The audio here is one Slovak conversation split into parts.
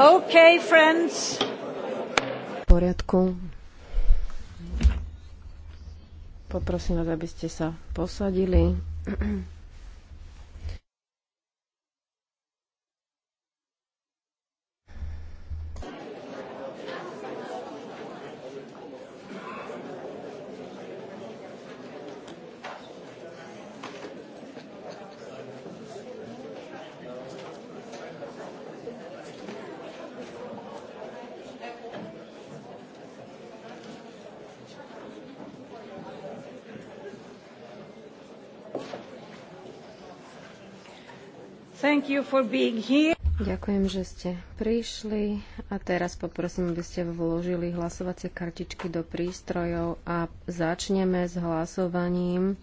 Okay, friends. V poriadku. Poprosím vás, aby ste sa posadili. Ďakujem, že ste prišli a teraz poprosím, aby ste vložili hlasovacie kartičky do prístrojov a začneme s hlasovaním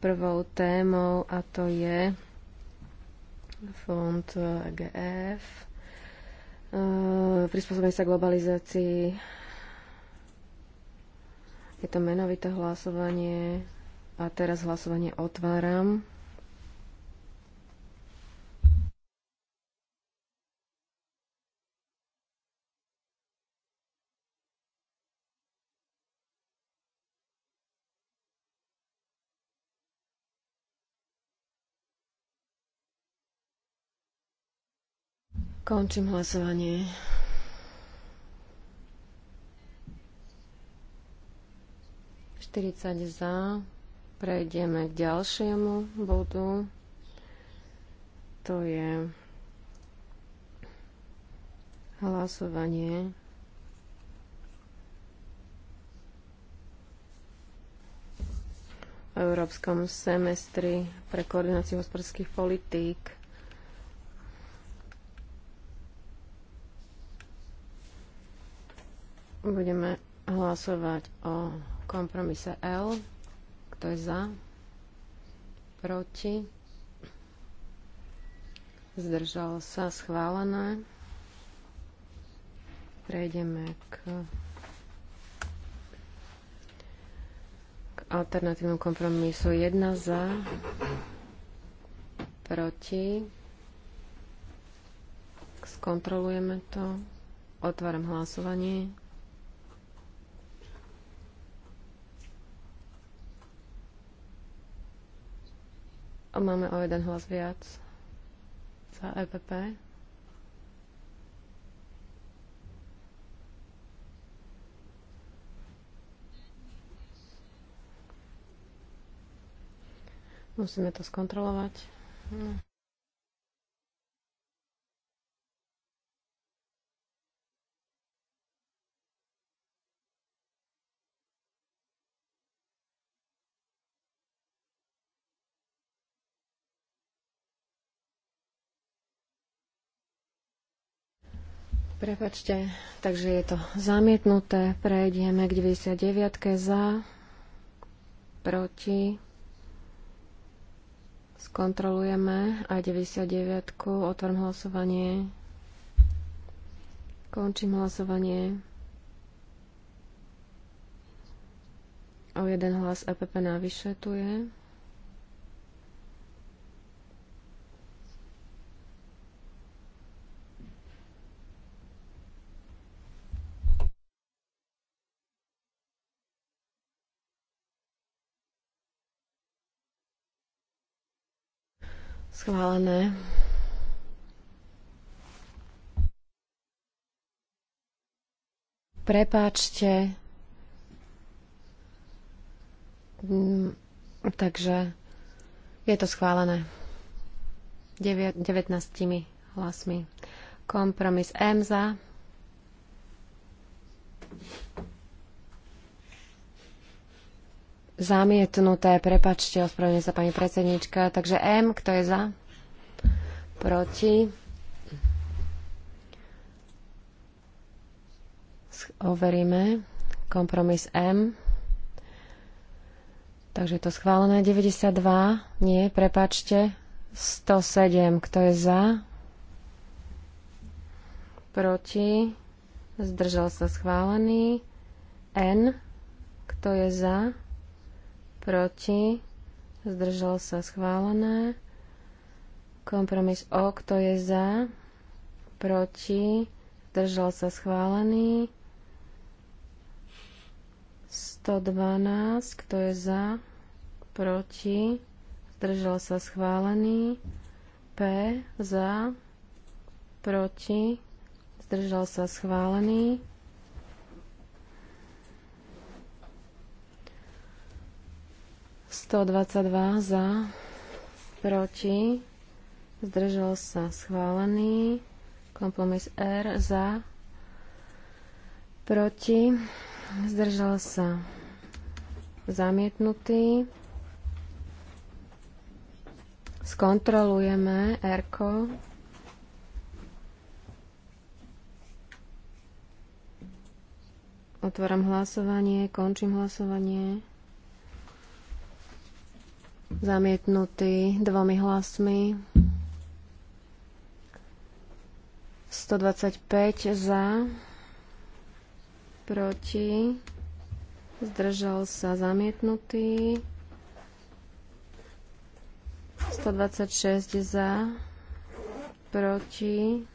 prvou témou a to je fond e, e GF e, prispôsobenie sa globalizácii je to menovité hlasovanie a teraz hlasovanie otváram Končím hlasovanie. za. Prejdeme k ďalšiemu bodu. To je hlasovanie v Európskom semestri pre koordináciu hospodárskych politík. Budeme hlasovať o kompromise L. Kto je za? Proti? Zdržal sa schválené. Prejdeme k, k alternatívnom kompromisu 1 za, proti. Skontrolujeme to. Otváram hlasovanie. máme o jeden hlas viac za EPP. Musíme to skontrolovať. No. Prepačte, takže je to zamietnuté. Prejdeme k 99. za, proti. Skontrolujeme aj 99. Otvorím hlasovanie. Končím hlasovanie. O jeden hlas EPP navyše tu je. Schválené. Prepáčte. Mm, takže je to schválené. 19 hlasmi. Kompromis M za. Zamietnuté, prepačte, ospravedlňujem sa pani predsednička. Takže M, kto je za? Proti? Overíme. Kompromis M. Takže je to schválené 92. Nie, prepačte. 107. Kto je za? Proti? Zdržal sa schválený. N. Kto je za? proti, zdržal sa schválené. Kompromis O, kto je za, proti, zdržal sa schválený. 112, kto je za, proti, zdržal sa schválený. P, za, proti, zdržal sa schválený. 122 za, proti, zdržal sa schválený, kompromis R za, proti, zdržal sa zamietnutý. Skontrolujeme R. -ko. Otváram hlasovanie, končím hlasovanie. Zamietnutý dvomi hlasmi. 125 za, proti, zdržal sa zamietnutý, 126 za, proti,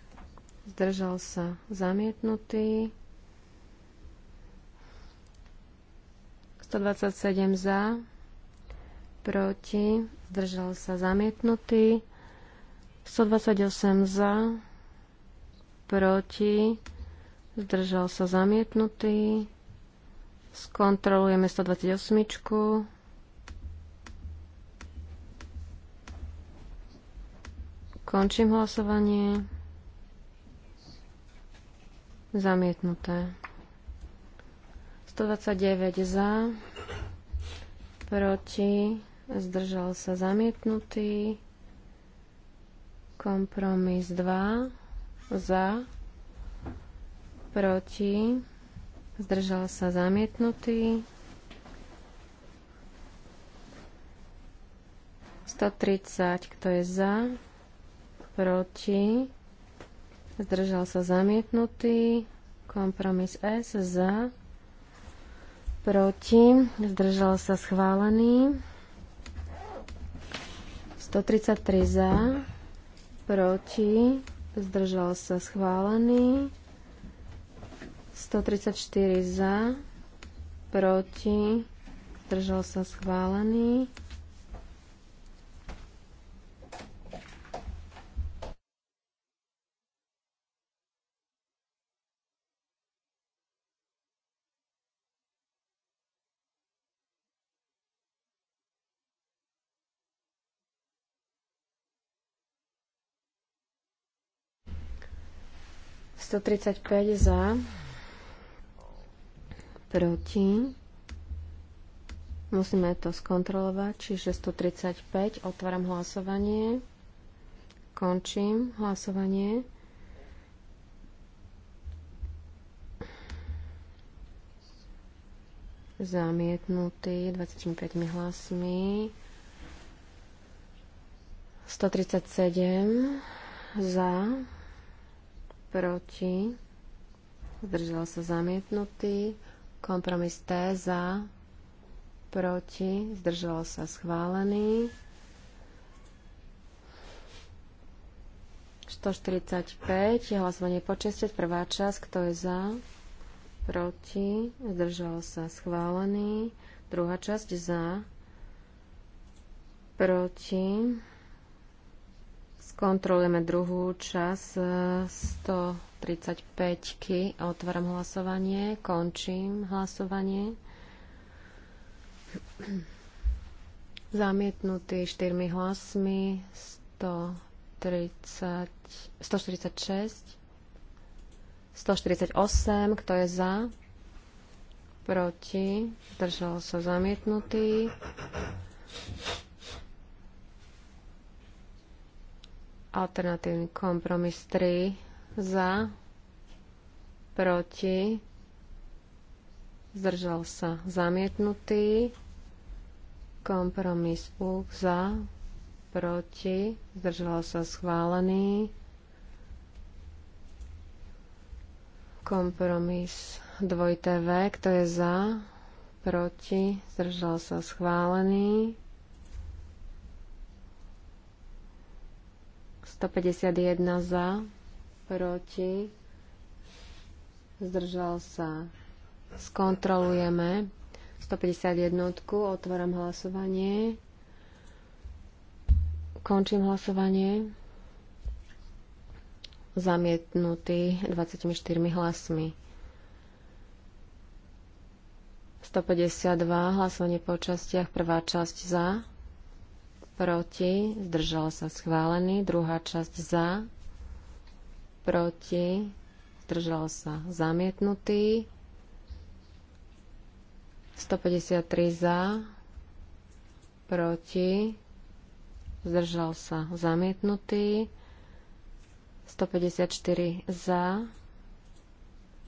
zdržal sa zamietnutý, 127 za, proti, zdržal sa zamietnutý, 128 za, proti, zdržal sa zamietnutý, skontrolujeme 128. Končím hlasovanie. Zamietnuté. 129 za, proti, zdržal sa zamietnutý. Kompromis 2 za, proti, zdržal sa zamietnutý. 130, kto je za, proti, zdržal sa zamietnutý. Kompromis S za, proti, zdržal sa schválený. 133 za, proti, zdržal sa schválený. 134 za, proti, zdržal sa schválený. 135 za, proti. Musíme to skontrolovať, čiže 135, otváram hlasovanie, končím hlasovanie. zamietnutý 25 hlasmi. 137 za, proti, zdržal sa zamietnutý, kompromis T za, proti, zdržal sa schválený, 145, je hlasovanie po prvá časť, kto je za, proti, zdržal sa schválený, druhá časť za, proti, Skontrolujeme druhú čas 135-ky. E, Otváram hlasovanie, končím hlasovanie. Zamietnutý 4 hlasmi 130, 146, 148, kto je za, proti, Držal sa zamietnutý. Alternatívny kompromis 3 za, proti, zdržal sa zamietnutý, kompromis U za, proti, zdržal sa schválený, kompromis dvojité V, kto je za, proti, zdržal sa schválený, 151 za, proti, zdržal sa. Skontrolujeme 151. Otváram hlasovanie. Končím hlasovanie. Zamietnutý 24 hlasmi. 152 hlasovanie po častiach. Prvá časť za proti, zdržal sa schválený, druhá časť za, proti, zdržal sa zamietnutý, 153 za, proti, zdržal sa zamietnutý, 154 za,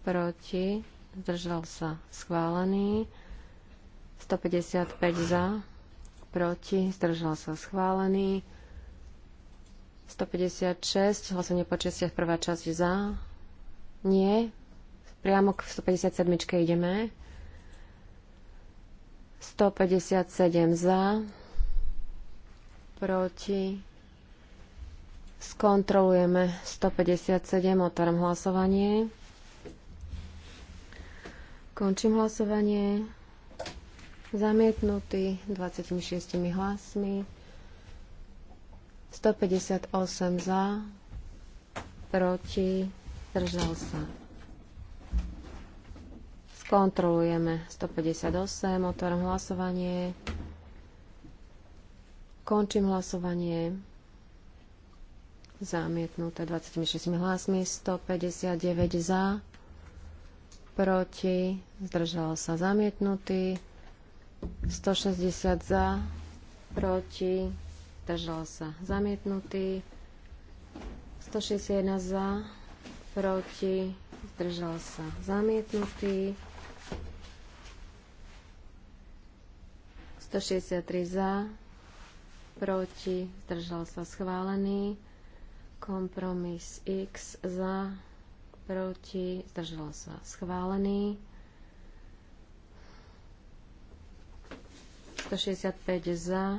proti, zdržal sa schválený, 155 za, proti, zdržal sa schválený. 156, hlasovne po častiach, prvá časť za, nie. Priamo k 157 ideme. 157 za, proti, skontrolujeme 157, otváram hlasovanie. Končím hlasovanie zamietnutý 26 hlasmi, 158 za, proti, zdržal sa. Skontrolujeme 158, otváram hlasovanie, končím hlasovanie, zamietnuté 26 hlasmi, 159 za, proti, zdržal sa zamietnutý, 160 za, proti, držal sa zamietnutý. 161 za, proti, zdržal sa zamietnutý. 163 za, proti, zdržal sa schválený. Kompromis X za, proti, zdržal sa schválený. 165 za,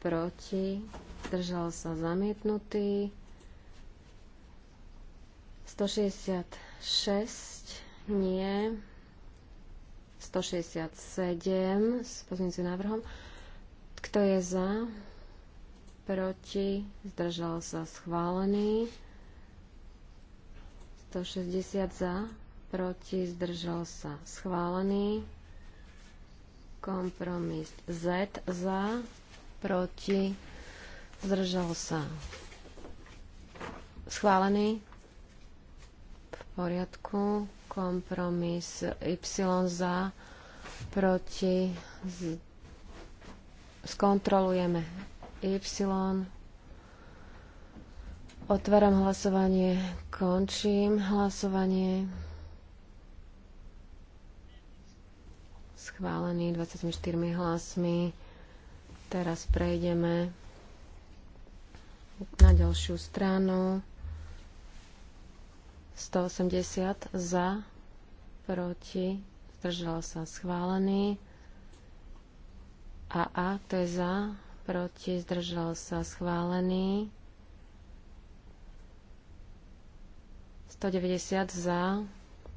proti, držal sa zamietnutý. 166 nie. 167 s pozmeňujúcim návrhom. Kto je za? Proti? Zdržal sa schválený. 160 za, proti, zdržal sa schválený. Kompromis Z za, proti, zdržal sa. Schválený. V poriadku. Kompromis Y za, proti, z... skontrolujeme Y. Otváram hlasovanie, končím hlasovanie. schválený 24 hlasmi. Teraz prejdeme na ďalšiu stranu. 180 za, proti, zdržal sa schválený. A A, to je za, proti, zdržal sa schválený. 190 za,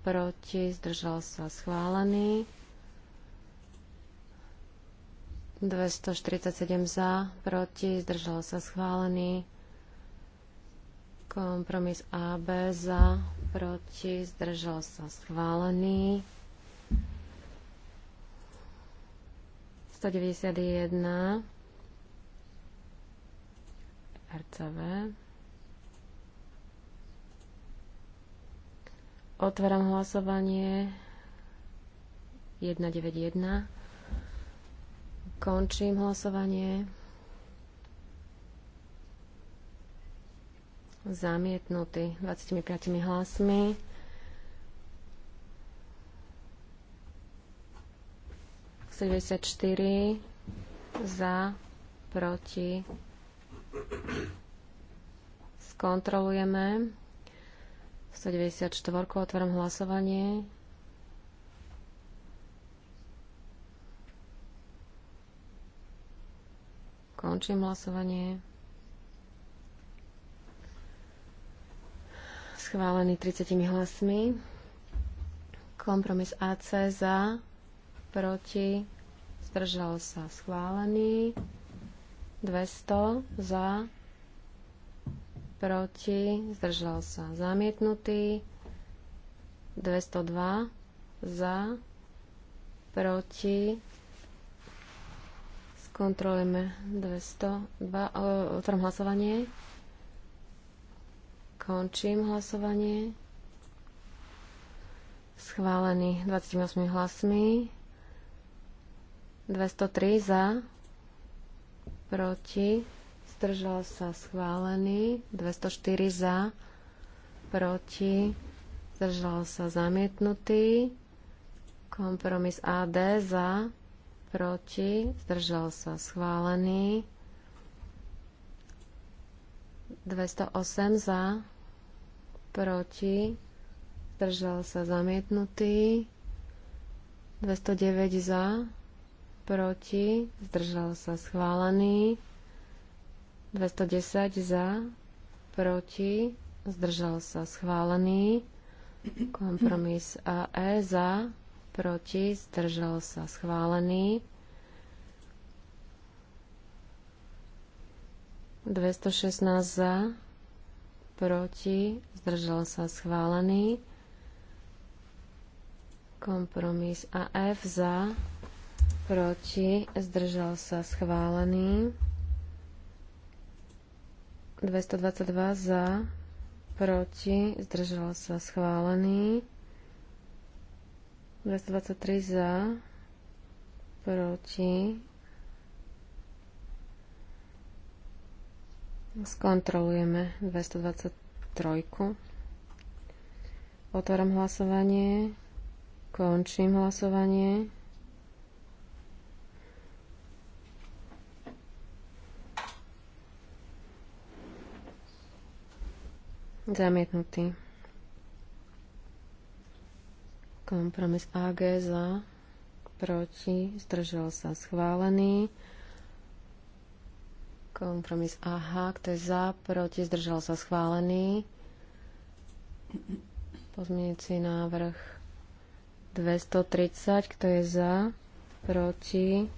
proti, zdržal sa schválený. 247 za, proti, zdržal sa schválený. Kompromis AB za, proti, zdržal sa schválený. 191 RCV. Otváram hlasovanie 191. Končím hlasovanie. Zamietnutý 25 hlasmi. za, proti. Skontrolujeme. 194. Otváram hlasovanie. Končím hlasovanie. Schválený 30 hlasmi. Kompromis AC za, proti, zdržal sa schválený. 200 za, proti, zdržal sa zamietnutý, 202 za, proti, Skontrolujeme 202. Otvorím hlasovanie. Končím hlasovanie. Schválený 28 hlasmi. 203 za. Proti. Zdržal sa schválený. 204 za. Proti. Zdržal sa zamietnutý. Kompromis AD za proti, zdržal sa schválený. 208 za, proti, zdržal sa zamietnutý. 209 za, proti, zdržal sa schválený. 210 za, proti, zdržal sa schválený. Kompromis AE za, proti, zdržal sa schválený. 216 za, proti, zdržal sa schválený. Kompromis AF za, proti, zdržal sa schválený. 222 za, proti, zdržal sa schválený. 223 za, proti. Skontrolujeme 223. Otváram hlasovanie. Končím hlasovanie. Zamietnutý. Kompromis AG za, proti, zdržal sa schválený. Kompromis AH, kto je za, proti, zdržal sa schválený. Pozmienci návrh 230, kto je za, proti,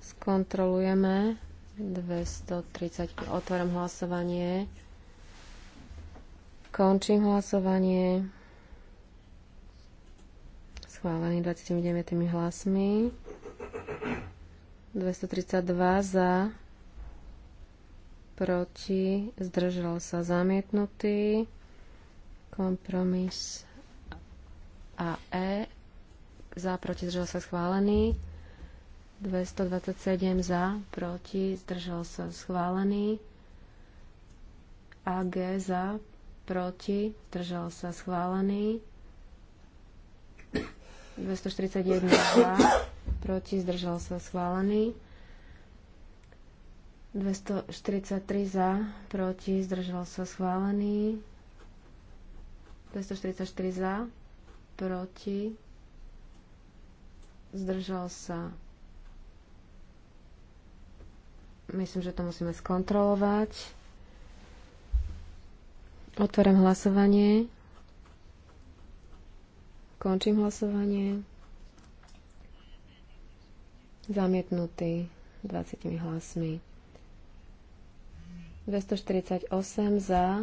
skontrolujeme 230. Otváram hlasovanie. Končím hlasovanie schválený 29 hlasmi. 232 za, proti, zdržal sa zamietnutý, kompromis AE, za, proti, zdržal sa schválený, 227 za, proti, zdržal sa schválený, AG za, proti, zdržal sa schválený, 241 za, proti, zdržal sa schválený. 243 za, proti, zdržal sa schválený. 244 za, proti, zdržal sa. Myslím, že to musíme skontrolovať. Otvorím hlasovanie. Končím hlasovanie. Zamietnutý 20 hlasmi. 248 za,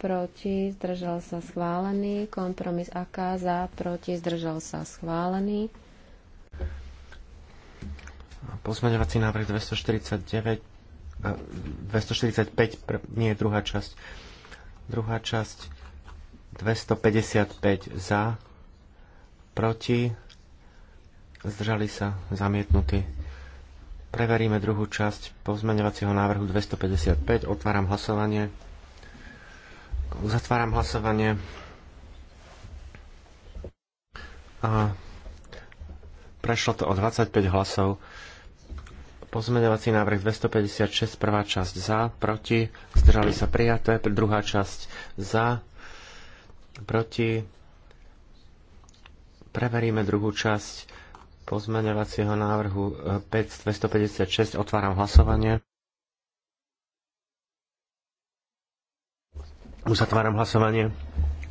proti, zdržal sa schválený. Kompromis AK za, proti, zdržal sa schválený. Pozmeňovací návrh 249, 245, nie je druhá časť. Druhá časť 255 za, proti, zdržali sa, zamietnutí. Preveríme druhú časť pozmeňovacieho návrhu 255. Otváram hlasovanie. Uzatváram hlasovanie. A prešlo to o 25 hlasov. Pozmeňovací návrh 256, prvá časť za, proti, zdržali sa prijaté, druhá časť za, proti, Preveríme druhú časť pozmeňovacieho návrhu 5256. E, Otváram hlasovanie. Uzatváram hlasovanie.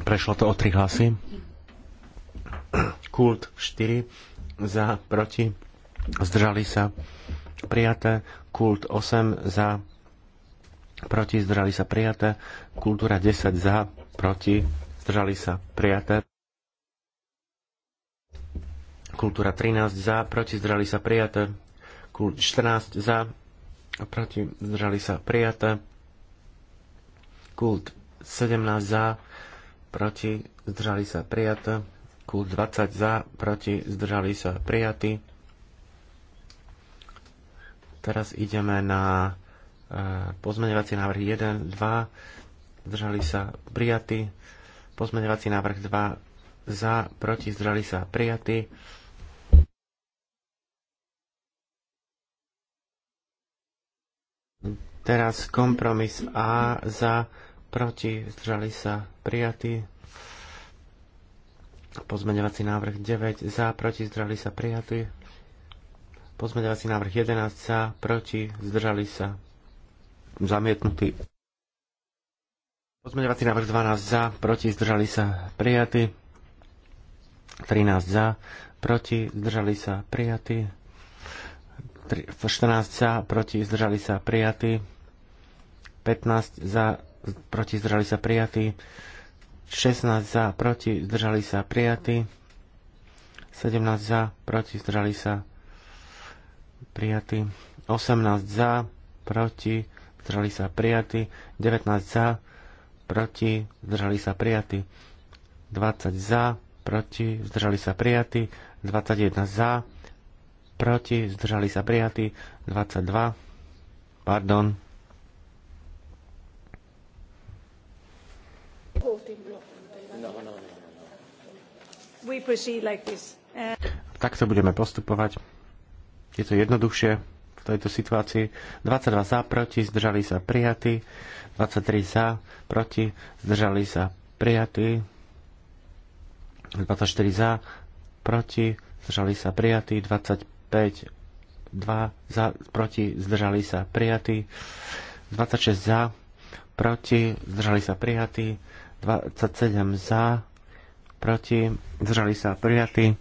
Prešlo to o tri hlasy. Kult 4 za, proti, zdržali sa. Prijaté. Kult 8 za, proti, zdržali sa. Prijaté. Kultúra 10 za, proti, zdržali sa. Prijaté. Kultúra 13 za, proti zdrali sa prijaté. Kult 14 za, proti zdrali sa prijaté. Kult 17 za, proti zdržali sa prijaté. Kult 20 za, proti zdržali sa prijatí. Teraz ideme na e, pozmeňovací návrh 1, 2, zdržali sa prijatí. Pozmeňovací návrh 2 za, proti zdrali sa prijatí Teraz kompromis A za, proti, zdržali sa prijatí. Pozmeňovací návrh 9 za, proti, zdržali sa prijatí. Pozmeňovací návrh 11 za, proti, zdržali sa zamietnutí. Pozmeňovací návrh 12 za, proti, zdržali sa prijatí. 13 za, proti, zdržali sa prijatí. 14 za, proti zdržali sa prijatí. 15 za, proti zdržali sa prijatí. 16 za, proti zdržali sa prijatí. 17 za, proti zdržali sa prijatí. 18 za, proti zdržali sa prijatí. 19 za, proti zdržali sa prijatí. 20 za, proti zdržali sa prijatí. 21 za, proti, zdržali sa prijatí, 22, pardon. Takto budeme postupovať. Je to jednoduchšie v tejto situácii. 22 za, proti, zdržali sa prijatí. 23 za, proti, zdržali sa prijatí. 24 za, proti, zdržali sa prijatí. 25 5, 2 za, proti, zdržali sa prijatí, 26 za, proti, zdržali sa prijatí, 27 za, proti, zdržali sa prijatí,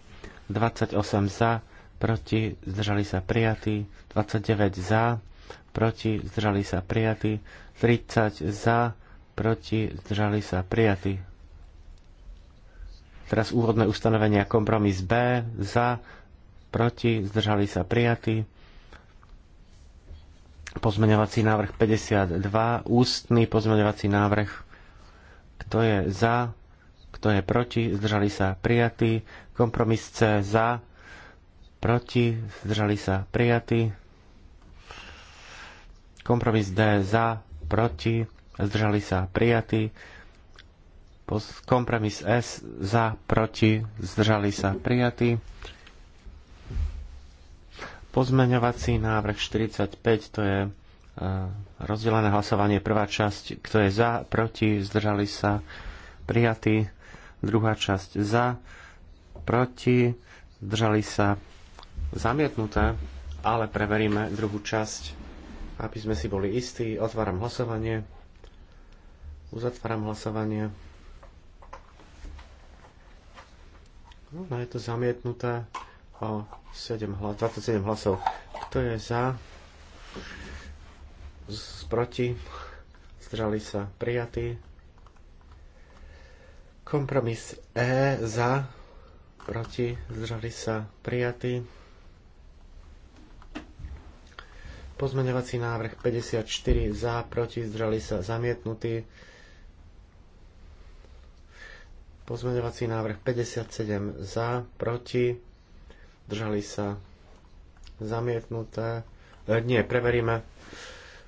28 za, proti, zdržali sa prijatí, 29 za, proti, zdržali sa prijatí, 30 za, proti, zdržali sa prijatí. Teraz úvodné ustanovenia, kompromis B, za, proti, zdržali sa prijatí. Pozmeňovací návrh 52, ústny pozmeňovací návrh. Kto je za, kto je proti, zdržali sa prijatí. Kompromis C za, proti, zdržali sa prijatí. Kompromis D za, proti, zdržali sa prijatí. Kompromis S za, proti, zdržali sa prijatí. Pozmeňovací návrh 45, to je e, rozdelené hlasovanie. Prvá časť, kto je za, proti, zdržali sa, prijatý. Druhá časť za, proti, zdržali sa, zamietnuté, ale preveríme druhú časť, aby sme si boli istí. Otváram hlasovanie. Uzatváram hlasovanie. No, no je to zamietnuté o 7 hlas, 27 hlasov. Kto je za? Z, proti? Zdrali sa prijatí. Kompromis E za? Proti? Zdrali sa prijatí. Pozmeňovací návrh 54 za, proti, zdrali sa zamietnutí. Pozmeňovací návrh 57 za, proti, Držali sa. Zamietnuté. E, nie, preveríme.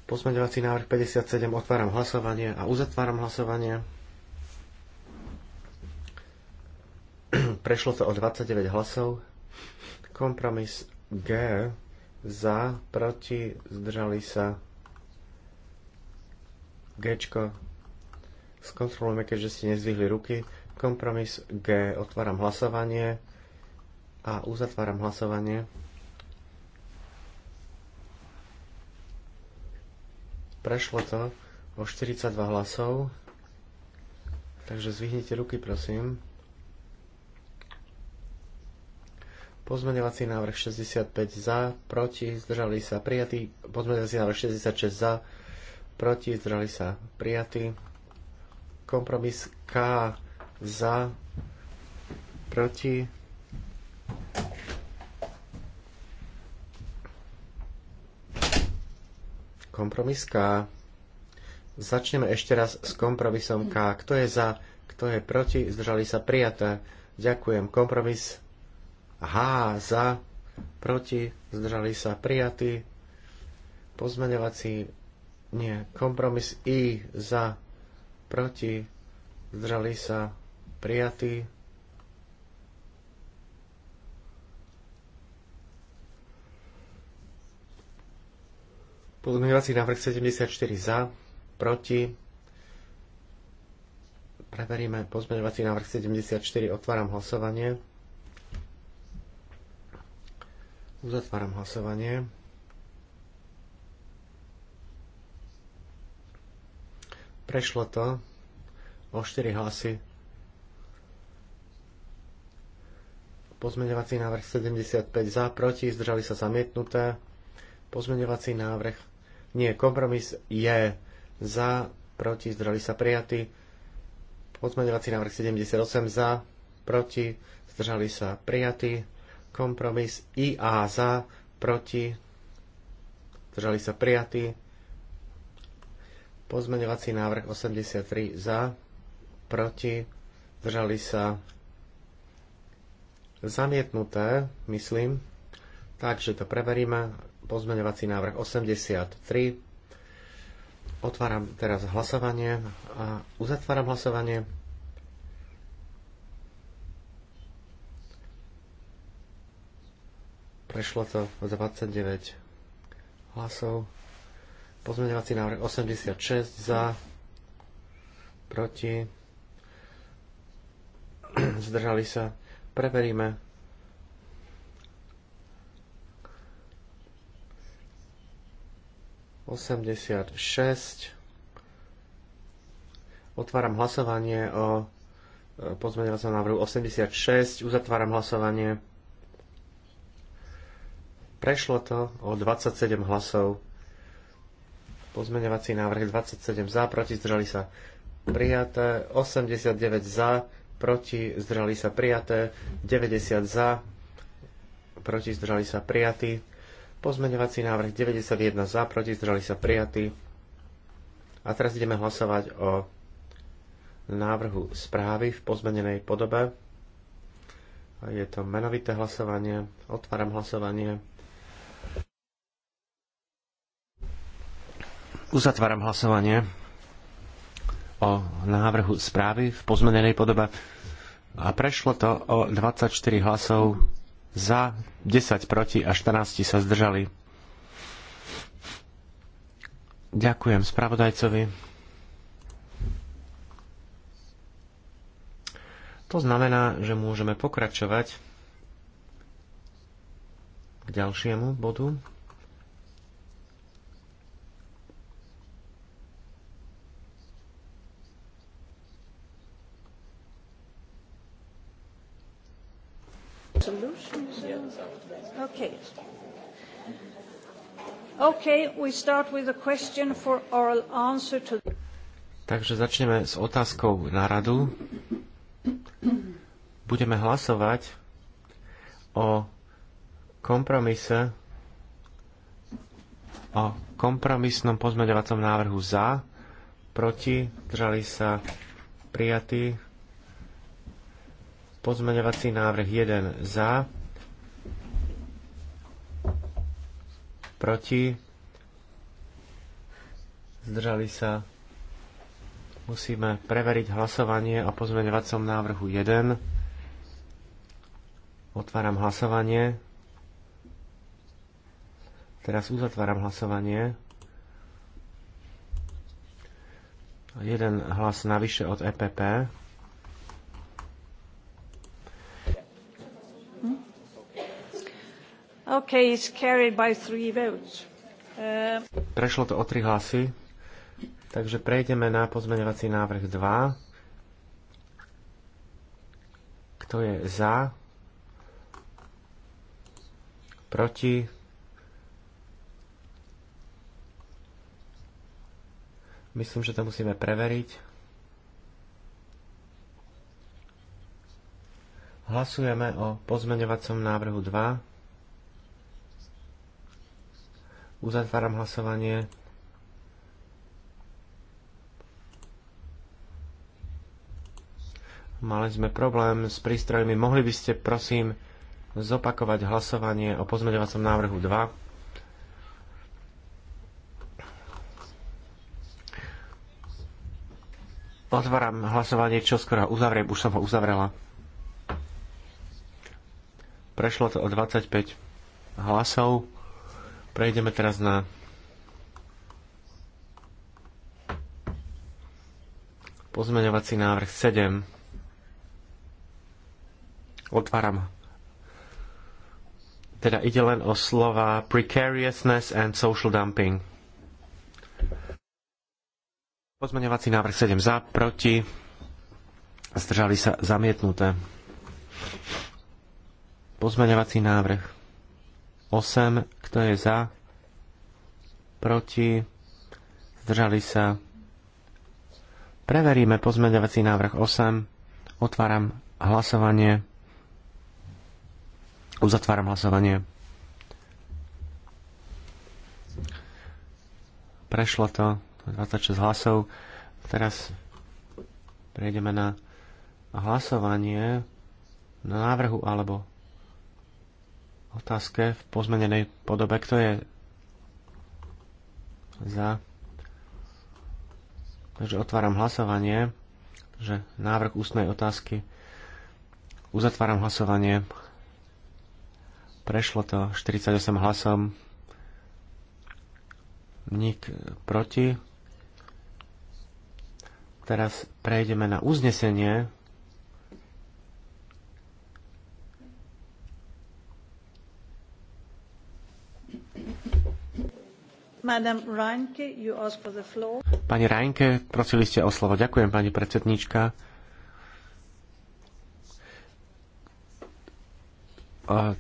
Pozmeňovací návrh 57. Otváram hlasovanie a uzatváram hlasovanie. Prešlo to o 29 hlasov. Kompromis G za, proti, zdržali sa. G. -čko. Skontrolujeme, keďže ste nezvihli ruky. Kompromis G. Otváram hlasovanie a uzatváram hlasovanie. Prešlo to o 42 hlasov, takže zvihnite ruky, prosím. Pozmeňovací návrh 65 za, proti, zdržali sa prijatí. Pozmeňovací návrh 66 za, proti, zdržali sa prijatí. Kompromis K za, proti, Kompromis K. Začneme ešte raz s kompromisom K. Kto je za, kto je proti, zdržali sa prijaté. Ďakujem. Kompromis H za, proti, zdržali sa prijatí. Pozmeňovací nie, kompromis I za, proti, zdržali sa prijatí. Pozmeňovací návrh 74 za, proti. Preveríme pozmeňovací návrh 74. Otváram hlasovanie. Uzatváram hlasovanie. Prešlo to o 4 hlasy. Pozmeňovací návrh 75 za, proti, zdržali sa zamietnuté. Pozmeňovací návrh nie, kompromis je za, proti, zdržali sa prijatí. Pozmeňovací návrh 78 za, proti, zdržali sa prijatí. Kompromis IA za, proti, zdržali sa prijatí. Pozmeňovací návrh 83 za, proti, zdržali sa zamietnuté, myslím. Takže to preveríme pozmeňovací návrh 83. Otváram teraz hlasovanie a uzatváram hlasovanie. Prešlo to 29 hlasov. Pozmeňovací návrh 86 za, proti, zdržali sa. Preveríme 86. Otváram hlasovanie o e, pozmeňovacom návrhu 86. Uzatváram hlasovanie. Prešlo to o 27 hlasov. Pozmeňovací návrh 27 za, proti zdržali sa prijaté, 89 za, proti zdrali sa prijaté, 90 za, proti zdržali sa prijatí. Pozmeňovací návrh 91 za, proti, zdrali sa prijatí. A teraz ideme hlasovať o návrhu správy v pozmenenej podobe. Je to menovité hlasovanie. Otváram hlasovanie. Uzatváram hlasovanie o návrhu správy v pozmenenej podobe a prešlo to o 24 hlasov za, 10 proti a 14 sa zdržali. Ďakujem spravodajcovi. To znamená, že môžeme pokračovať k ďalšiemu bodu. resolutions? Okay. Okay, we start with a question for oral answer to... Takže začneme s otázkou na radu. Budeme hlasovať o kompromise o kompromisnom pozmeňovacom návrhu za, proti, držali sa prijatí Pozmeňovací návrh 1 za, proti, zdržali sa. Musíme preveriť hlasovanie o pozmeňovacom návrhu 1. Otváram hlasovanie. Teraz uzatváram hlasovanie. Jeden hlas navyše od EPP. Okay, it's carried by three votes. Uh... Prešlo to o tri hlasy, takže prejdeme na pozmeňovací návrh 2. Kto je za? Proti? Myslím, že to musíme preveriť. Hlasujeme o pozmeňovacom návrhu 2. Uzatváram hlasovanie. Mali sme problém s prístrojmi. Mohli by ste, prosím, zopakovať hlasovanie o pozmeňovacom návrhu 2? Otváram hlasovanie čo skoro uzavriem, už som ho uzavrela. Prešlo to o 25 hlasov. Prejdeme teraz na pozmeňovací návrh 7. Otváram. Teda ide len o slova precariousness and social dumping. Pozmeňovací návrh 7 za, proti. Zdržali sa zamietnuté. Pozmeňovací návrh 8, kto je za, proti, zdržali sa. Preveríme pozmeňovací návrh 8. Otváram hlasovanie. Uzatváram hlasovanie. Prešlo to, 26 hlasov. Teraz prejdeme na hlasovanie na návrhu alebo otázke v pozmenenej podobe. Kto je za? Takže otváram hlasovanie. že návrh ústnej otázky. Uzatváram hlasovanie. Prešlo to 48 hlasom. Nik proti. Teraz prejdeme na uznesenie pani Reinke, prosili ste o slovo. Ďakujem, pani predsednička.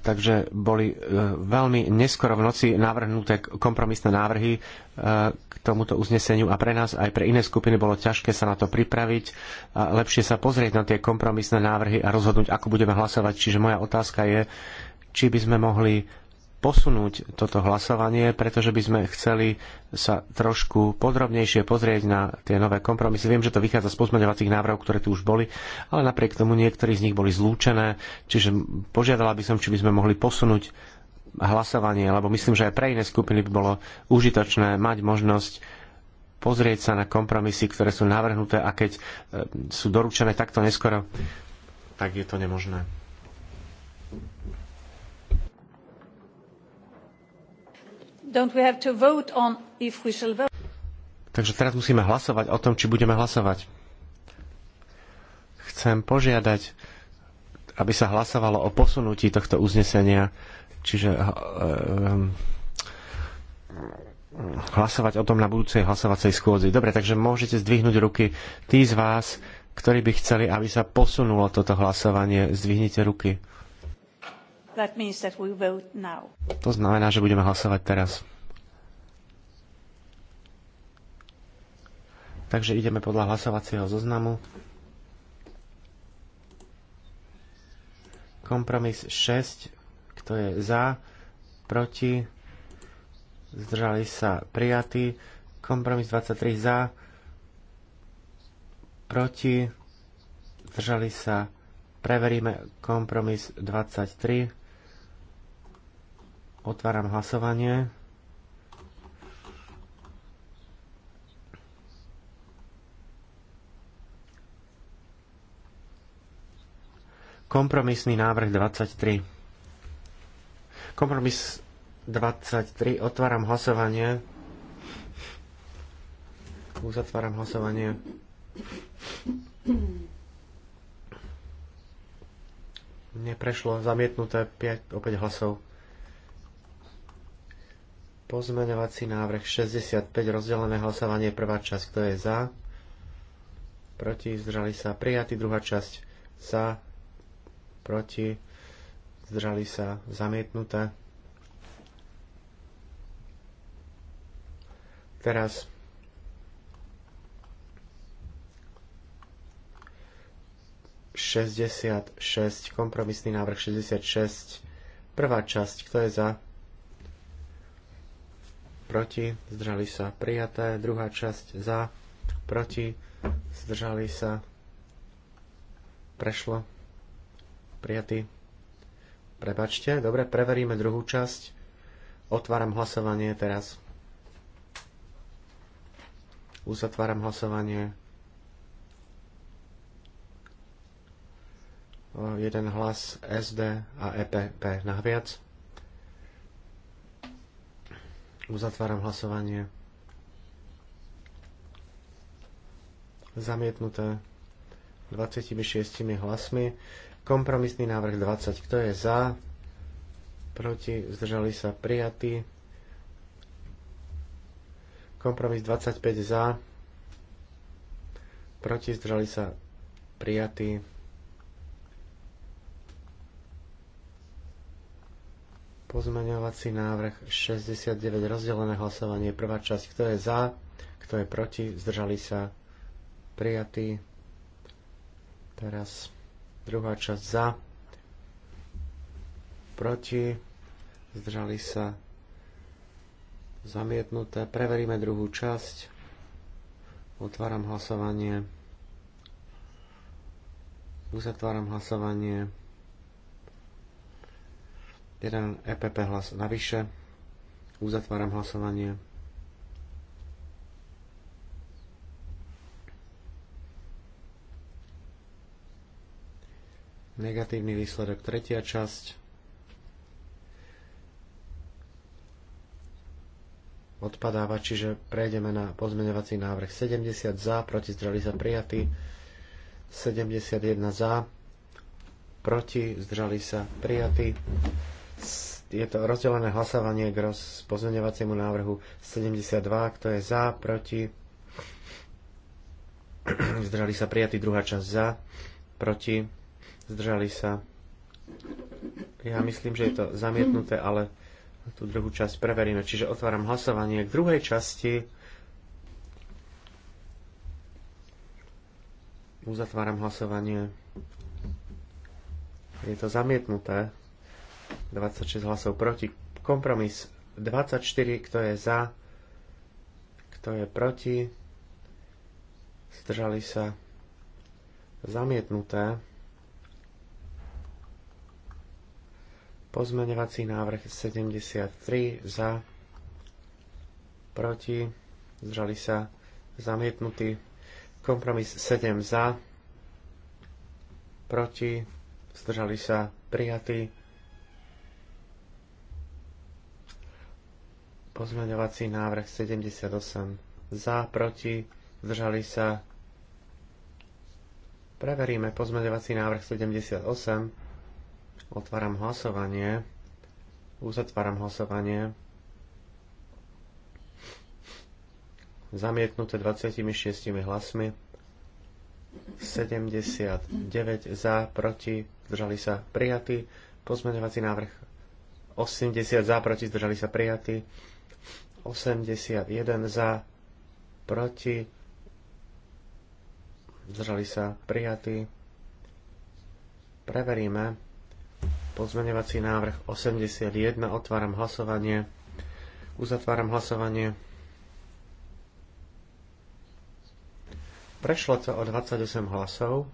takže boli e, veľmi neskoro v noci navrhnuté kompromisné návrhy e, k tomuto uzneseniu a pre nás aj pre iné skupiny bolo ťažké sa na to pripraviť a lepšie sa pozrieť na tie kompromisné návrhy a rozhodnúť, ako budeme hlasovať. Čiže moja otázka je, či by sme mohli posunúť toto hlasovanie, pretože by sme chceli sa trošku podrobnejšie pozrieť na tie nové kompromisy. Viem, že to vychádza z pozmeňovacích návrhov, ktoré tu už boli, ale napriek tomu niektorí z nich boli zlúčené, čiže požiadala by som, či by sme mohli posunúť hlasovanie, lebo myslím, že aj pre iné skupiny by bolo užitočné mať možnosť pozrieť sa na kompromisy, ktoré sú navrhnuté a keď e, sú doručené takto neskoro, tak je to nemožné. Takže teraz musíme hlasovať o tom, či budeme hlasovať. Chcem požiadať, aby sa hlasovalo o posunutí tohto uznesenia, čiže eh, eh, hlasovať o tom na budúcej hlasovacej schôdzi. Dobre, takže môžete zdvihnúť ruky. Tí z vás, ktorí by chceli, aby sa posunulo toto hlasovanie, zdvihnite ruky. That means that we vote now. To znamená, že budeme hlasovať teraz. Takže ideme podľa hlasovacieho zoznamu. Kompromis 6. Kto je za? Proti? Zdržali sa prijatí. Kompromis 23 za. Proti? Zdržali sa. Preveríme kompromis 23. Otváram hlasovanie. Kompromisný návrh 23. Kompromis 23. Otváram hlasovanie. Uzatváram hlasovanie. Neprešlo. Zamietnuté 5, opäť hlasov. Pozmeňovací návrh 65, rozdelené hlasovanie, prvá časť, kto je za? Proti, zdržali sa, prijatý, druhá časť, za, proti, zdržali sa, zamietnuté. Teraz šesťdesiat šesť, kompromisný návrh šesťdesiat šesť, prvá časť, kto je za? proti, zdržali sa prijaté, druhá časť za, proti, zdržali sa, prešlo, prijatý. Prebačte, dobre, preveríme druhú časť. Otváram hlasovanie teraz. Uzatváram hlasovanie. O jeden hlas SD a EPP na viac. Uzatváram hlasovanie. Zamietnuté 26 hlasmi. Kompromisný návrh 20. Kto je za? Proti? Zdržali sa prijatí. Kompromis 25 za. Proti? Zdržali sa prijatí. Pozmeňovací návrh 69, rozdelené hlasovanie, prvá časť, kto je za, kto je proti, zdržali sa, prijatí. Teraz druhá časť za, proti, zdržali sa, zamietnuté. Preveríme druhú časť. Otváram hlasovanie. Uzatváram hlasovanie. 1 EPP hlas navyše. Uzatváram hlasovanie. Negatívny výsledok tretia časť. Odpadáva, čiže prejdeme na pozmeňovací návrh 70 za, proti zdrali sa prijatý, 71 za, proti zdrali sa prijatý je to rozdelené hlasovanie k roz, pozmeňovaciemu návrhu 72, kto je za, proti, zdržali sa prijatí, druhá časť za, proti, zdržali sa. Ja myslím, že je to zamietnuté, ale tú druhú časť preveríme. Čiže otváram hlasovanie k druhej časti. Uzatváram hlasovanie. Je to zamietnuté. 26 hlasov proti. Kompromis 24, kto je za, kto je proti. Zdržali sa zamietnuté. Pozmeňovací návrh 73 za, proti, zdržali sa zamietnutý. Kompromis 7 za, proti, zdržali sa prijatý. Pozmeňovací návrh 78. Za, proti, zdržali sa. Preveríme pozmeňovací návrh 78. Otváram hlasovanie. Uzatváram hlasovanie. Zamietnuté 26 hlasmi. 79 za, proti, zdržali sa prijatí. Pozmeňovací návrh 80 za, proti, zdržali sa prijatí. 81 za, proti, zdržali sa prijatí. Preveríme pozmeňovací návrh 81, otváram hlasovanie, uzatváram hlasovanie. Prešlo to o 28 hlasov.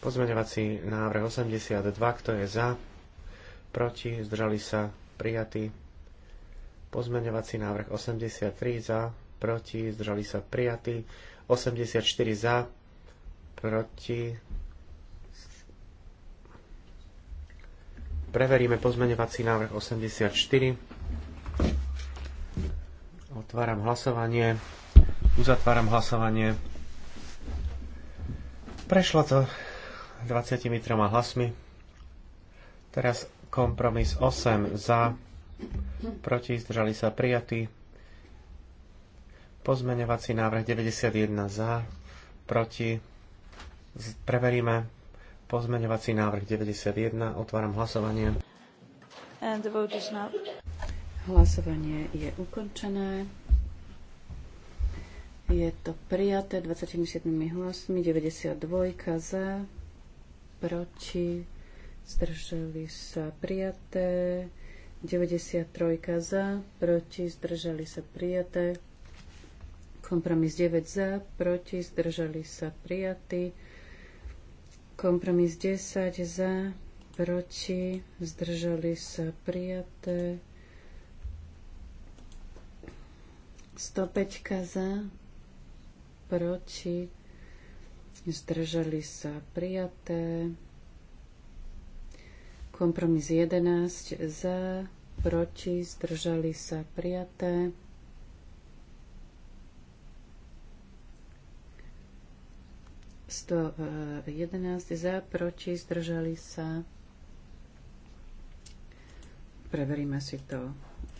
Pozmeňovací návrh 82, kto je za, proti, zdržali sa prijatí. Pozmeňovací návrh 83 za, proti, zdržali sa prijatí. 84 za, proti. Preveríme pozmeňovací návrh 84. Otváram hlasovanie. Uzatváram hlasovanie. Prešlo to 23 hlasmi. Teraz kompromis 8 za, proti, zdržali sa prijatí. Pozmeňovací návrh 91 za, proti, preveríme pozmeňovací návrh 91, otváram hlasovanie. And the vote is now. Hlasovanie je ukončené. Je to prijaté 27 hlasmi, 92 za, proti, zdržali sa prijaté. 93 za, proti, zdržali sa prijaté. Kompromis 9 za, proti, zdržali sa prijatí. Kompromis 10 za, proti, zdržali sa prijaté. 105 za, proti, zdržali sa prijaté. Kompromis 11 za, proti, zdržali sa prijaté. Sto e, jedenáct za, proti, zdržali sa. Preveríme si to,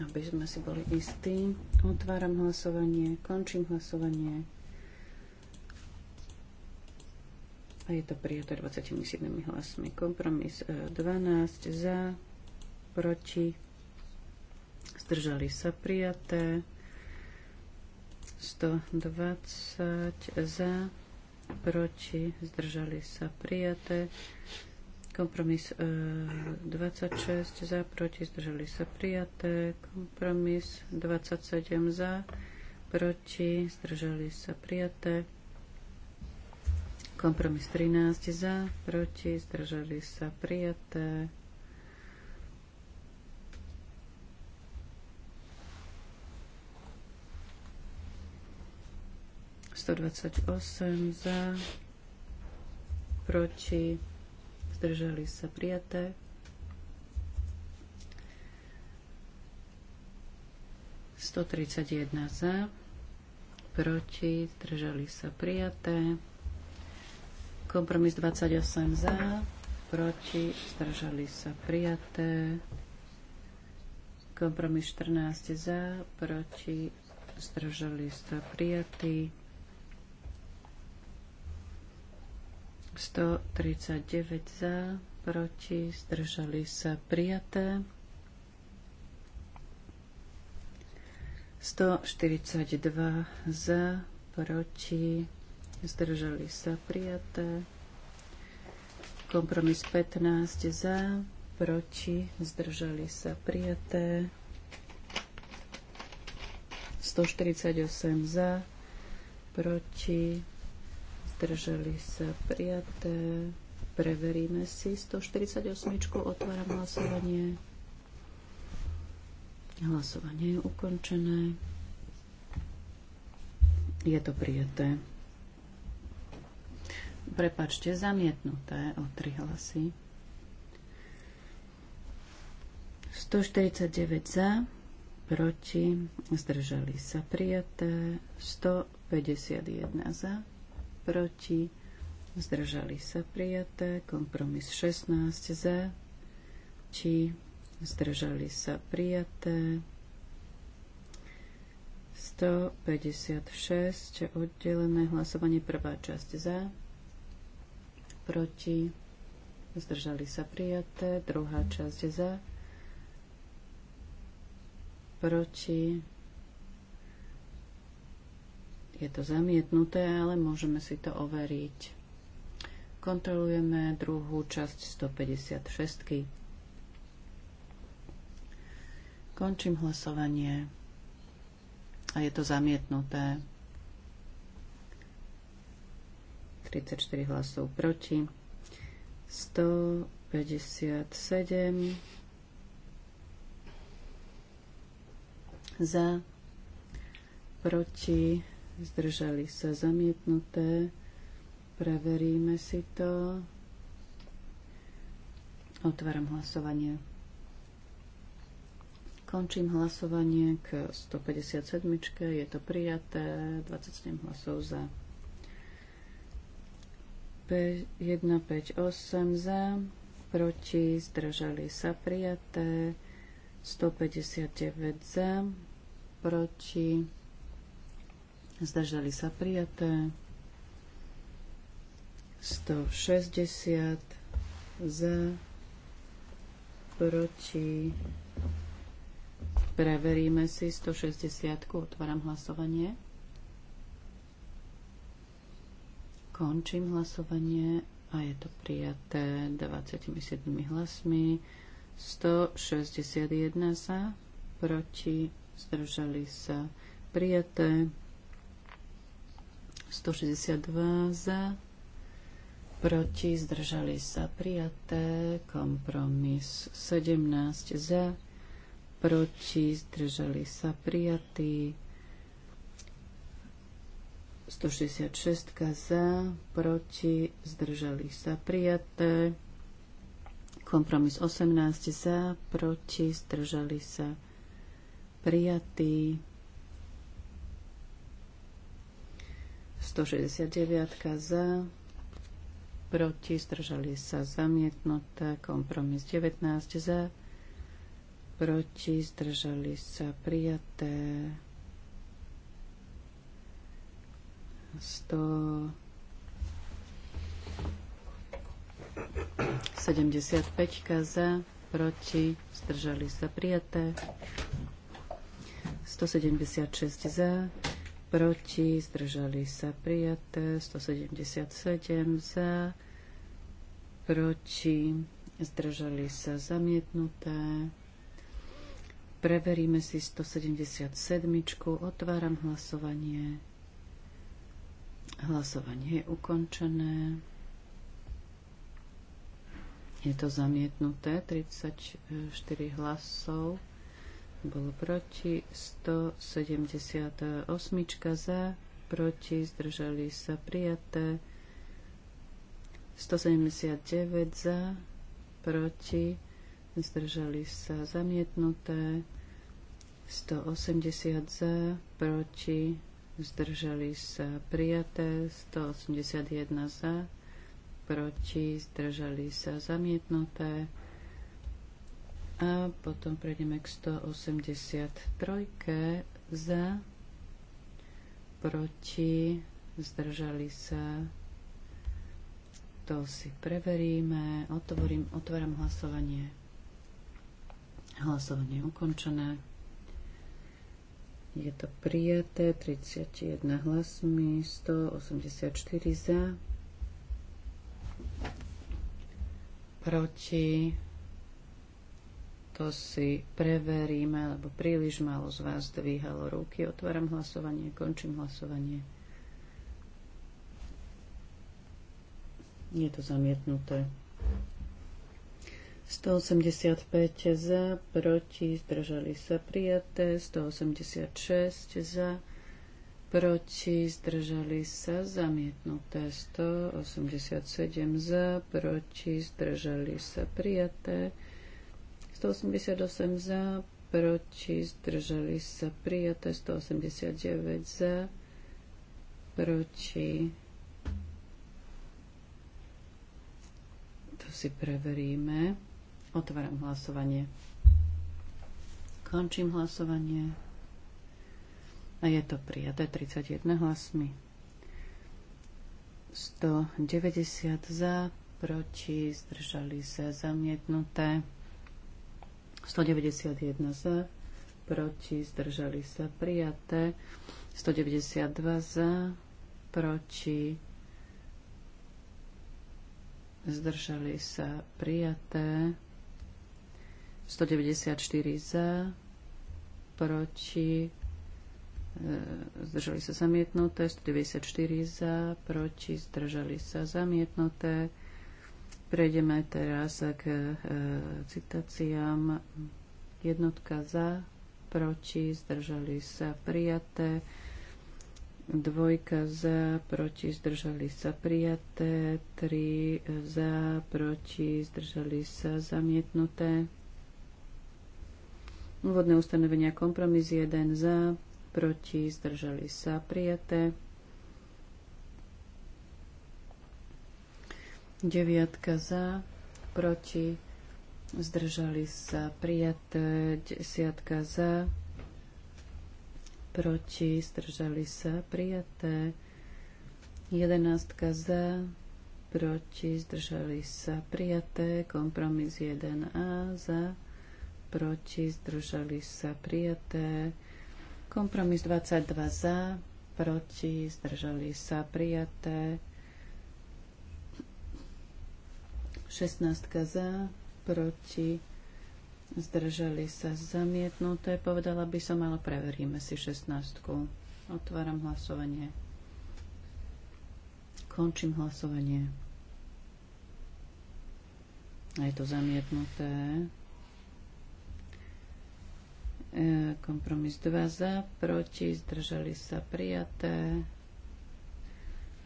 aby sme si boli istí. Otváram hlasovanie, končím hlasovanie. A Je to prijaté 27 hlasmi. Kompromis 12 e, za, proti, zdržali sa prijaté. 120 za, proti, zdržali sa prijaté. Kompromis 26 e, za, proti, zdržali sa prijaté. Kompromis 27 za, proti, zdržali sa prijaté. Kompromis 13 za, proti, zdržali sa prijaté. Sto dvadsať osem za, proti, zdržali sa prijaté. Sto jedna za, proti, zdržali sa prijaté. Kompromis 28 za, proti, zdržali sa prijaté. Kompromis 14 za, proti, zdržali sa prijatí. 139 za, proti, zdržali sa prijaté. 142 za, proti, zdržali sa prijaté. Kompromis 15 za, proti, zdržali sa prijaté. 148 za, proti, zdržali sa prijaté. Preveríme si 148. Otváram hlasovanie. Hlasovanie je ukončené. Je to prijaté prepačte, zamietnuté o tri hlasy. 149 za, proti, zdržali sa prijaté, 151 za, proti, zdržali sa prijaté, kompromis 16 za, či zdržali sa prijaté, 156 oddelené hlasovanie prvá časť za, proti, zdržali sa prijaté, druhá časť za, proti, je to zamietnuté, ale môžeme si to overiť. Kontrolujeme druhú časť 156. Končím hlasovanie a je to zamietnuté. 34 hlasov proti, 157 za, proti, zdržali sa zamietnuté. Preveríme si to. Otváram hlasovanie. Končím hlasovanie k 157. Je to prijaté. 27 hlasov za. 158 za, proti, zdržali sa prijaté, 159 za, proti, zdržali sa prijaté, 160 za, proti, preveríme si 160, otváram hlasovanie. Končím hlasovanie a je to prijaté 27 hlasmi. 161 za, proti, zdržali sa prijaté. 162 za, proti, zdržali sa prijaté, kompromis 17 za, proti, zdržali sa prijatí, 166 za, proti, zdržali sa prijaté. Kompromis 18 za, proti, zdržali sa prijatí. 169 za, proti, zdržali sa zamietnuté. Kompromis 19 za, proti, zdržali sa prijaté. 175 za, proti, zdržali sa prijaté. 176 za, proti, zdržali sa prijaté. 177 za, proti, zdržali sa zamietnuté. Preveríme si 177. Otváram hlasovanie. Hlasovanie je ukončené. Je to zamietnuté. 34 hlasov bolo proti. 178 za, proti, zdržali sa prijaté. 179 za, proti, zdržali sa zamietnuté. 180 za, proti, zdržali sa prijaté, 181 za, proti, zdržali sa zamietnuté. A potom prejdeme k 183 za, proti, zdržali sa. To si preveríme. Otvorím, otváram hlasovanie. Hlasovanie je ukončené. Je to prijaté 31 hlasmi, 184 za, proti. To si preveríme, lebo príliš málo z vás dvíhalo ruky. Otváram hlasovanie, končím hlasovanie. Je to zamietnuté. 185 za, proti, zdržali sa prijaté, 186 za, proti, zdržali sa zamietnuté, 187 za, proti, zdržali sa prijaté, 188 za, proti, zdržali sa prijaté, 189 za, proti, to si preveríme. Otváram hlasovanie. Končím hlasovanie. A je to prijaté 31 hlasmi. 190 za, proti, zdržali sa zamietnuté. 191 za, proti, zdržali sa prijaté. 192 za, proti, zdržali sa prijaté. 194 za, proti, e, zdržali sa zamietnuté, 194 za, proti, zdržali sa zamietnuté. Prejdeme teraz k e, citáciám. Jednotka za, proti, zdržali sa prijaté. Dvojka za, proti, zdržali sa prijaté. Tri za, proti, zdržali sa zamietnuté. Úvodné ustanovenia kompromis 1 za, proti, zdržali sa, prijaté. Deviatka za, proti, zdržali sa, prijaté. Desiatka za, proti, zdržali sa, prijaté. Jedenáctka za, proti, zdržali sa, prijaté. Kompromis 1a za, proti, zdržali sa prijaté. Kompromis 22 za, proti, zdržali sa prijaté. 16 za, proti, zdržali sa zamietnuté. Povedala by som, ale preveríme si 16. Otváram hlasovanie. Končím hlasovanie. A je to zamietnuté. E, kompromis 2 za, proti, zdržali sa prijaté.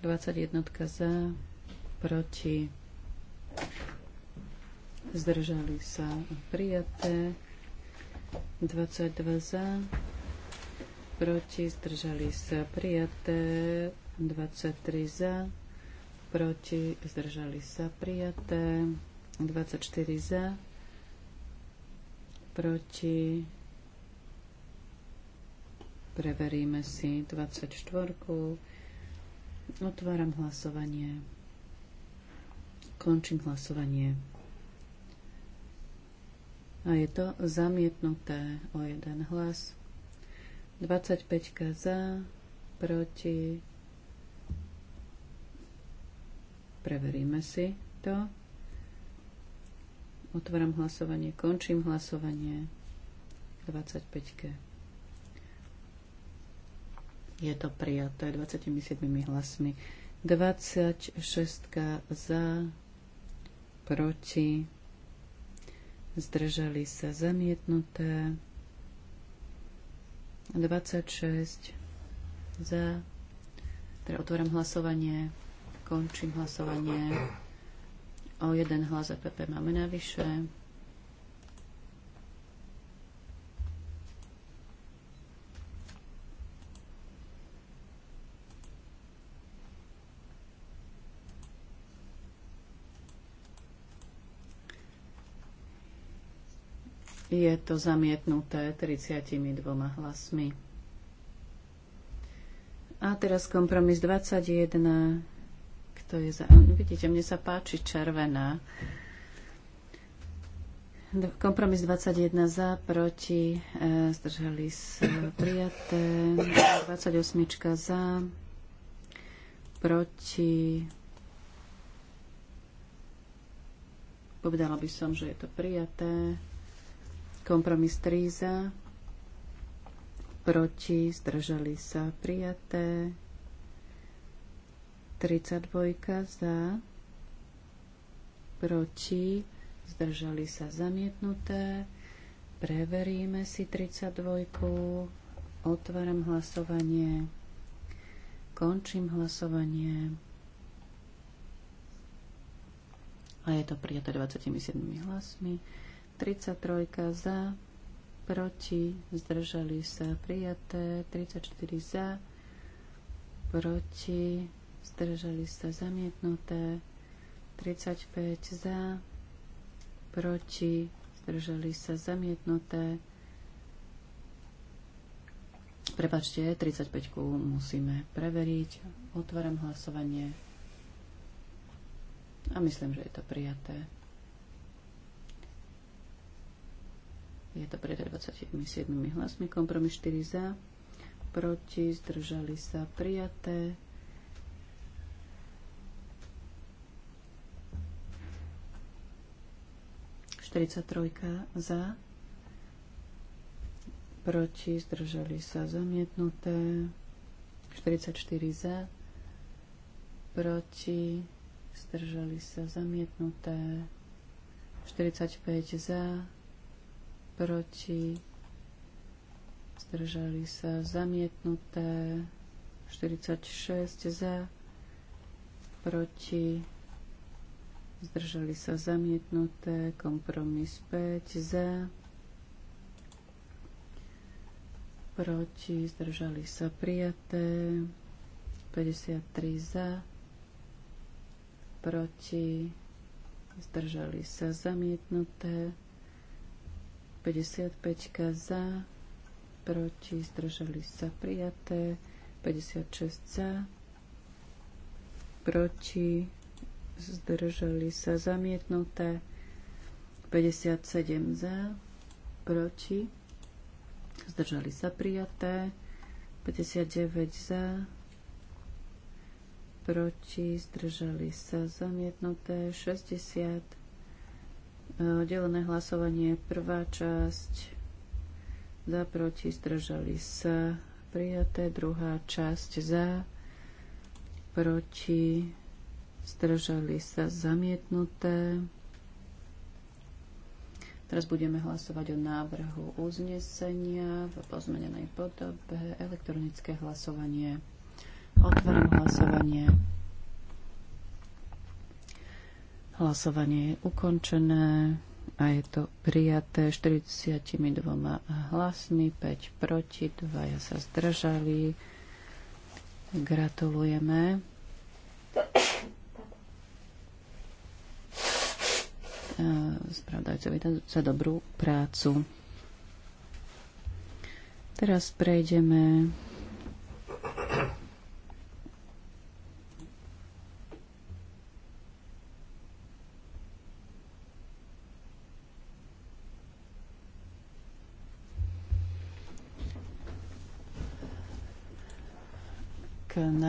21 za, proti, zdržali sa prijaté. 22 za, proti, zdržali sa prijaté. 23 za, proti, zdržali sa prijaté. 24 za, proti, Preveríme si 24. Otváram hlasovanie. Končím hlasovanie. A je to zamietnuté o jeden hlas. 25 za, proti. Preveríme si to. Otváram hlasovanie, končím hlasovanie. 25. Je to prijaté 27 hlasmi. 26 za, proti, zdržali sa zamietnuté. 26 za, teda otvorím hlasovanie, končím hlasovanie. O jeden hlas PP máme navyše. Je to zamietnuté 32 hlasmi. A teraz kompromis 21. Kto je za... Vidíte, mne sa páči červená. Kompromis 21 za, proti, e, zdržali sa prijaté, 28 za, proti, povedala by som, že je to prijaté, Kompromis 3 za, proti, zdržali sa prijaté. 32 za, proti, zdržali sa zamietnuté. Preveríme si 32. Otváram hlasovanie. Končím hlasovanie. A je to prijaté 27 hlasmi. 33 za, proti, zdržali sa prijaté, 34 za, proti, zdržali sa zamietnuté, 35 za, proti, zdržali sa zamietnuté. Prepačte, 35 musíme preveriť. Otváram hlasovanie. A myslím, že je to prijaté. Je to pred 27 hlasmi. Kompromis 4 za, proti, zdržali sa prijaté. trojka za, proti, zdržali sa zamietnuté. 44 za, proti, zdržali sa zamietnuté. 45 za, proti, zdržali sa zamietnuté, 46 za, proti, zdržali sa zamietnuté, kompromis 5 za, proti, zdržali sa prijaté, 53 za, proti, zdržali sa zamietnuté, 55 za, proti, zdržali sa prijaté, 56 za, proti, zdržali sa zamietnuté, 57 za, proti, zdržali sa prijaté, 59 za, proti, zdržali sa zamietnuté, 60 Oddelené hlasovanie, prvá časť, za, proti, zdržali sa, prijaté, druhá časť, za, proti, zdržali sa, zamietnuté. Teraz budeme hlasovať o návrhu uznesenia v pozmenenej podobe, elektronické hlasovanie. Otváram hlasovanie. Hlasovanie je ukončené a je to prijaté 42 hlasmi, 5 proti, 2 sa zdržali. Gratulujeme. E, Spravdajcovi za dobrú prácu. Teraz prejdeme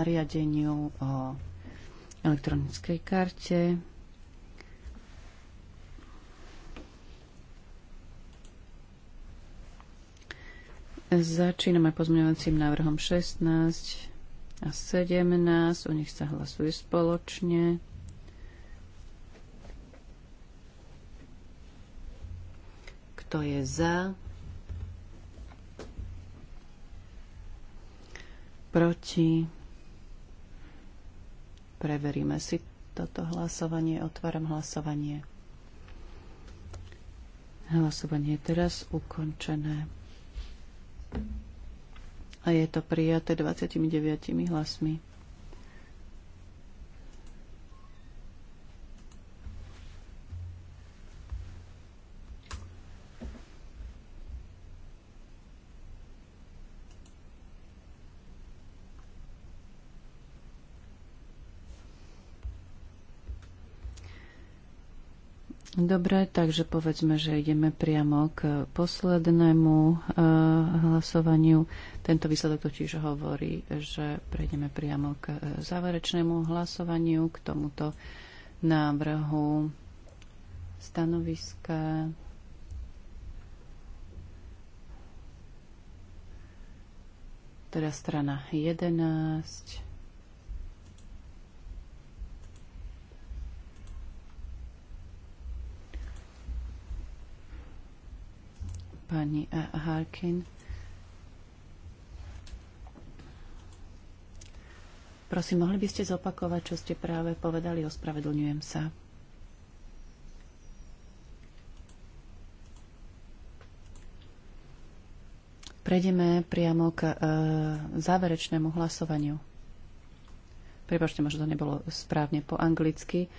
nariadeniu o elektronickej karte. Začíname pozmeňovacím návrhom 16 a 17. O nich sa hlasuje spoločne. Kto je za? Proti? Preveríme si toto hlasovanie. Otváram hlasovanie. Hlasovanie je teraz ukončené. A je to prijaté 29 hlasmi. Dobre, takže povedzme, že ideme priamo k poslednému eh, hlasovaniu. Tento výsledok totiž hovorí, že prejdeme priamo k eh, záverečnému hlasovaniu, k tomuto návrhu stanoviska. Teda strana 11. pani e, Harkin. Prosím, mohli by ste zopakovať, čo ste práve povedali? Ospravedlňujem sa. Prejdeme priamo k uh, záverečnému hlasovaniu. Prepačte, možno to nebolo správne po anglicky. Uh,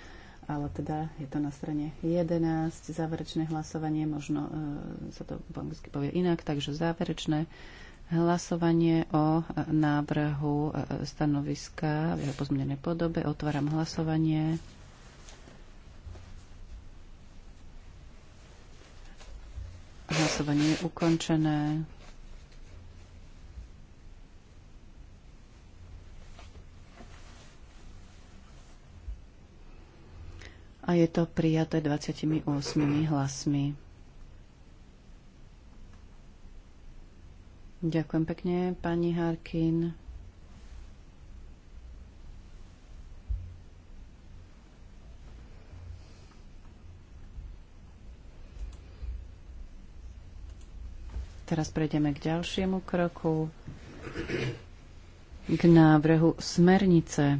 ale teda je to na strane 11, záverečné hlasovanie, možno e, sa to po anglicky povie inak, takže záverečné hlasovanie o e, návrhu e, e, stanoviska v jeho pozmenenej podobe. Otváram hlasovanie. Hlasovanie je ukončené. a je to prijaté 28 hlasmi. Ďakujem pekne, pani Harkin. Teraz prejdeme k ďalšiemu kroku, k návrhu smernice.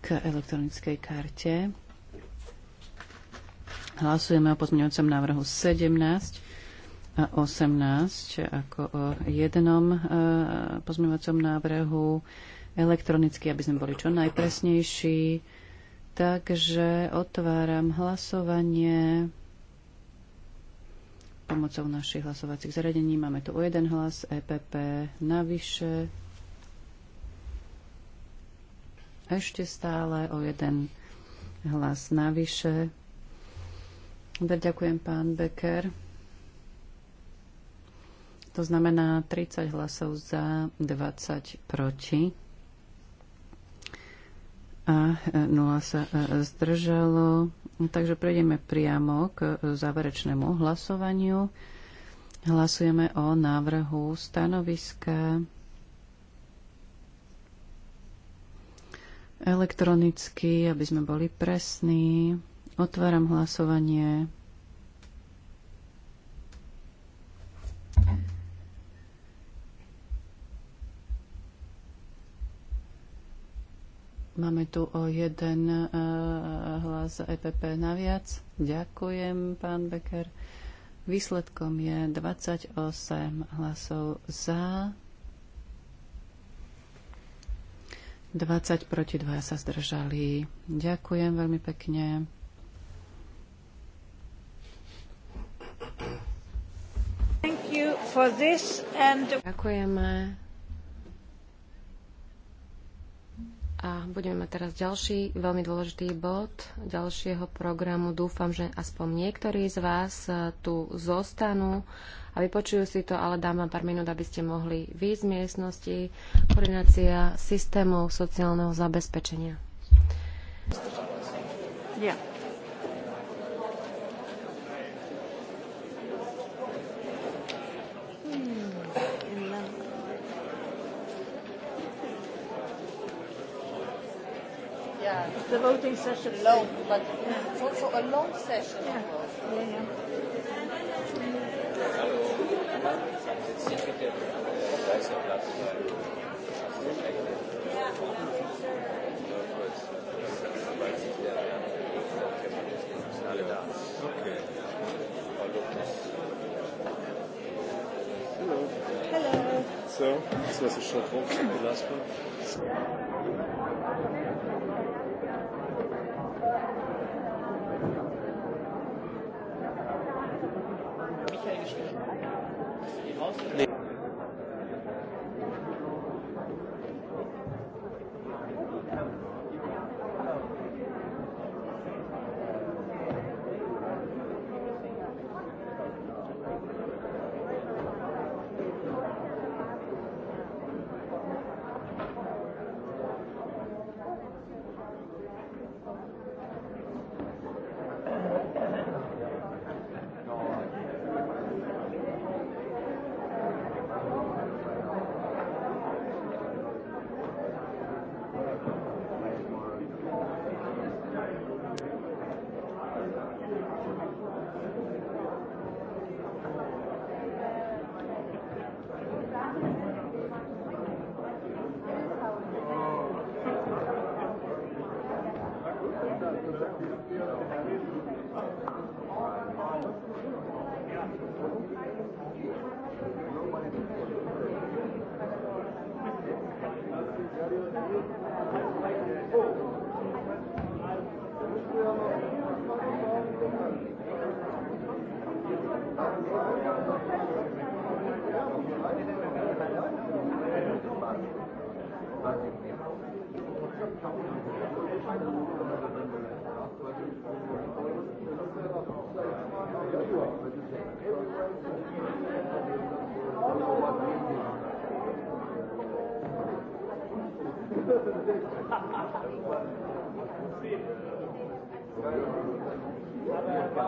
k elektronickej karte. Hlasujeme o pozmeňujúcom návrhu 17 a 18 ako o jednom e, pozmeňujúcom návrhu elektronicky, aby sme boli čo najpresnejší. Takže otváram hlasovanie pomocou našich hlasovacích zariadení. Máme tu o jeden hlas EPP navyše ešte stále o jeden hlas navyše. Ďakujem, pán Becker. To znamená 30 hlasov za, 20 proti. A 0 e, sa e, zdržalo. Takže prejdeme priamo k e, záverečnému hlasovaniu. Hlasujeme o návrhu stanoviska elektronicky, aby sme boli presní. Otváram hlasovanie. Máme tu o jeden uh, hlas EPP naviac. Ďakujem, pán Becker. Výsledkom je 28 hlasov za, 20 proti 2 sa zdržali. Ďakujem veľmi pekne. And... Ďakujeme. A budeme mať teraz ďalší veľmi dôležitý bod ďalšieho programu. Dúfam, že aspoň niektorí z vás tu zostanú a vypočujú si to, ale dám vám pár minút, aby ste mohli výjsť z miestnosti. Koordinácia systémov sociálneho zabezpečenia. Yeah. Yeah, the voting session long, but it's also a long session. Yeah, yeah, yeah. So, this was a short walk from the last one.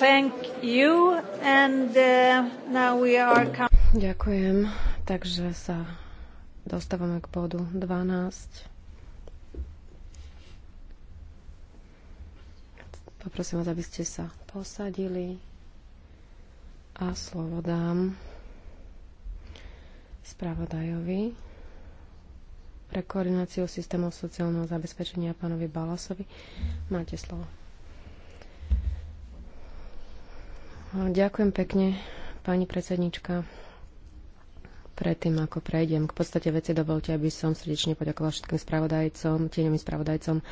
And, uh, Ďakujem. Takže sa dostávame k bodu 12. Poprosím vás, aby ste sa posadili a slovo dám spravodajovi pre koordináciu systémov sociálneho zabezpečenia pánovi Balasovi. Máte slovo. Ďakujem pekne, pani predsednička. Predtým, ako prejdem k podstate veci, dovolte, aby som srdečne poďakoval všetkým spravodajcom, tieňovým spravodajcom,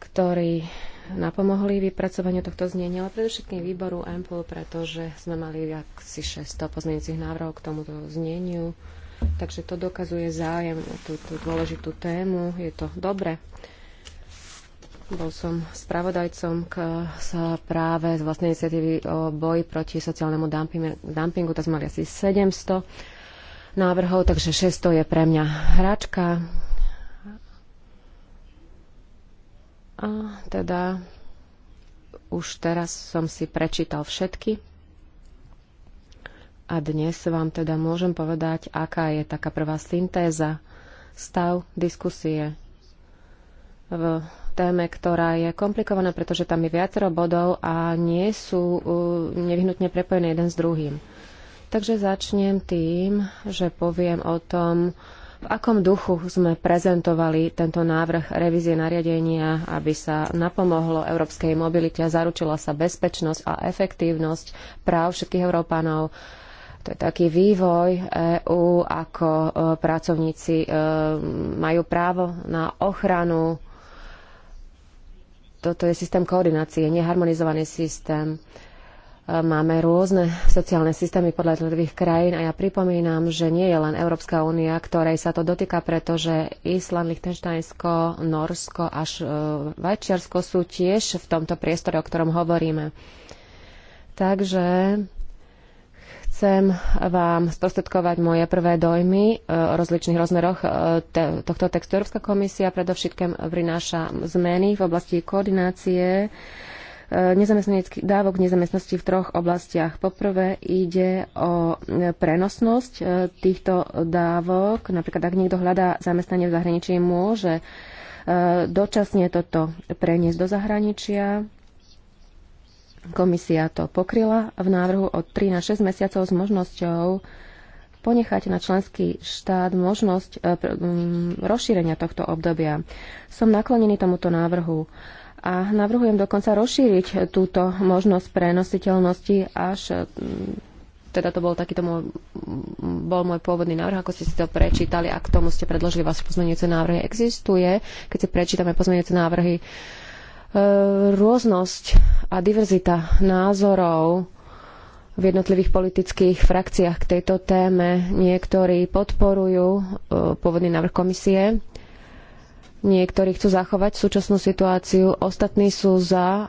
ktorí napomohli vypracovaniu tohto znenia, ale predovšetkým výboru EMPL, pretože sme mali asi 600 pozmeňujúcich návrhov k tomuto zneniu. Takže to dokazuje zájem na túto tú dôležitú tému. Je to dobre. Bol som spravodajcom k práve z vlastnej iniciatívy o boji proti sociálnemu dumpingu. dumpingu tak sme mali asi 700 návrhov, takže 600 je pre mňa hračka. A teda už teraz som si prečítal všetky. A dnes vám teda môžem povedať, aká je taká prvá syntéza, stav diskusie v téme, ktorá je komplikovaná, pretože tam je viacero bodov a nie sú uh, nevyhnutne prepojené jeden s druhým. Takže začnem tým, že poviem o tom, v akom duchu sme prezentovali tento návrh revízie nariadenia, aby sa napomohlo európskej mobilite a zaručila sa bezpečnosť a efektívnosť práv všetkých Európanov. To je taký vývoj EÚ, ako e, pracovníci e, majú právo na ochranu toto je systém koordinácie, neharmonizovaný systém. E, máme rôzne sociálne systémy podľa jednotlivých krajín a ja pripomínam, že nie je len Európska únia, ktorej sa to dotýka, pretože Island, Liechtensteinsko, Norsko až e, Vajčiarsko sú tiež v tomto priestore, o ktorom hovoríme. Takže Chcem vám sprostredkovať moje prvé dojmy e, o rozličných rozmeroch e, tohto textu. Európska komisia predovšetkým prináša zmeny v oblasti koordinácie e, dávok nezamestnosti v troch oblastiach. Poprvé ide o prenosnosť týchto dávok. Napríklad, ak niekto hľadá zamestnanie v zahraničí, môže dočasne toto preniesť do zahraničia Komisia to pokryla v návrhu od 3 na 6 mesiacov s možnosťou ponechať na členský štát možnosť e, rozšírenia tohto obdobia. Som naklonený tomuto návrhu a navrhujem dokonca rozšíriť túto možnosť prenositeľnosti až e, teda to bol takýto môj, bol môj pôvodný návrh, ako ste si to prečítali a k tomu ste predložili vaše pozmeňujúce návrhy. Existuje, keď si prečítame pozmeňujúce návrhy E, rôznosť a diverzita názorov v jednotlivých politických frakciách k tejto téme. Niektorí podporujú e, pôvodný návrh komisie, niektorí chcú zachovať súčasnú situáciu, ostatní sú za e,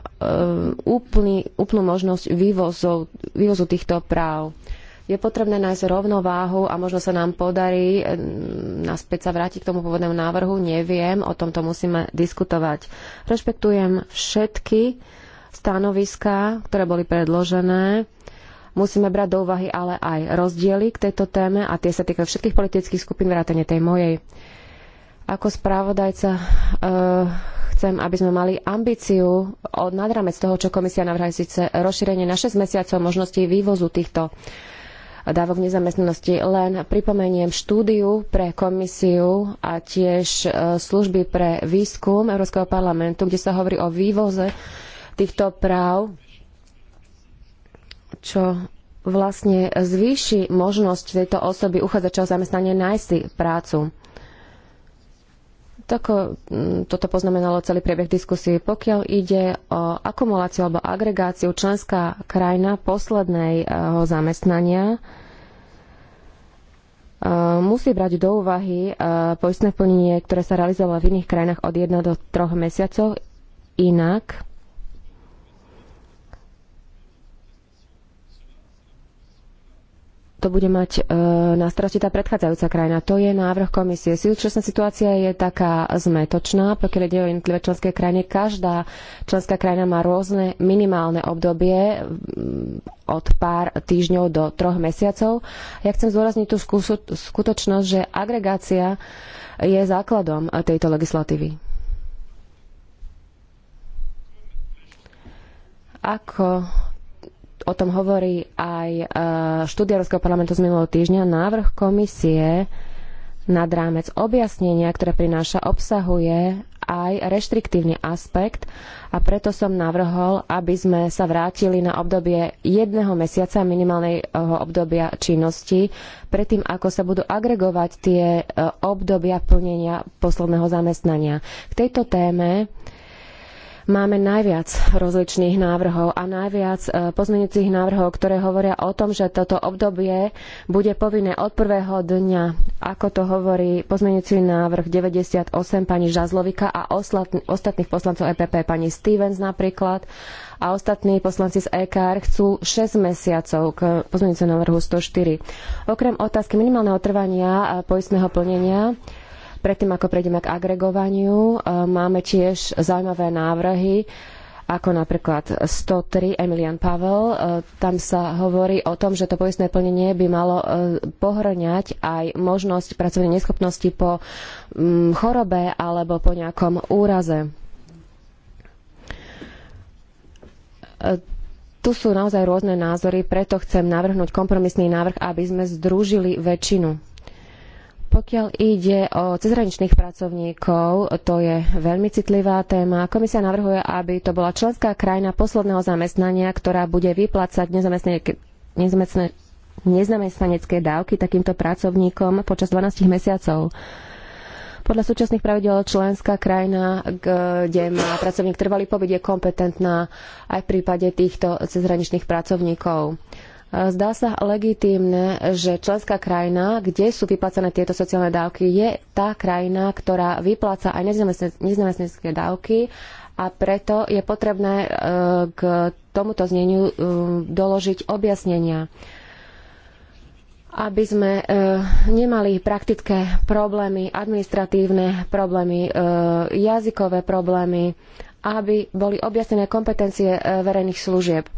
úplný, úplnú možnosť vývozu, vývozu týchto práv. Je potrebné nájsť rovnováhu a možno sa nám podarí eh, naspäť sa vrátiť k tomu pôvodnému návrhu. Neviem, o tomto musíme diskutovať. Rešpektujem všetky stanoviská, ktoré boli predložené. Musíme brať do úvahy ale aj rozdiely k tejto téme a tie sa týkajú všetkých politických skupín, vrátane tej mojej. Ako spravodajca e, eh, chcem, aby sme mali ambíciu od nadramec toho, čo komisia navrhuje, síce rozšírenie na 6 mesiacov možností vývozu týchto dávok nezamestnanosti. Len pripomeniem štúdiu pre komisiu a tiež e, služby pre výskum Európskeho parlamentu, kde sa hovorí o vývoze týchto práv, čo vlastne zvýši možnosť tejto osoby uchádzača o zamestnanie nájsť si prácu. Toko, mm, toto poznamenalo celý priebeh diskusie. Pokiaľ ide o akumuláciu alebo agregáciu členská krajina posledného zamestnania, e, musí brať do úvahy e, poistné plnenie, ktoré sa realizovalo v iných krajinách od 1 do 3 mesiacov. Inak to bude mať e, na starosti tá predchádzajúca krajina. To je návrh komisie. Súčasná situácia je taká zmetočná, pokiaľ ide o jednotlivé členské krajiny. Každá členská krajina má rôzne minimálne obdobie mm, od pár týždňov do troch mesiacov. Ja chcem zdôrazniť tú skutočnosť, že agregácia je základom tejto legislatívy. Ako o tom hovorí aj e, štúdia Európskeho parlamentu z minulého týždňa, návrh komisie nad rámec objasnenia, ktoré prináša, obsahuje aj reštriktívny aspekt a preto som navrhol, aby sme sa vrátili na obdobie jedného mesiaca minimálneho obdobia činnosti, predtým ako sa budú agregovať tie e, obdobia plnenia posledného zamestnania. K tejto téme máme najviac rozličných návrhov a najviac e, pozmeňujúcich návrhov, ktoré hovoria o tom, že toto obdobie bude povinné od prvého dňa, ako to hovorí pozmeňujúci návrh 98 pani Žazlovika a ostatných poslancov EPP, pani Stevens napríklad a ostatní poslanci z EKR chcú 6 mesiacov k pozmeňujúcemu návrhu 104. Okrem otázky minimálneho trvania poistného plnenia, Predtým, ako prejdeme k agregovaniu, e, máme tiež zaujímavé návrhy, ako napríklad 103 Emilian Pavel. E, tam sa hovorí o tom, že to poistné plnenie by malo e, pohrňať aj možnosť pracovnej neschopnosti po mm, chorobe alebo po nejakom úraze. Tu sú naozaj rôzne názory, preto chcem navrhnúť kompromisný návrh, aby sme združili väčšinu pokiaľ ide o cezhraničných pracovníkov, to je veľmi citlivá téma. Komisia navrhuje, aby to bola členská krajina posledného zamestnania, ktorá bude vyplácať nezamestnanecké dávky takýmto pracovníkom počas 12 mesiacov. Podľa súčasných pravidel členská krajina, kde má pracovník trvalý pobyt, je kompetentná aj v prípade týchto cezhraničných pracovníkov. Zdá sa legitímne, že členská krajina, kde sú vyplacené tieto sociálne dávky, je tá krajina, ktorá vypláca aj nezamestnanecké dávky a preto je potrebné e, k tomuto zneniu e, doložiť objasnenia aby sme e, nemali praktické problémy, administratívne problémy, e, jazykové problémy, aby boli objasnené kompetencie e, verejných služieb. E,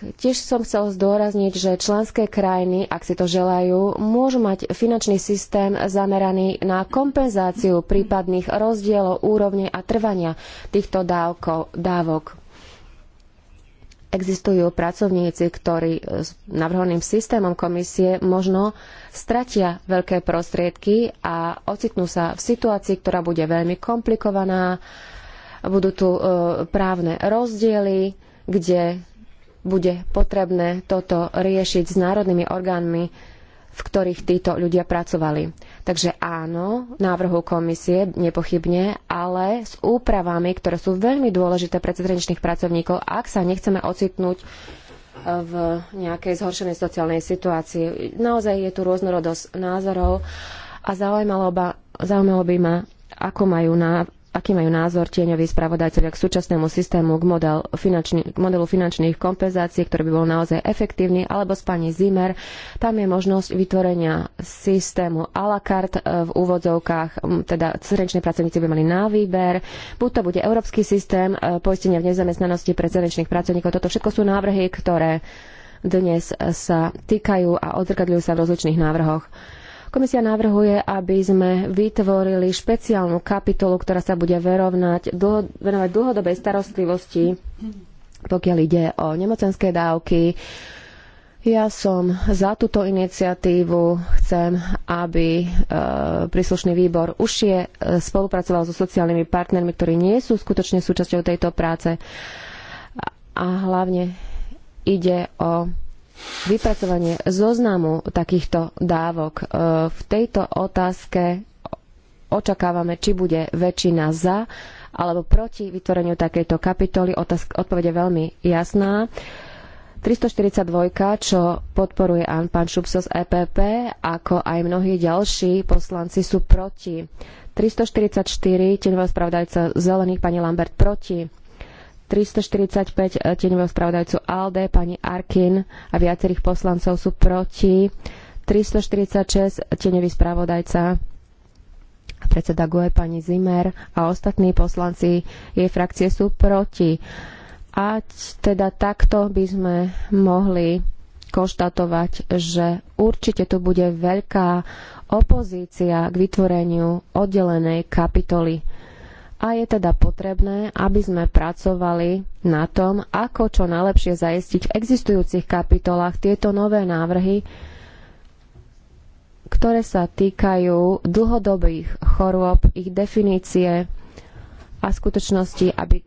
Tiež som chcel zdôrazniť, že členské krajiny, ak si to želajú, môžu mať finančný systém zameraný na kompenzáciu prípadných rozdielov úrovne a trvania týchto dávkov, dávok. Existujú pracovníci, ktorí s navrhovaným systémom komisie možno stratia veľké prostriedky a ocitnú sa v situácii, ktorá bude veľmi komplikovaná. Budú tu e, právne rozdiely, kde bude potrebné toto riešiť s národnými orgánmi, v ktorých títo ľudia pracovali. Takže áno, návrhu komisie nepochybne, ale s úpravami, ktoré sú veľmi dôležité pre cezhraničných pracovníkov, ak sa nechceme ocitnúť e, v nejakej zhoršenej sociálnej situácii. Naozaj je tu rôznorodosť názorov a zaujímalo, ba, zaujímalo by ma, ako majú na aký majú názor tieňoví spravodajcovia k súčasnému systému, k, model finančný, modelu finančných kompenzácií, ktorý by bol naozaj efektívny, alebo s pani Zimmer. Tam je možnosť vytvorenia systému a la carte e, v úvodzovkách, teda srdenční pracovníci by mali na výber. Buď to bude európsky systém e, poistenia v nezamestnanosti pre srdenčných pracovníkov. Toto všetko sú návrhy, ktoré dnes sa týkajú a odzrkadľujú sa v rozličných návrhoch. Komisia navrhuje, aby sme vytvorili špeciálnu kapitolu, ktorá sa bude verovnať, dlho, venovať dlhodobej starostlivosti, pokiaľ ide o nemocenské dávky. Ja som za túto iniciatívu. Chcem, aby e, príslušný výbor užšie e, spolupracoval so sociálnymi partnermi, ktorí nie sú skutočne súčasťou tejto práce. A, a hlavne ide o vypracovanie zoznamu takýchto dávok. E, v tejto otázke očakávame, či bude väčšina za alebo proti vytvoreniu takejto kapitoly. Otázka, odpovede veľmi jasná. 342, čo podporuje pán Šupso z EPP, ako aj mnohí ďalší poslanci sú proti. 344, tenová spravodajca zelených, pani Lambert proti. 345 eh, tieňového spravodajcu ALDE, pani Arkin a viacerých poslancov sú proti. 346 tieňový spravodajca predseda GUE pani Zimmer a ostatní poslanci jej frakcie sú proti. A teda takto by sme mohli konštatovať, že určite tu bude veľká opozícia k vytvoreniu oddelenej kapitoly a je teda potrebné, aby sme pracovali na tom, ako čo najlepšie zaistiť v existujúcich kapitolách tieto nové návrhy, ktoré sa týkajú dlhodobých chorôb, ich definície a skutočnosti, aby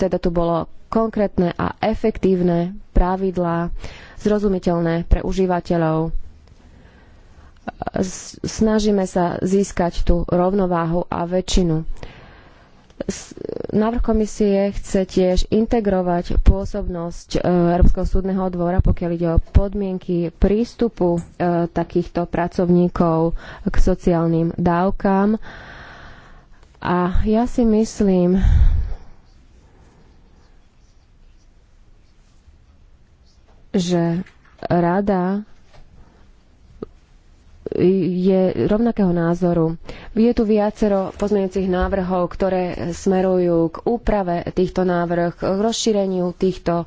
teda tu bolo konkrétne a efektívne pravidlá, zrozumiteľné pre užívateľov snažíme sa získať tú rovnováhu a väčšinu. Návrh komisie chce tiež integrovať pôsobnosť e, Európskeho súdneho dvora, pokiaľ ide o podmienky prístupu e, takýchto pracovníkov k sociálnym dávkam. A ja si myslím, že rada je rovnakého názoru. Je tu viacero pozmeňujúcich návrhov, ktoré smerujú k úprave týchto návrh, k rozšíreniu týchto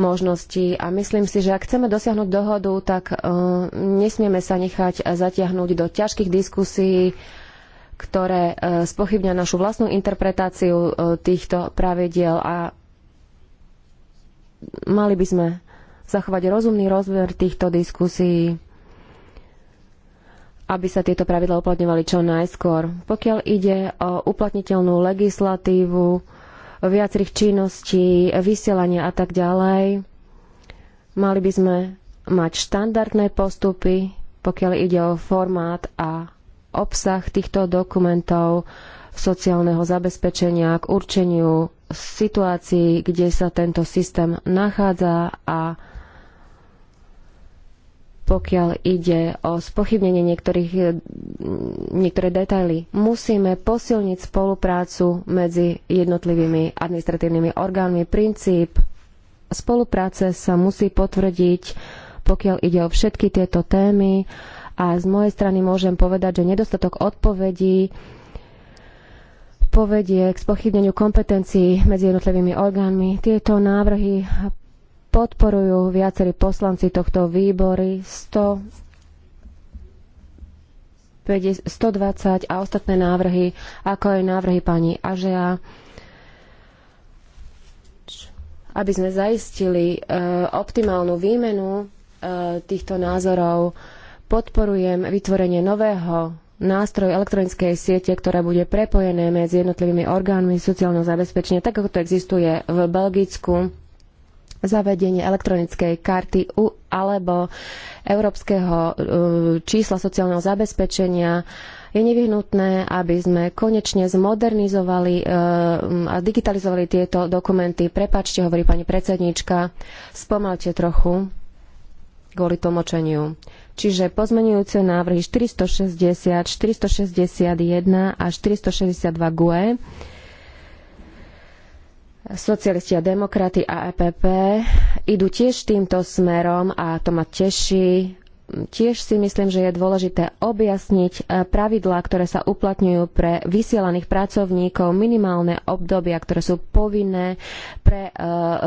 možností a myslím si, že ak chceme dosiahnuť dohodu, tak uh, nesmieme sa nechať zatiahnuť do ťažkých diskusí, ktoré uh, spochybňa našu vlastnú interpretáciu uh, týchto pravidiel a mali by sme zachovať rozumný rozmer týchto diskusí aby sa tieto pravidla uplatňovali čo najskôr. Pokiaľ ide o uplatniteľnú legislatívu, viacerých činností, vysielania a tak ďalej, mali by sme mať štandardné postupy, pokiaľ ide o formát a obsah týchto dokumentov sociálneho zabezpečenia k určeniu situácií, kde sa tento systém nachádza a pokiaľ ide o spochybnenie niektorých, niektoré detaily. Musíme posilniť spoluprácu medzi jednotlivými administratívnymi orgánmi. Princíp spolupráce sa musí potvrdiť, pokiaľ ide o všetky tieto témy. A z mojej strany môžem povedať, že nedostatok odpovedí povedie k spochybneniu kompetencií medzi jednotlivými orgánmi. Tieto návrhy podporujú viacerí poslanci tohto výbory 100, 50, 120 a ostatné návrhy, ako aj návrhy pani Ažea, aby sme zaistili e, optimálnu výmenu e, týchto názorov. Podporujem vytvorenie nového nástroj elektronickej siete, ktoré bude prepojené medzi jednotlivými orgánmi sociálneho zabezpečenia, tak ako to existuje v Belgicku zavedenie elektronickej karty u, alebo európskeho e, čísla sociálneho zabezpečenia je nevyhnutné, aby sme konečne zmodernizovali e, a digitalizovali tieto dokumenty. Prepačte, hovorí pani predsednička, spomalte trochu kvôli tlmočeniu. Čiže pozmenujúce návrhy 460, 461 a 462 GUE socialisti a demokrati a EPP idú tiež týmto smerom a to ma teší. Tiež si myslím, že je dôležité objasniť e, pravidlá, ktoré sa uplatňujú pre vysielaných pracovníkov, minimálne obdobia, ktoré sú povinné pre e,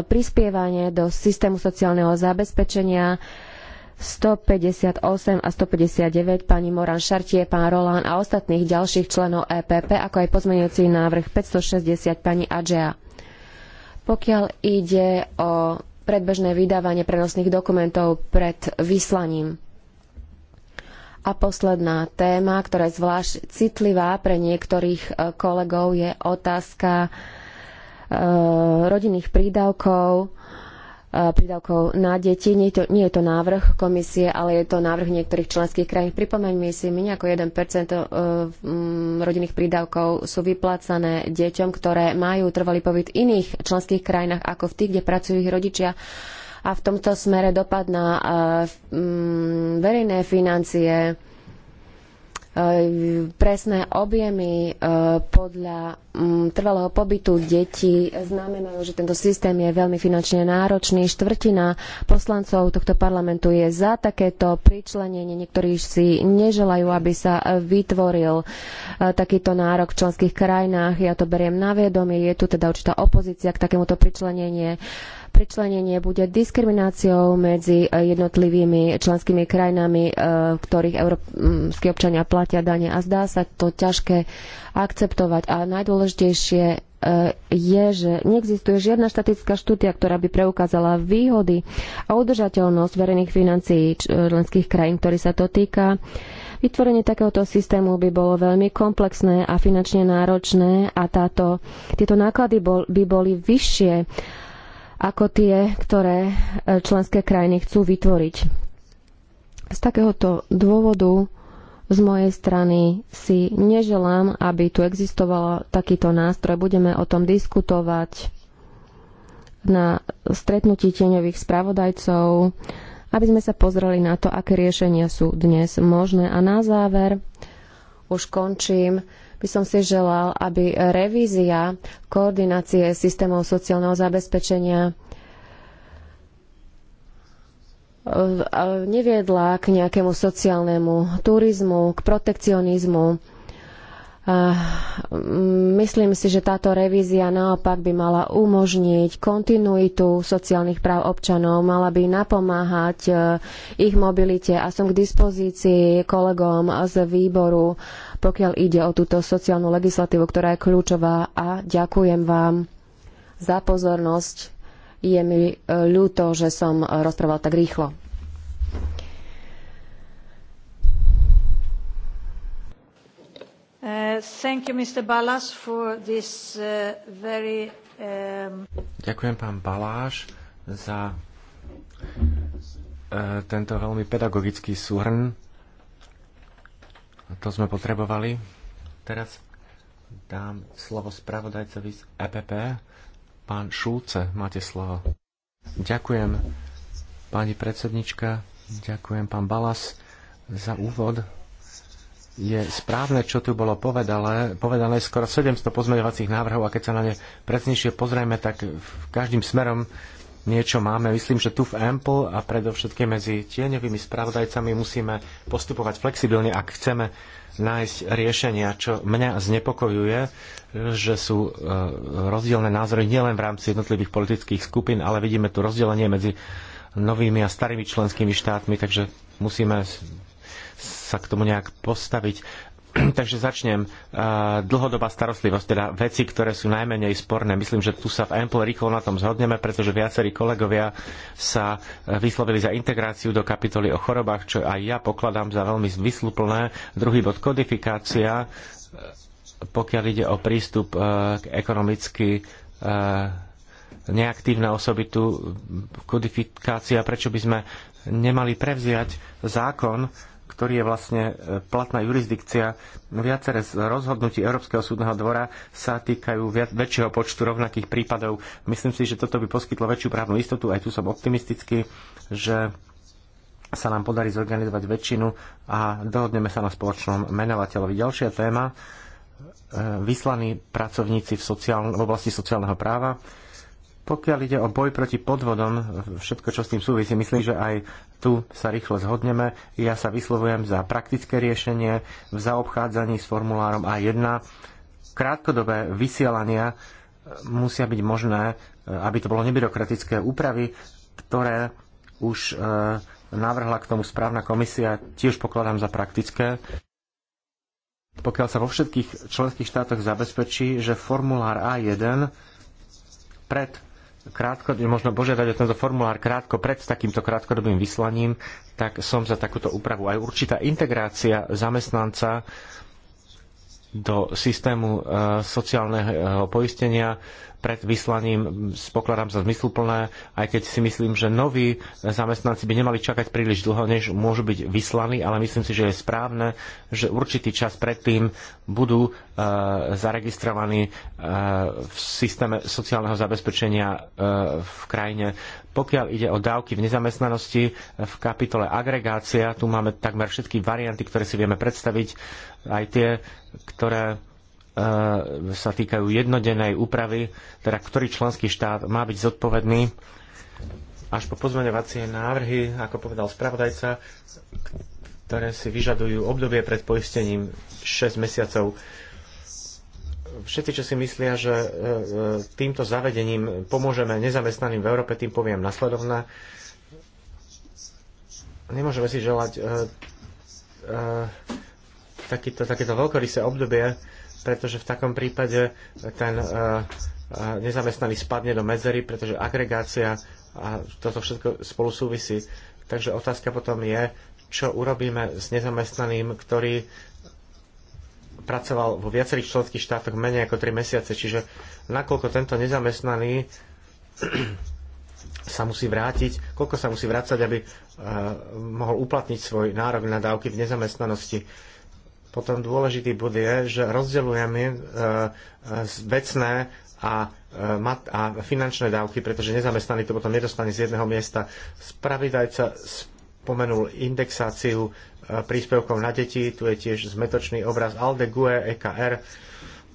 prispievanie do systému sociálneho zabezpečenia. 158 a 159 pani Moran Šartie, pán Rolán a ostatných ďalších členov EPP, ako aj pozmenujúci návrh 560 pani Adžea. Pokiaľ ide o predbežné vydávanie prenosných dokumentov pred vyslaním. A posledná téma, ktorá je zvlášť citlivá pre niektorých e, kolegov, je otázka e, rodinných prídavkov E, prídavkov na deti. Nie je, to, nie je to návrh komisie, ale je to návrh niektorých členských krajín. Pripomeňme si, menej ako 1% e, rodinných prídavkov sú vyplácané deťom, ktoré majú trvalý pobyt v iných členských krajinách ako v tých, kde pracujú ich rodičia a v tomto smere dopad na e, verejné financie E, presné objemy e, podľa mm, trvalého pobytu detí znamenajú, že tento systém je veľmi finančne náročný. Štvrtina poslancov tohto parlamentu je za takéto pričlenenie. Niektorí si neželajú, aby sa vytvoril e, takýto nárok v členských krajinách. Ja to beriem na vedomie. Je tu teda určitá opozícia k takémuto pričlenenie. Pričlenenie bude diskrimináciou medzi eh, jednotlivými členskými krajinami, eh, v ktorých európsky občania platia dane a zdá sa to ťažké akceptovať. A najdôležitejšie eh, je, že neexistuje žiadna štatická štúdia, ktorá by preukázala výhody a udržateľnosť verejných financií členských krajín, ktorý sa to týka. Vytvorenie takéhoto systému by bolo veľmi komplexné a finančne náročné a táto, tieto náklady bol, by boli vyššie ako tie, ktoré e, členské krajiny chcú vytvoriť. Z takéhoto dôvodu z mojej strany si neželám, aby tu existoval takýto nástroj. Budeme o tom diskutovať na stretnutí tieňových spravodajcov, aby sme sa pozreli na to, aké riešenia sú dnes možné. A na záver už končím by som si želal, aby revízia koordinácie systémov sociálneho zabezpečenia e, e, neviedla k nejakému sociálnemu turizmu, k protekcionizmu. Myslím si, že táto revízia naopak by mala umožniť kontinuitu sociálnych práv občanov, mala by napomáhať e, ich mobilite a som k dispozícii kolegom z výboru pokiaľ ide o túto sociálnu legislatívu, ktorá je kľúčová a ďakujem vám za pozornosť. Je mi e, ľúto, že som rozprával tak rýchlo. Uh, uh, um, ďakujem pán Baláš za uh, tento veľmi pedagogický súhrn to sme potrebovali. Teraz dám slovo spravodajcovi z EPP. Pán Šulce, máte slovo. Ďakujem, pani predsednička, ďakujem, pán Balas, za úvod. Je správne, čo tu bolo povedané, povedané skoro 700 pozmeňovacích návrhov a keď sa na ne presnejšie pozrieme, tak v každým smerom niečo máme. Myslím, že tu v Ample a predovšetkým medzi tieňovými spravodajcami musíme postupovať flexibilne, ak chceme nájsť riešenia, čo mňa znepokojuje, že sú e, rozdielne názory nielen v rámci jednotlivých politických skupín, ale vidíme tu rozdelenie medzi novými a starými členskými štátmi, takže musíme sa k tomu nejak postaviť. Takže začnem. Dlhodobá starostlivosť, teda veci, ktoré sú najmenej sporné. Myslím, že tu sa v Ample rýchlo na tom zhodneme, pretože viacerí kolegovia sa e, vyslovili za integráciu do kapitoly o chorobách, čo aj ja pokladám za veľmi zmysluplné. Druhý bod kodifikácia, e, pokiaľ ide o prístup e, k ekonomicky neaktívne osoby tu kodifikácia, prečo by sme nemali prevziať zákon, ktorý je vlastne e, platná jurisdikcia. Viaceré z rozhodnutí Európskeho súdneho dvora sa týkajú viac, väčšieho počtu rovnakých prípadov. Myslím si, že toto by poskytlo väčšiu právnu istotu. Aj tu som optimistický, že sa nám podarí zorganizovať väčšinu a dohodneme sa na spoločnom menovateľovi. Ďalšia téma, e, vyslaní pracovníci v, sociál- v oblasti sociálneho práva. Pokiaľ ide o boj proti podvodom, všetko, čo s tým súvisí, myslím, že aj tu sa rýchlo zhodneme. Ja sa vyslovujem za praktické riešenie v zaobchádzaní s formulárom A1. Krátkodobé vysielania eh, musia byť možné, eh, aby to bolo nebyrokratické úpravy, ktoré už eh, navrhla k tomu správna komisia, tiež pokladám za praktické pokiaľ sa vo všetkých členských štátoch zabezpečí, že formulár A1 pred krátko, možno požiadať o tento formulár krátko pred takýmto krátkodobým vyslaním, tak som za takúto úpravu. Aj určitá integrácia zamestnanca do systému eh, sociálneho poistenia pred vyslaním pokladám za zmysluplné, aj keď si myslím, že noví zamestnanci by nemali čakať príliš dlho, než môžu byť vyslaní, ale myslím si, že je správne, že určitý čas predtým budú e, zaregistrovaní e, v systéme sociálneho zabezpečenia e, v krajine. Pokiaľ ide o dávky v nezamestnanosti, e, v kapitole agregácia tu máme takmer všetky varianty, ktoré si vieme predstaviť, aj tie, ktoré E, sa týkajú jednodennej úpravy, teda ktorý členský štát má byť zodpovedný až po pozmeňovacie návrhy, ako povedal spravodajca, ktoré si vyžadujú obdobie pred poistením 6 mesiacov. Všetci, čo si myslia, že e, e, týmto zavedením pomôžeme nezamestnaným v Európe, tým poviem nasledovné. Nemôžeme si želať uh, takéto veľkorysé obdobie, pretože v takom prípade ten eh, eh, nezamestnaný spadne do medzery, pretože agregácia a toto všetko spolu súvisí. Takže otázka potom je, čo urobíme s nezamestnaným, ktorý pracoval vo viacerých členských štátoch menej ako 3 mesiace, čiže nakoľko tento nezamestnaný sa musí vrátiť, koľko sa musí vrácať, aby eh, mohol uplatniť svoj nárok na dávky v nezamestnanosti potom dôležitý bod je, že rozdeľujeme e, e, vecné a, e, a finančné dávky, pretože nezamestnaní to potom nedostane z jedného miesta. Spravidajca spomenul indexáciu príspevkov na deti, tu je tiež zmetočný obraz ALDE, GUE, EKR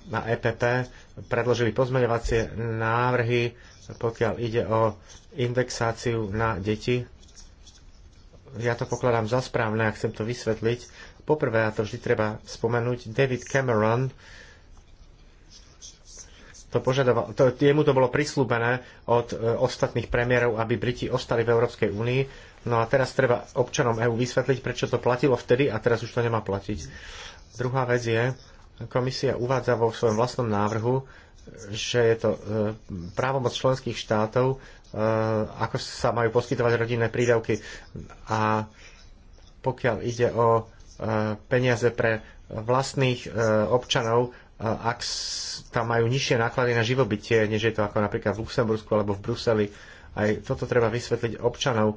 na EPP predložili pozmeňovacie návrhy, pokiaľ ide o indexáciu na deti. Ja to pokladám za správne a chcem to vysvetliť Poprvé, a to vždy treba spomenúť, David Cameron to požadoval, to, jemu to bolo prislúbené od e, ostatných premiérov, aby Briti ostali v Európskej únii. No a teraz treba občanom EÚ vysvetliť, prečo to platilo vtedy a teraz už to nemá platiť. Druhá vec je, komisia uvádza vo svojom vlastnom návrhu, že je to e, právomoc členských štátov, e, ako sa majú poskytovať rodinné prídavky. A pokiaľ ide o E, peniaze pre vlastných e, občanov, e, ak tam majú nižšie náklady na živobytie, než je to ako napríklad v Luxembursku alebo v Bruseli. Aj toto treba vysvetliť občanov,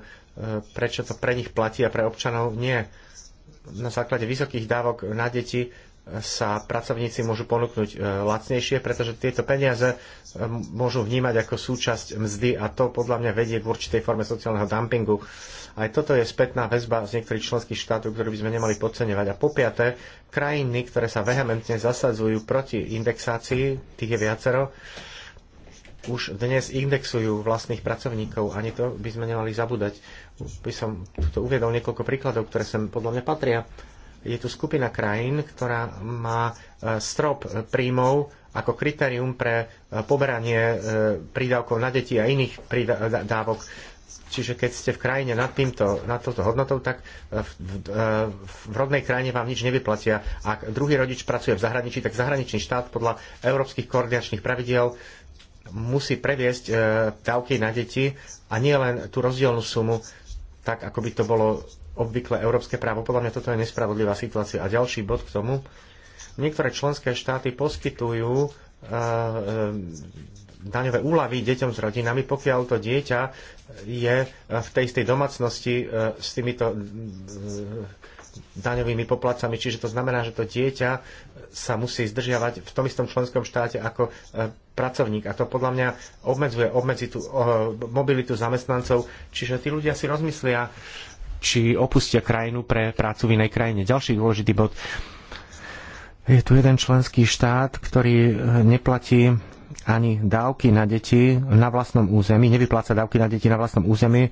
prečo to pre nich platí a pre občanov nie. Na základe vysokých dávok na deti sa pracovníci môžu ponúknuť e, lacnejšie, pretože tieto peniaze e, môžu vnímať ako súčasť mzdy a to podľa mňa vedie k určitej forme sociálneho dumpingu. Aj toto je spätná väzba z niektorých členských štátov, ktorú by sme nemali podceňovať. A po piaté, krajiny, ktoré sa vehementne zasadzujú proti indexácii, tých je viacero, už dnes indexujú vlastných pracovníkov. Ani to by sme nemali zabúdať. By som tu uviedol niekoľko príkladov, ktoré sem podľa mňa patria je tu skupina krajín, ktorá má e, strop príjmov ako kritérium pre e, poberanie e, prídavkov na deti a iných prídavok. Čiže keď ste v krajine nad, týmto, nad touto hodnotou, tak v, v, v rodnej krajine vám nič nevyplatia. Ak druhý rodič pracuje v zahraničí, tak zahraničný štát podľa európskych koordinačných pravidiel musí previesť e, dávky na deti a nie len tú rozdielnú sumu, tak ako by to bolo obvykle európske právo. Podľa mňa toto je nespravodlivá situácia. A ďalší bod k tomu. Niektoré členské štáty poskytujú e, e, daňové úlavy deťom s rodinami, pokiaľ to dieťa je v tej istej domácnosti e, s týmito daňovými poplatcami. Čiže to znamená, že to dieťa sa musí zdržiavať v tom istom členskom štáte ako pracovník. A to podľa mňa obmedzuje obmedzi tú, mobilitu zamestnancov. Čiže tí ľudia si rozmyslia, či opustia krajinu pre prácu v inej krajine. Ďalší dôležitý bod. Je tu jeden členský štát, ktorý e, neplatí ani dávky na deti na vlastnom území, nevypláca dávky na deti na vlastnom území,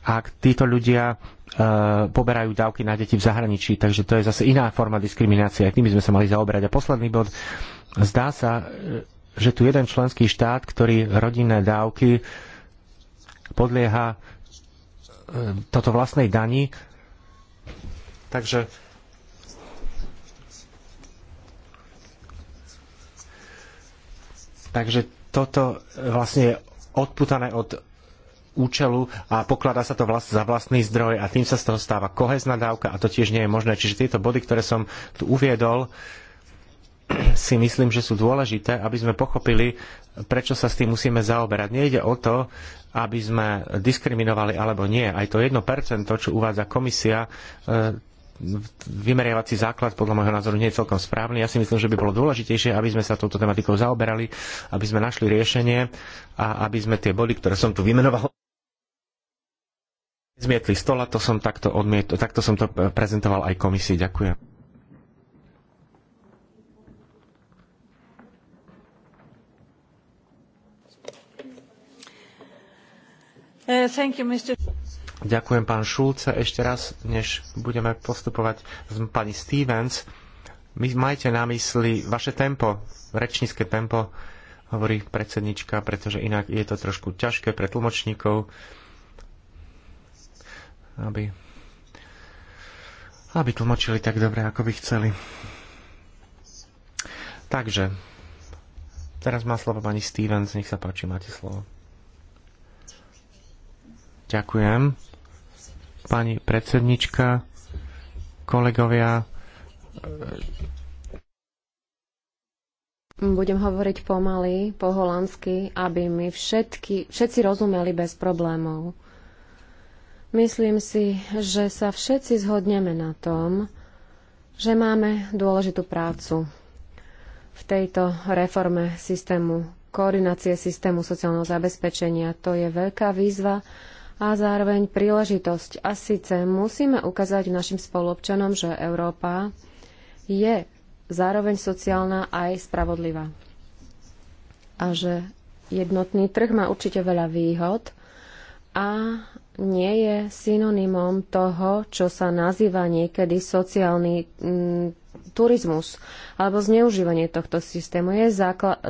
ak títo ľudia e, poberajú dávky na deti v zahraničí. Takže to je zase iná forma diskriminácie. Aj tým by sme sa mali zaoberať. A posledný bod. Zdá sa, e, že tu jeden členský štát, ktorý rodinné dávky podlieha E, toto vlastnej dani. Takže Takže toto vlastne je odputané od účelu a pokladá sa to vlast, za vlastný zdroj a tým sa z toho stáva kohezná dávka a to tiež nie je možné. Čiže tieto body, ktoré som tu uviedol, si myslím, že sú dôležité, aby sme pochopili, prečo sa s tým musíme zaoberať. Nejde o to, aby sme diskriminovali alebo nie. Aj to 1%, čo uvádza komisia, e, vymeriavací základ podľa môjho názoru nie je celkom správny. Ja si myslím, že by bolo dôležitejšie, aby sme sa touto tematikou zaoberali, aby sme našli riešenie a aby sme tie body, ktoré som tu vymenoval, zmietli stola, to som takto, odmiet, takto som to prezentoval aj komisii. Ďakujem. You, Ďakujem, pán Šulce. Ešte raz, než budeme postupovať s pani Stevens, my majte na mysli vaše tempo, rečnícke tempo, hovorí predsednička, pretože inak je to trošku ťažké pre tlmočníkov, aby, aby tlmočili tak dobre, ako by chceli. Takže, teraz má slovo pani Stevens, nech sa páči, máte slovo. Ďakujem. Pani predsednička, kolegovia. Budem hovoriť pomaly, po holandsky, aby mi všetky, všetci rozumeli bez problémov. Myslím si, že sa všetci zhodneme na tom, že máme dôležitú prácu v tejto reforme systému koordinácie systému sociálneho zabezpečenia. To je veľká výzva, a zároveň príležitosť. A síce musíme ukázať našim spoluobčanom, že Európa je zároveň sociálna aj spravodlivá. A že jednotný trh má určite veľa výhod a nie je synonymom toho, čo sa nazýva niekedy sociálny mm, turizmus alebo zneužívanie tohto systému. Je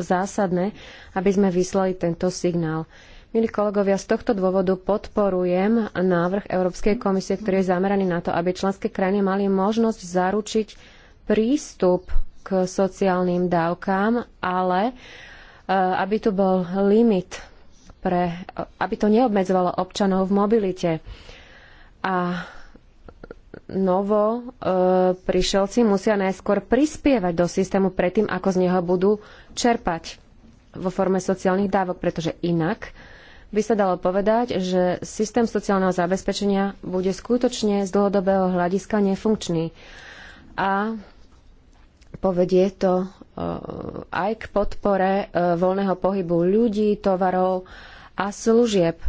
zásadné, aby sme vyslali tento signál. Milí kolegovia, z tohto dôvodu podporujem návrh Európskej komisie, ktorý je zameraný na to, aby členské krajiny mali možnosť zaručiť prístup k sociálnym dávkám, ale e, aby tu bol limit, pre, aby to neobmedzovalo občanov v mobilite. A novo e, prišelci musia najskôr prispievať do systému predtým, ako z neho budú čerpať vo forme sociálnych dávok, pretože inak by sa dalo povedať, že systém sociálneho zabezpečenia bude skutočne z dlhodobého hľadiska nefunkčný. A povedie to e, aj k podpore e, voľného pohybu ľudí, tovarov a služieb.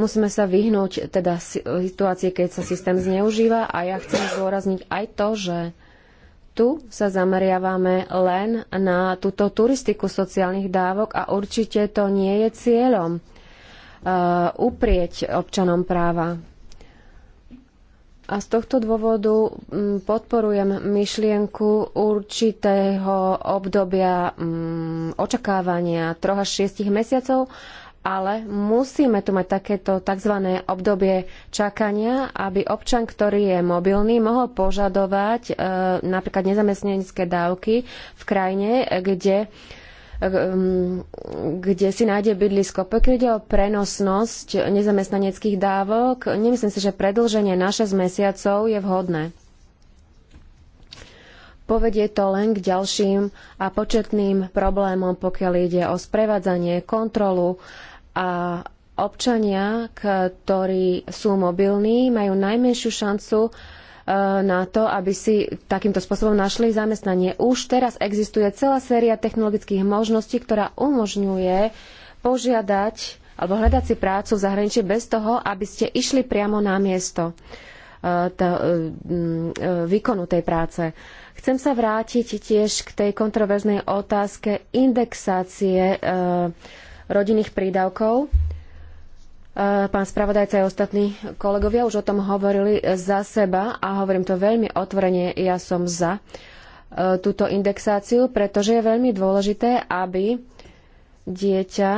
Musíme sa vyhnúť teda situácie, keď sa systém zneužíva a ja chcem zdôrazniť aj to, že tu sa zameriavame len na túto turistiku sociálnych dávok a určite to nie je cieľom. Uh, uprieť občanom práva. A z tohto dôvodu mm, podporujem myšlienku určitého obdobia mm, očakávania 3 až šiestich mesiacov, ale musíme tu mať takéto tzv. obdobie čakania, aby občan, ktorý je mobilný, mohol požadovať uh, napríklad nezamestnanecké dávky v krajine, kde Um, kde si nájde bydlisko. Pokiaľ ide o prenosnosť nezamestnaneckých dávok, nemyslím si, že predlženie na 6 mesiacov je vhodné. Povedie to len k ďalším a početným problémom, pokiaľ ide o sprevádzanie, kontrolu a občania, ktorí sú mobilní, majú najmenšiu šancu Eh, na to, aby si takýmto spôsobom našli zamestnanie. Už teraz existuje celá séria technologických možností, ktorá umožňuje požiadať alebo hľadať si prácu v zahraničí bez toho, aby ste išli priamo na miesto eh, eh, mm, výkonu tej práce. Chcem sa vrátiť tiež k tej kontroverznej otázke indexácie rodinných prídavkov. Eh, pán spravodajca aj ostatní kolegovia už o tom hovorili za seba a hovorím to veľmi otvorene, ja som za eh, túto indexáciu, pretože je veľmi dôležité, aby dieťa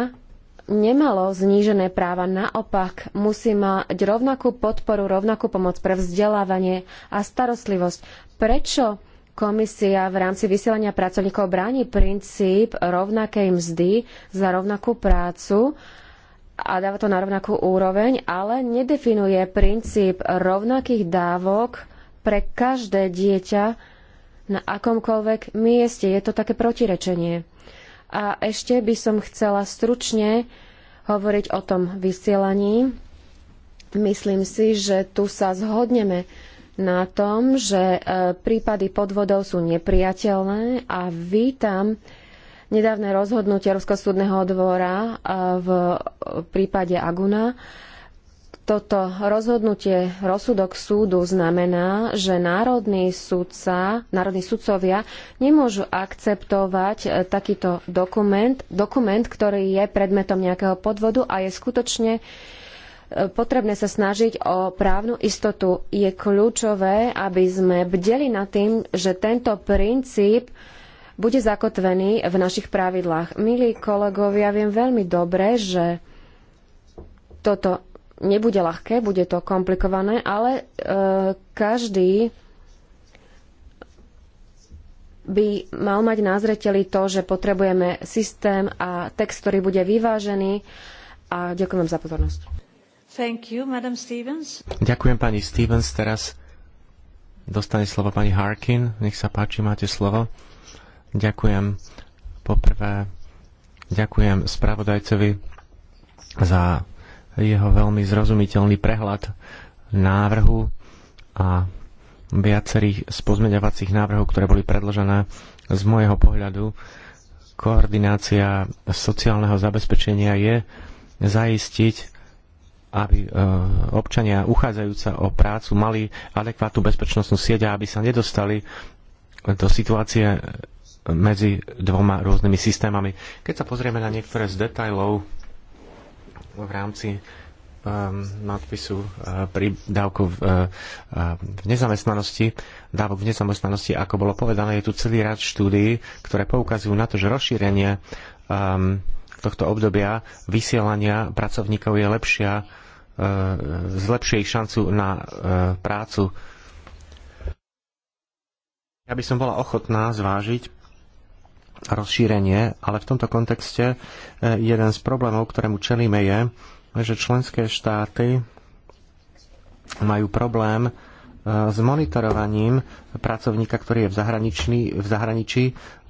nemalo znížené práva. Naopak, musí mať rovnakú podporu, rovnakú pomoc pre vzdelávanie a starostlivosť. Prečo komisia v rámci vysielania pracovníkov bráni princíp rovnakej mzdy za rovnakú prácu? Uh, a dáva to na rovnakú úroveň, ale nedefinuje princíp rovnakých dávok pre každé dieťa na akomkoľvek mieste. Je to také protirečenie. A ešte by som chcela stručne hovoriť o tom vysielaní. Myslím si, že tu sa zhodneme na tom, že e, prípady podvodov sú nepriateľné a vítam nedávne rozhodnutie Európskeho súdneho dvora v prípade Aguna. Toto rozhodnutie, rozsudok súdu znamená, že národní sudca, národní sudcovia nemôžu akceptovať e, takýto dokument, dokument, ktorý je predmetom nejakého podvodu a je skutočne e, potrebné sa snažiť o právnu istotu. Je kľúčové, aby sme bdeli nad tým, že tento princíp bude zakotvený v našich pravidlách. Milí kolegovia, viem veľmi dobre, že toto nebude ľahké, bude to komplikované, ale e, každý by mal mať na zreteli to, že potrebujeme systém a text, ktorý bude vyvážený. A ďakujem vám za pozornosť. Thank you, Madam Stevens. Ďakujem pani Stevens. Teraz dostane slovo pani Harkin. Nech sa páči, máte slovo. Ďakujem. Poprvé, ďakujem spravodajcovi za jeho veľmi zrozumiteľný prehľad návrhu a viacerých spozmeňovacích návrhov, ktoré boli predložené z môjho pohľadu. Koordinácia sociálneho zabezpečenia je zaistiť, aby e, občania uchádzajúca o prácu mali adekvátnu bezpečnostnú sieť a aby sa nedostali do situácie medzi dvoma rôznymi systémami. Keď sa pozrieme na niektoré z detajlov v rámci um, nadpisu uh, e, pri dávku v, uh, v nezamestnanosti, dávok v nezamestnanosti, ako bolo povedané, je tu celý rad štúdií, ktoré poukazujú na to, že rozšírenie um, tohto obdobia vysielania pracovníkov je lepšia, uh, zlepšuje ich šancu na uh, prácu. Ja by som bola ochotná zvážiť rozšírenie, ale v tomto kontexte e, jeden z problémov, ktorému čelíme, je, že členské štáty majú problém e, s monitorovaním pracovníka, ktorý je v, v zahraničí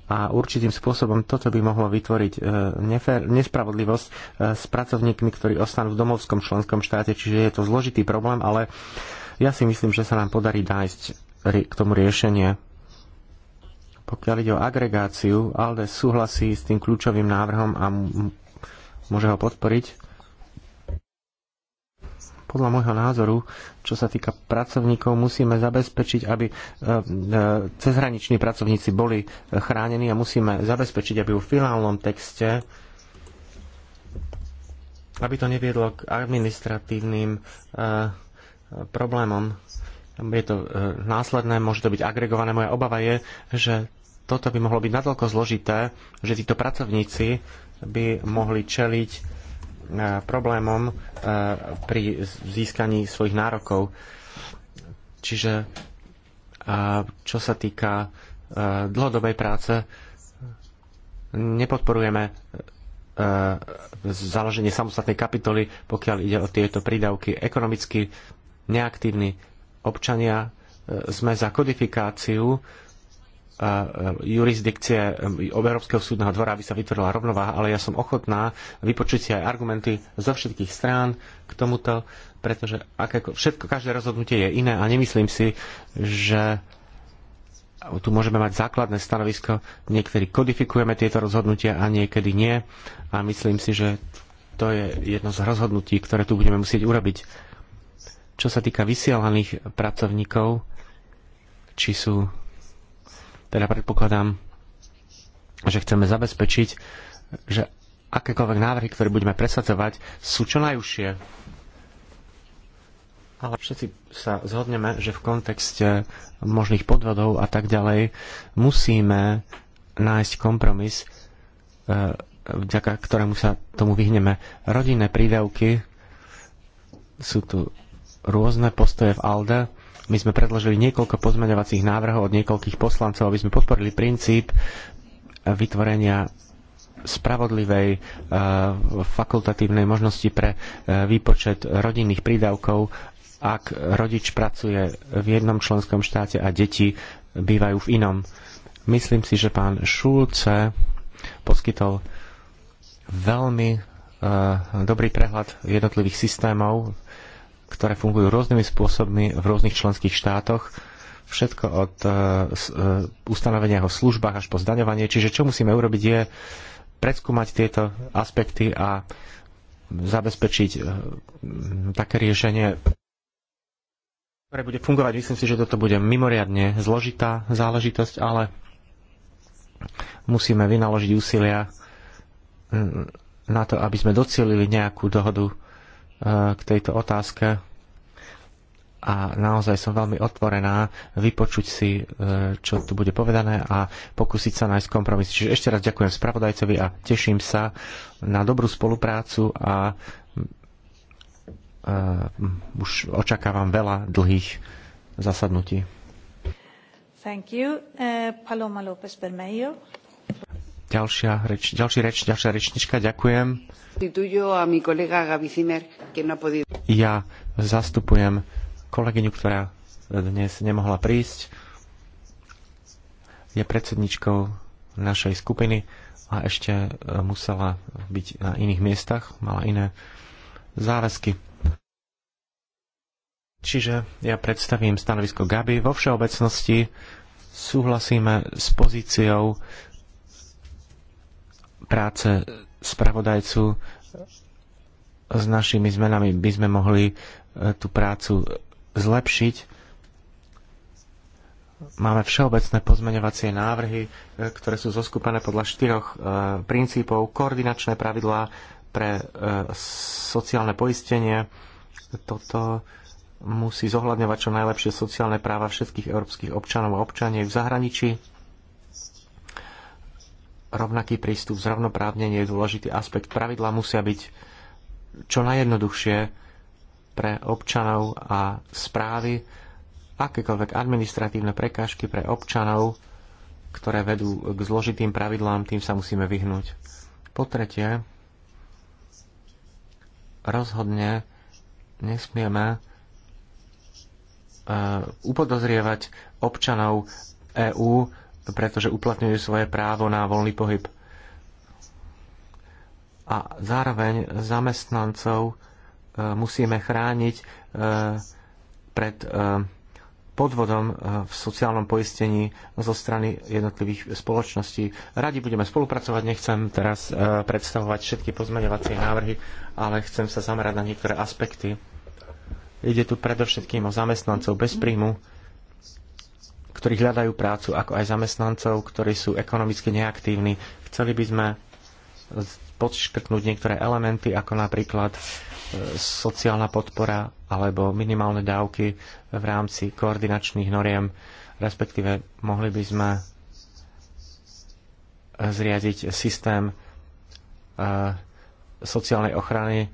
a určitým spôsobom toto by mohlo vytvoriť e, nefér, nespravodlivosť s pracovníkmi, ktorí ostanú v domovskom členskom štáte, čiže je to zložitý problém, ale ja si myslím, že sa nám podarí nájsť k tomu riešenie. Pokiaľ ide o agregáciu, ALDE súhlasí s tým kľúčovým návrhom a môže ho podporiť. Podľa môjho názoru, čo sa týka pracovníkov, musíme zabezpečiť, aby e, e, cezhraniční pracovníci boli chránení a musíme zabezpečiť, aby v finálnom texte aby to neviedlo k administratívnym e, problémom. Je to následné, môže to byť agregované. Moja obava je, že toto by mohlo byť natoľko zložité, že títo pracovníci by mohli čeliť e, problémom e, pri získaní svojich nárokov. Čiže e, čo sa týka dlhodobej práce, nepodporujeme založenie samostatnej kapitoly, pokiaľ ide o tieto prídavky. Ekonomicky neaktívni občania sme za kodifikáciu E, jurisdikcie e, Európskeho súdneho dvora, aby sa vytvorila rovnováha, ale ja som ochotná vypočuť si aj argumenty zo všetkých strán k tomuto, pretože akéko, všetko, každé rozhodnutie je iné a nemyslím si, že tu môžeme mať základné stanovisko, niekedy kodifikujeme tieto rozhodnutia a niekedy nie a myslím si, že to je jedno z rozhodnutí, ktoré tu budeme musieť urobiť. Čo sa týka vysielaných pracovníkov, či sú teda predpokladám, že chceme zabezpečiť, že akékoľvek návrhy, ktoré budeme presadzovať, sú čo najúžšie. Ale všetci sa zhodneme, že v kontexte možných podvodov a tak ďalej musíme nájsť kompromis, eh, vďaka ktorému sa tomu vyhneme. Rodinné prídavky sú tu rôzne postoje v ALDE my sme predložili niekoľko pozmeňovacích návrhov od niekoľkých poslancov, aby sme podporili princíp vytvorenia spravodlivej eh, fakultatívnej možnosti pre eh, výpočet rodinných prídavkov, ak rodič pracuje v jednom členskom štáte a deti bývajú v inom. Myslím si, že pán Šulce poskytol veľmi eh, dobrý prehľad jednotlivých systémov ktoré fungujú rôznymi spôsobmi v rôznych členských štátoch, všetko od uh, ustanovenia o službách až po zdaňovanie. Čiže čo musíme urobiť je predskúmať tieto aspekty a zabezpečiť uh, také riešenie, ktoré bude fungovať. Myslím si, že toto bude mimoriadne zložitá záležitosť, ale musíme vynaložiť úsilia na to, aby sme docielili nejakú dohodu E, k tejto otázke a naozaj som veľmi otvorená vypočuť si, e, čo tu bude povedané a pokúsiť sa nájsť kompromis. Čiže ešte raz ďakujem spravodajcovi a teším sa na dobrú spoluprácu a e, už očakávam veľa dlhých zasadnutí. Thank you. Paloma López Bermejo. Ďalšia reč, ďalší reč, ďalšia rečnička, ďakujem. Ja zastupujem kolegyňu, ktorá dnes nemohla prísť. Je predsedničkou našej skupiny a ešte e, musela byť na iných miestach, mala iné záväzky. Čiže ja predstavím stanovisko Gaby. Vo všeobecnosti súhlasíme s pozíciou práce spravodajcu s našimi zmenami by sme mohli e, tú prácu zlepšiť. Máme všeobecné pozmeňovacie návrhy, e, ktoré sú zoskupené podľa štyroch e, princípov. Koordinačné pravidlá pre sociálne poistenie. Toto musí zohľadňovať čo najlepšie sociálne práva všetkých európskych občanov a občaniek v zahraničí rovnaký prístup, zrovnoprávnenie je dôležitý aspekt. Pravidla musia byť čo najjednoduchšie pre občanov a správy, akékoľvek administratívne prekážky pre občanov, ktoré vedú k zložitým pravidlám, tým sa musíme vyhnúť. Po tretie, rozhodne nesmieme eh, upodozrievať občanov EÚ pretože uplatňujú svoje právo na voľný pohyb. A zároveň zamestnancov e, musíme chrániť e, pred e, podvodom v sociálnom poistení zo strany jednotlivých spoločností. Radi budeme spolupracovať, nechcem teraz predstavovať všetky pozmeňovacie návrhy, ale chcem sa zamerať na niektoré aspekty. Ide tu predovšetkým o zamestnancov bez príjmu, ktorí hľadajú prácu, ako aj zamestnancov, ktorí sú ekonomicky neaktívni. Chceli by sme podškrtnúť niektoré elementy, ako napríklad e, sociálna podpora alebo minimálne dávky v rámci koordinačných noriem, respektíve mohli by sme e, zriadiť systém e, sociálnej ochrany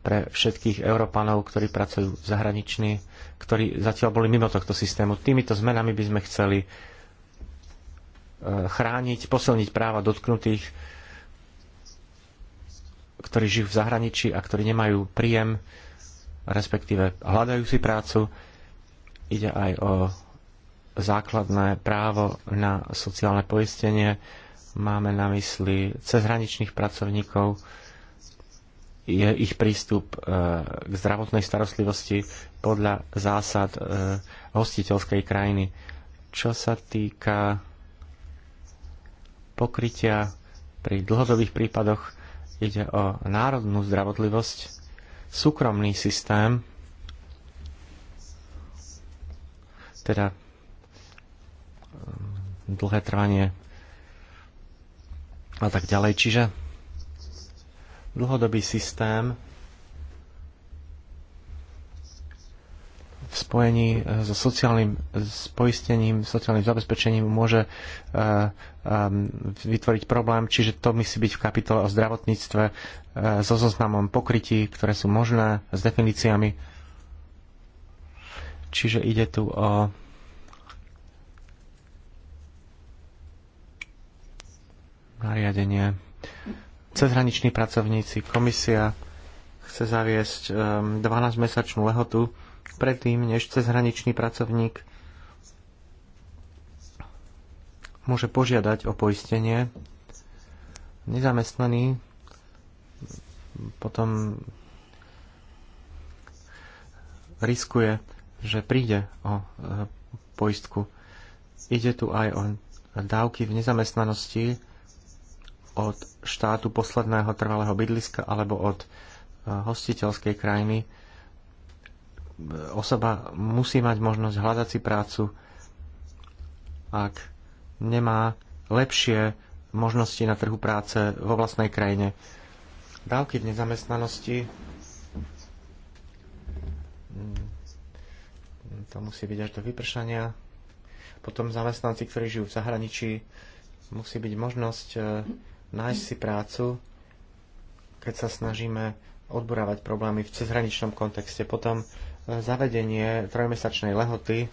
pre všetkých Európanov, ktorí pracujú v zahraničí, ktorí zatiaľ boli mimo tohto systému. Týmito zmenami by sme chceli e, chrániť, posilniť práva dotknutých, ktorí žijú v zahraničí a ktorí nemajú príjem, respektíve hľadajú si prácu. Ide aj o základné právo na sociálne poistenie. Máme na mysli cezhraničných pracovníkov, je ich prístup e, k zdravotnej starostlivosti podľa zásad e, hostiteľskej krajiny. Čo sa týka pokrytia pri dlhodobých prípadoch, ide o národnú zdravotlivosť, súkromný systém, teda e, dlhé trvanie a tak ďalej. Čiže dlhodobý systém v spojení eh, so sociálnym poistením, sociálnym zabezpečením môže eh, eh, vytvoriť problém, čiže to musí byť v kapitole o zdravotníctve so zoznamom pokrytí, ktoré sú možné, s definíciami. Čiže ide tu o nariadenie cezhraniční pracovníci. Komisia chce zaviesť 12-mesačnú um, lehotu predtým, než cezhraničný pracovník môže požiadať o poistenie. Nezamestnaný potom riskuje, že príde o e, poistku. Ide tu aj o dávky v nezamestnanosti, od štátu posledného trvalého bydliska alebo od e, hostiteľskej krajiny. E, osoba musí mať možnosť hľadať si prácu, ak nemá lepšie možnosti na trhu práce vo vlastnej krajine. Dávky v nezamestnanosti mm, to musí byť až do vypršania. Potom zamestnanci, ktorí žijú v zahraničí, musí byť možnosť e, nájsť si prácu, keď sa snažíme odburávať problémy v cezhraničnom kontexte. Potom e, zavedenie trojmesačnej lehoty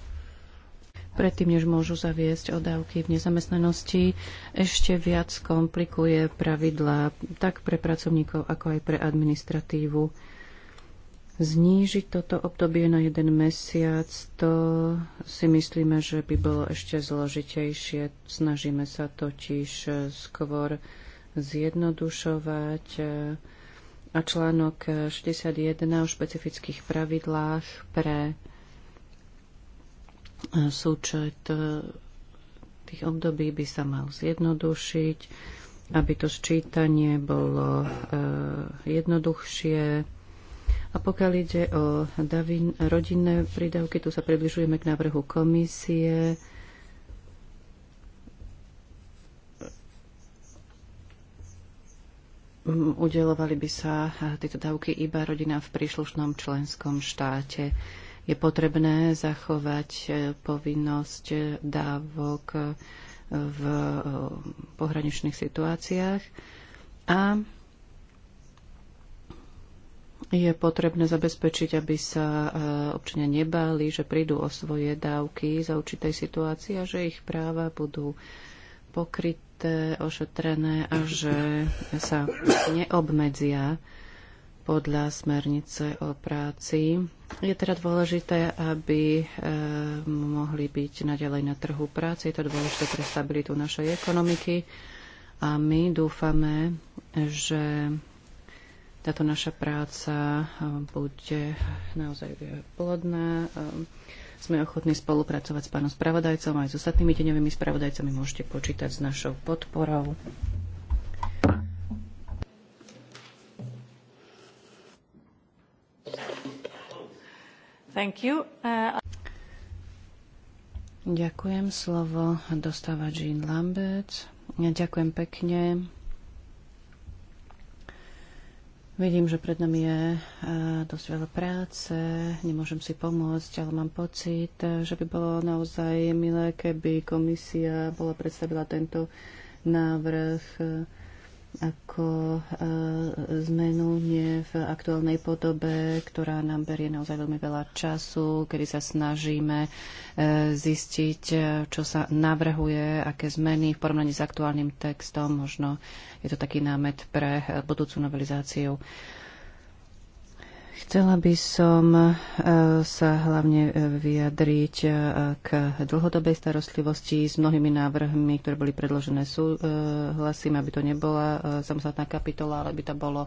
predtým, než môžu zaviesť odávky v nezamestnanosti, ešte viac komplikuje pravidlá tak pre pracovníkov, ako aj pre administratívu. Znížiť toto obdobie na jeden mesiac, to si myslíme, že by bolo ešte zložitejšie. Snažíme sa totiž e, skôr zjednodušovať e, a článok 61 e, o špecifických pravidlách pre e, súčet tých období by sa mal zjednodušiť, aby to sčítanie bolo jednoduchšie. A pokiaľ ide o davin, rodinné prídavky, tu sa približujeme k návrhu komisie. Mm, udelovali by sa eh, tieto dávky iba rodinám v príslušnom členskom štáte. Je potrebné zachovať eh, povinnosť eh, dávok v pohraničných situáciách a je potrebné zabezpečiť, aby sa občania nebáli, že prídu o svoje dávky za určitej situácii a že ich práva budú pokryté vypočítané, ošetrené a že sa neobmedzia podľa smernice o práci. Je teda dôležité, aby e, mohli byť naďalej na trhu práce. Je to dôležité pre stabilitu našej ekonomiky a my dúfame, že táto naša práca e, bude naozaj plodná. E, sme ochotní spolupracovať s pánom spravodajcom aj s ostatnými deňovými spravodajcami. Môžete počítať s našou podporou. Thank you. Uh... Ďakujem. Slovo dostáva Jean Lambert. Ďakujem pekne. Vidím, že pred nami je e, dosť veľa práce, nemôžem si pomôcť, ale mám pocit, e, že by bolo naozaj milé, keby komisia bola predstavila tento návrh e, ako e, zmenu nie v aktuálnej podobe, ktorá nám berie naozaj veľmi veľa času, kedy sa snažíme e, zistiť, e, čo sa navrhuje, aké zmeny v porovnaní s aktuálnym textom. Možno je to taký námet pre budúcu novelizáciu. Chcela by som e, sa hlavne e, vyjadriť e, k dlhodobej starostlivosti s mnohými návrhmi, ktoré boli predložené. Súhlasím, aby to nebola samostatná kapitola, ale by to bolo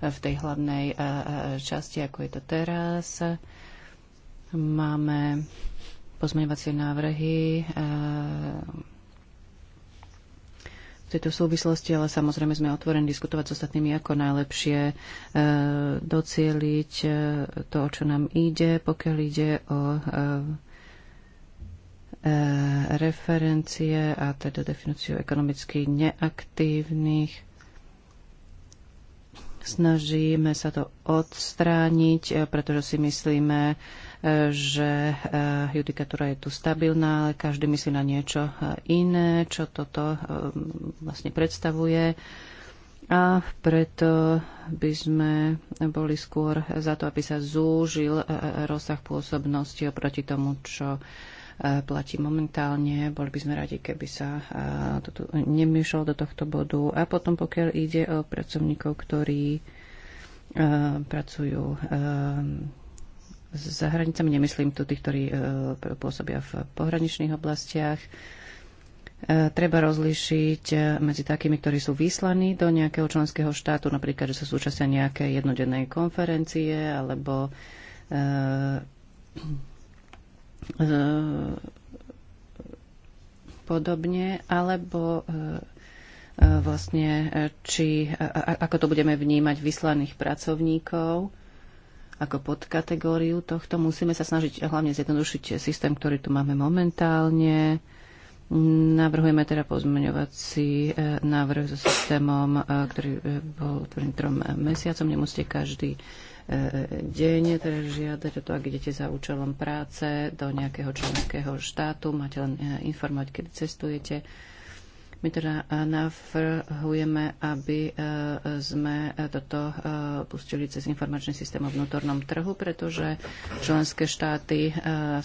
v tej hlavnej časti, ako je to teraz. Máme pozmeňovacie návrhy v tejto súvislosti, ale samozrejme sme otvorení diskutovať s ostatnými, ako najlepšie e, docieliť e, to, o čo nám ide, pokiaľ ide o e, e referencie a teda definíciu ekonomicky neaktívnych. Snažíme sa to odstrániť, e, pretože si myslíme, že eh, judikatúra je tu stabilná, ale každý myslí na niečo eh, iné, čo toto eh, vlastne predstavuje. A preto by sme boli skôr za to, aby sa zúžil rozsah pôsobnosti oproti tomu, čo platí momentálne. Boli by sme radi, keby sa toto nemýšlo do tohto bodu. A potom, pokiaľ ide o pracovníkov, ktorí pracujú za hranicami, nemyslím tu tých, ktorí e, pôsobia v pohraničných oblastiach, e, treba rozlíšiť e, medzi takými, ktorí sú vyslaní do nejakého členského štátu, napríklad, že sa súčasťa nejakej jednodennej konferencie alebo e, e, podobne, alebo e, vlastne, či, a, ako to budeme vnímať vyslaných pracovníkov, ako podkategóriu tohto. Musíme sa snažiť hlavne zjednodušiť systém, ktorý tu máme momentálne. Navrhujeme teda pozmeňovací e, návrh so systémom, e, ktorý e, bol otvorený trom mesiacom. Nemusíte každý deň teda žiadať o to, ak idete za účelom práce do nejakého členského štátu. Máte len informovať, kedy cestujete my teda eh, navrhujeme, aby eh, sme eh, toto pustili cez informačný systém o vnútornom trhu, pretože členské štáty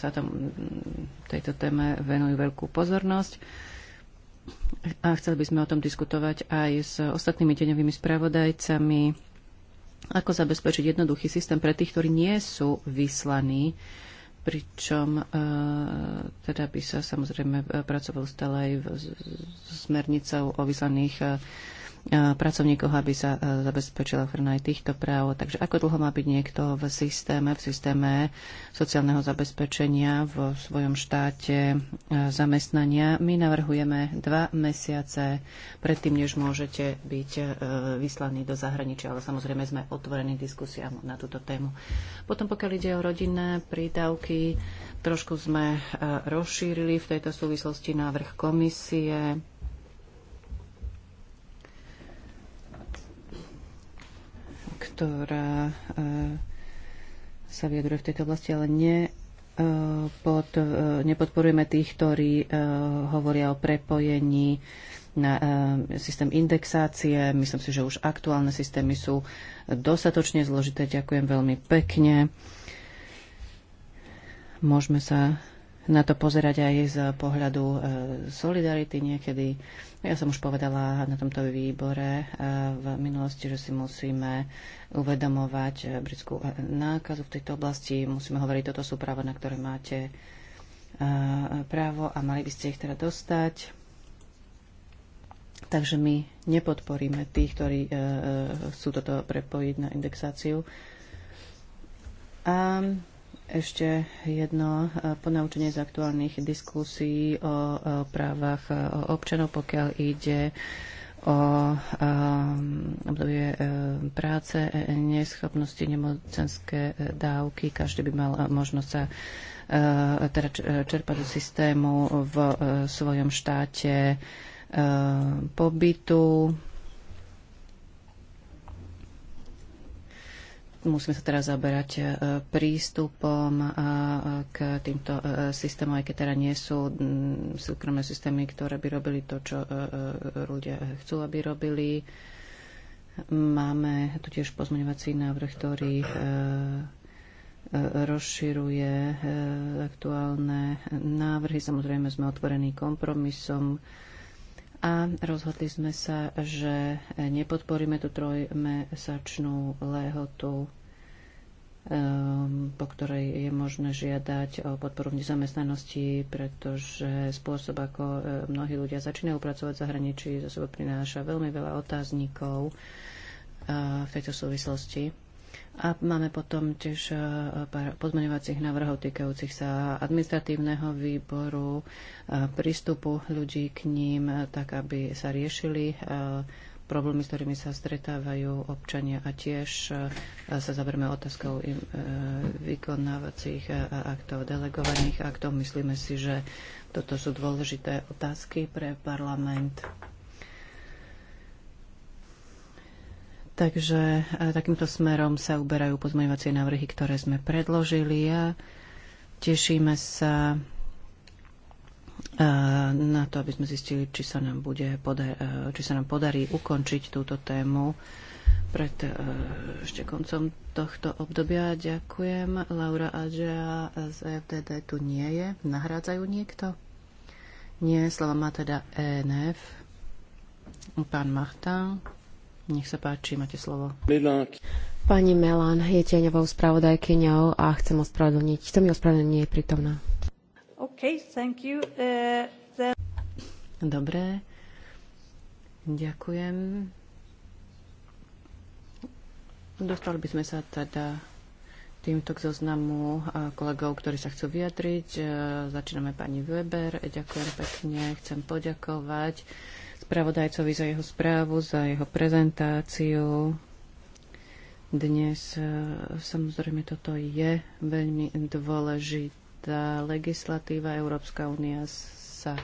sa tom, mm, tejto téme venujú veľkú pozornosť. A chceli by sme o tom diskutovať aj s ostatnými deňovými spravodajcami, ako zabezpečiť jednoduchý systém pre tých, ktorí nie sú vyslaní pričom e, teda by sa samozrejme e, pracovalo stále aj s smernicou o vyslaných e, pracovníkoch, aby sa e, zabezpečila ochrana aj týchto práv. Takže ako dlho má byť niekto v systéme, v systéme sociálneho zabezpečenia v svojom štáte e, zamestnania? My navrhujeme dva mesiace predtým, než môžete byť e, vyslaní do zahraničia, ale samozrejme sme otvorení diskusiám na túto tému. Potom pokiaľ ide o rodinné prídavky, trošku sme rozšírili v tejto súvislosti návrh komisie ktorá e, sa vyjadruje v tejto oblasti, ale ne, e, pod, e, nepodporujeme tých, ktorí hovoria o prepojení na systém indexácie. Myslím si, že už aktuálne systémy sú dostatočne zložité. Ďakujem veľmi pekne. Môžeme sa na to pozerať aj z pohľadu e, solidarity niekedy. Ja som už povedala na tomto výbore e, v minulosti, že si musíme uvedomovať e, britskú nákazu v tejto oblasti. Musíme hovoriť, toto sú práva, na ktoré máte právo a mali by ste ich teda dostať. Takže my nepodporíme tých, ktorí chcú toto prepojiť na indexáciu. A ešte jedno eh, ponaučenie z aktuálnych diskusí o eh, právach eh, občanov, pokiaľ ide o obdobie práce, neschopnosti, nemocenské dávky. Každý by mal možnosť sa teda čerpať do systému v svojom štáte pobytu Musíme sa teraz zaberať e, prístupom e, e, k týmto systémom, aj keď teda nie sú súkromné systémy, ktoré by robili to, čo ľudia chcú, aby robili. Máme tu tiež pozmeňovací návrh, ktorý rozširuje aktuálne návrhy. Samozrejme sme otvorení kompromisom a rozhodli sme sa, že nepodporíme tú trojmesačnú lehotu, ehm, po ktorej je možné žiadať o podporu v nezamestnanosti, pretože spôsob, ako ehm, mnohí ľudia začínajú pracovať v zahraničí, za sebou prináša veľmi veľa otáznikov v tejto súvislosti. A máme potom tiež e, pár pozmeňovacích návrhov týkajúcich sa administratívneho výboru, e, prístupu ľudí k ním, e, tak aby sa riešili problémy, s ktorými sa stretávajú občania a tiež sa zaberme otázkou vykonávacích aktov, delegovaných aktov. Myslíme si, že toto sú dôležité otázky pre parlament. Takže e, takýmto smerom sa uberajú pozmeňovacie návrhy, ktoré sme predložili a tešíme sa e, na to, aby sme zistili, či sa nám, bude podar- e, či sa nám podarí ukončiť túto tému pred ešte koncom tohto obdobia. Ďakujem. Laura Adžia z FDD tu nie je. Nahrádzajú niekto? Nie, slova má teda ENF. Pán Machtán. Nech sa páči, máte slovo. Pani Melan je tieňovou spravodajkyňou a chcem ospravedlniť. Chcem ju ospravedlniť, nie je prítomná. Okay, thank you. Uh, the... Dobre, ďakujem. Dostali by sme sa teda týmto k zoznamu uh, kolegov, ktorí sa chcú vyjadriť. Uh, začíname pani Weber. Ďakujem pekne. Chcem poďakovať spravodajcovi za jeho správu, za jeho prezentáciu. Dnes e, samozrejme toto je veľmi dôležitá legislatíva. Európska únia sa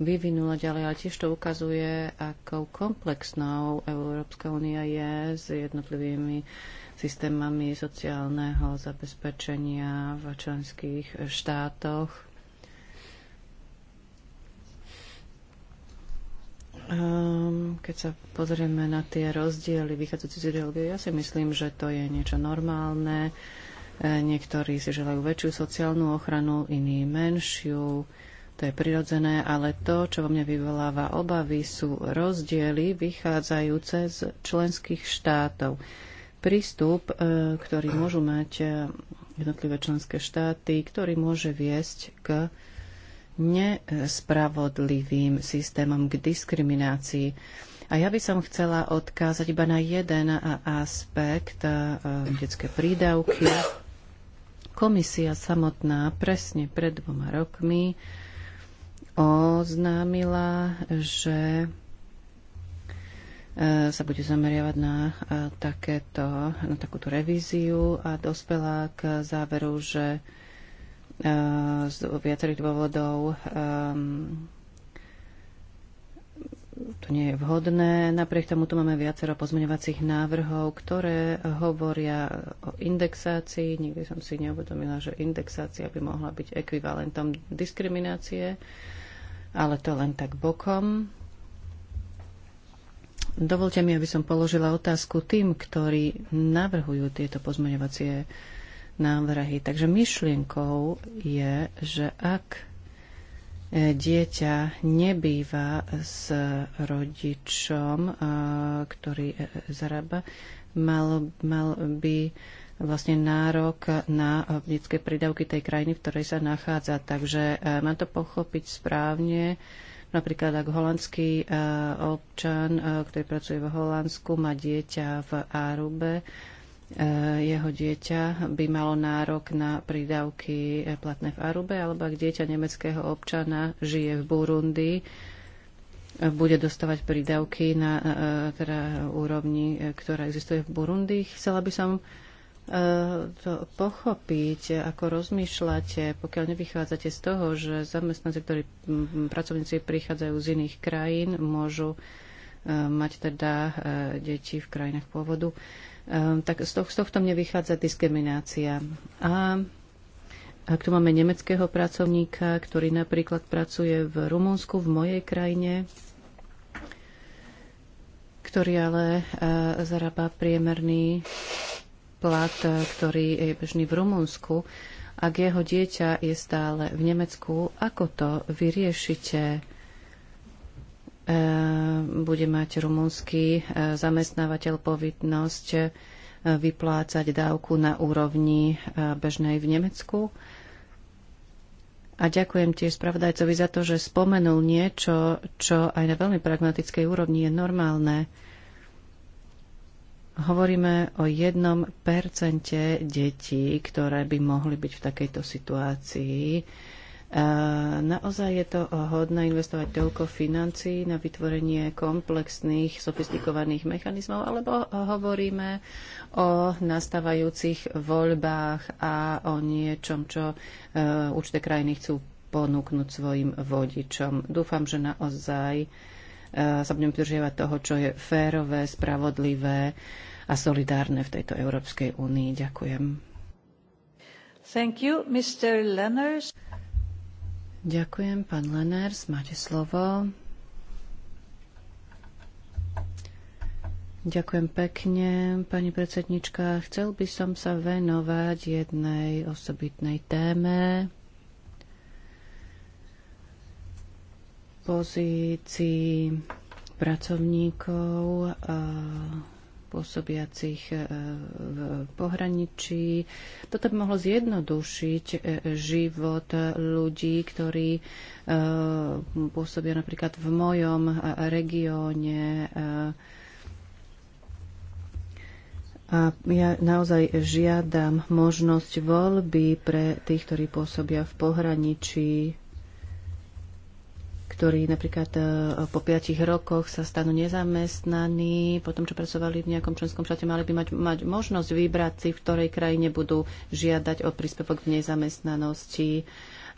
vyvinula ďalej, ale tiež to ukazuje, akou komplexnou Európska únia je s jednotlivými systémami sociálneho zabezpečenia v členských štátoch Um, keď sa pozrieme na tie rozdiely vychádzajúce z ideológie, ja si myslím, že to je niečo normálne. E, niektorí si želajú väčšiu sociálnu ochranu, iní menšiu. To je prirodzené, ale to, čo vo mne vyvoláva obavy, sú rozdiely vychádzajúce z členských štátov. Prístup, e, ktorý môžu mať jednotlivé členské štáty, ktorý môže viesť k nespravodlivým systémom k diskriminácii. A ja by som chcela odkázať iba na jeden aspekt, eh, detské prídavky. Komisia samotná presne pred dvoma rokmi oznámila, že eh, sa bude zameriavať na, eh, takéto, na takúto revíziu a dospela k záveru, že z viacerých dôvodov um, to nie je vhodné. Napriek tomu tu máme viacero pozmeňovacích návrhov, ktoré hovoria o indexácii. Nikdy som si neuvedomila, že indexácia by mohla byť ekvivalentom diskriminácie, ale to len tak bokom. Dovolte mi, aby som položila otázku tým, ktorí navrhujú tieto pozmeňovacie návrhy. Takže myšlienkou je, že ak e, dieťa nebýva s rodičom, e, ktorý e, zarába, mal, mal by vlastne nárok na detské prídavky tej krajiny, v ktorej sa nachádza. Takže mám to pochopiť správne. Napríklad, ak holandský občan, ktorý pracuje v Holandsku, má dieťa v Arube, Eh, jeho dieťa by malo nárok na prídavky eh, platné v Arube, alebo ak dieťa nemeckého občana žije v Burundi, eh, bude dostávať prídavky na teda, úrovni, ktorá existuje v Burundi. Chcela by som to pochopiť, ako rozmýšľate, pokiaľ nevychádzate z toho, že zamestnanci, ktorí mm, mm, pracovníci prichádzajú z iných krajín, môžu mať teda deti v krajinách pôvodu. Ehm, tak z, toh- z tohto mne vychádza diskriminácia. A ak tu máme nemeckého pracovníka, ktorý napríklad pracuje v Rumunsku, v mojej krajine, ktorý ale e, zarába priemerný plat, e, ktorý je bežný v Rumunsku, ak jeho dieťa je stále v Nemecku, ako to vyriešite? bude mať rumunský e, zamestnávateľ povinnosť e, vyplácať dávku na úrovni e, bežnej v Nemecku. A ďakujem tiež spravodajcovi za to, že spomenul niečo, čo aj na veľmi pragmatickej úrovni je normálne. Hovoríme o jednom percente detí, ktoré by mohli byť v takejto situácii Naozaj je to hodné investovať toľko financí na vytvorenie komplexných, sofistikovaných mechanizmov, alebo hovoríme o nastávajúcich voľbách a o niečom, čo e, určité krajiny chcú ponúknuť svojim vodičom. Dúfam, že naozaj e, sa budem držiavať toho, čo je férové, spravodlivé a solidárne v tejto Európskej únii. Ďakujem. Thank you, Mr. Lenners. Ďakujem, pán Leners, máte slovo. Ďakujem pekne, pani predsednička. Chcel by som sa venovať jednej osobitnej téme. Pozícii pracovníkov. A pôsobiacich e, v pohraničí. Toto by mohlo zjednodušiť e, život ľudí, ktorí e, pôsobia napríklad v mojom regióne. A ja naozaj žiadam možnosť voľby pre tých, ktorí pôsobia v pohraničí ktorí napríklad e, po 5 rokoch sa stanú nezamestnaní, potom čo pracovali v nejakom členskom štáte, mali by mať, mať možnosť vybrať si, v ktorej krajine budú žiadať o príspevok v nezamestnanosti,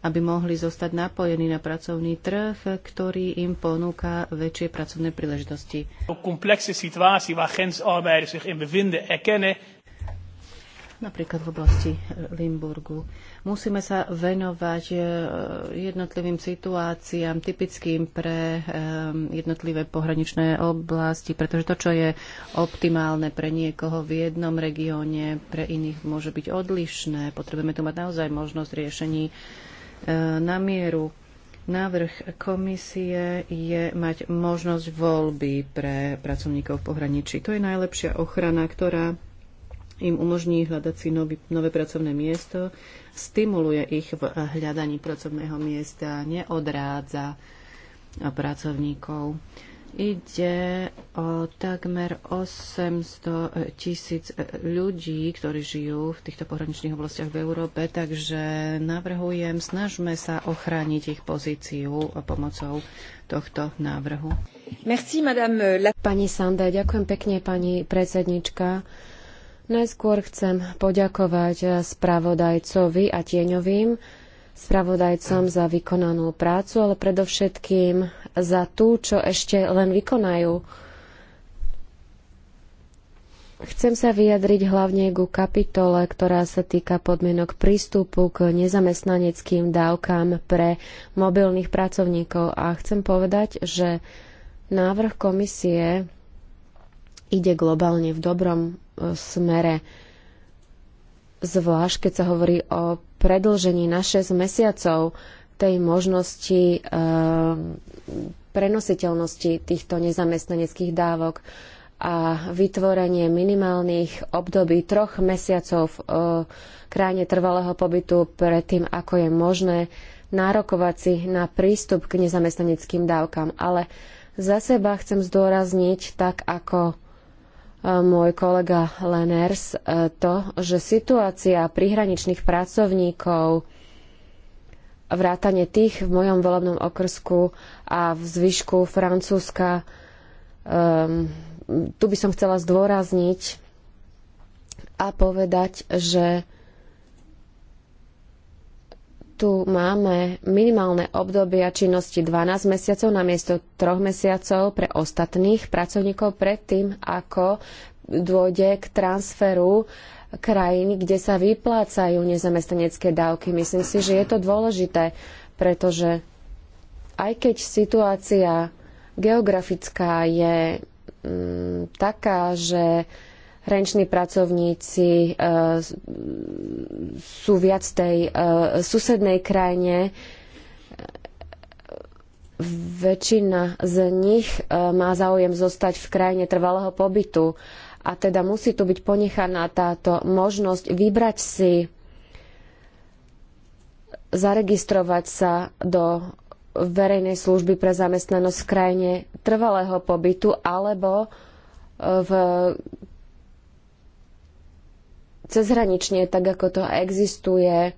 aby mohli zostať napojení na pracovný trh, ktorý im ponúka väčšie pracovné príležitosti. Komplexe situácii, waar grensarbeiders zich in bevinden erkennen napríklad v oblasti e, Limburgu. Musíme sa venovať e, jednotlivým situáciám typickým pre e, jednotlivé pohraničné oblasti, pretože to, čo je optimálne pre niekoho v jednom regióne, pre iných môže byť odlišné. Potrebujeme tu mať naozaj možnosť riešení na mieru. Návrh komisie je mať možnosť voľby pre pracovníkov v pohraničí. To je najlepšia ochrana, ktorá im umožní hľadať si nový, nové pracovné miesto, stimuluje ich v hľadaní pracovného miesta, neodrádza pracovníkov. Ide o takmer 800 tisíc ľudí, ktorí žijú v týchto pohraničných oblastiach v Európe, takže navrhujem, snažme sa ochrániť ich pozíciu pomocou tohto návrhu. Merci, madame. Pani Sande, ďakujem pekne, pani predsednička. Najskôr chcem poďakovať spravodajcovi a tieňovým spravodajcom za vykonanú prácu, ale predovšetkým za tú, čo ešte len vykonajú. Chcem sa vyjadriť hlavne ku kapitole, ktorá sa týka podmienok prístupu k nezamestnaneckým dávkam pre mobilných pracovníkov a chcem povedať, že návrh komisie ide globálne v dobrom smere. Zvlášť, keď sa hovorí o predlžení na 6 mesiacov tej možnosti e, prenositeľnosti týchto nezamestnaneckých dávok a vytvorenie minimálnych období troch mesiacov v e, krajine trvalého pobytu predtým, ako je možné nárokovať si na prístup k nezamestnaneckým dávkam. Ale za seba chcem zdôrazniť, tak ako môj kolega Leners e, to, že situácia prihraničných pracovníkov vrátane tých v mojom volebnom okrsku a v zvyšku Francúzska. Um, tu by som chcela zdôrazniť a povedať, že tu máme minimálne obdobia činnosti 12 mesiacov na miesto 3 mesiacov pre ostatných pracovníkov predtým, ako dôjde k transferu krajín, kde sa vyplácajú nezamestnanecké dávky. Myslím si, že je to dôležité, pretože aj keď situácia geografická je mm, taká, že hraniční pracovníci e, sú viac tej e, susednej krajine. Väčšina z nich e, má záujem zostať v krajine trvalého pobytu a teda musí tu byť ponechaná táto možnosť vybrať si zaregistrovať sa do verejnej služby pre zamestnanosť v krajine trvalého pobytu alebo v cezhranične, tak ako to existuje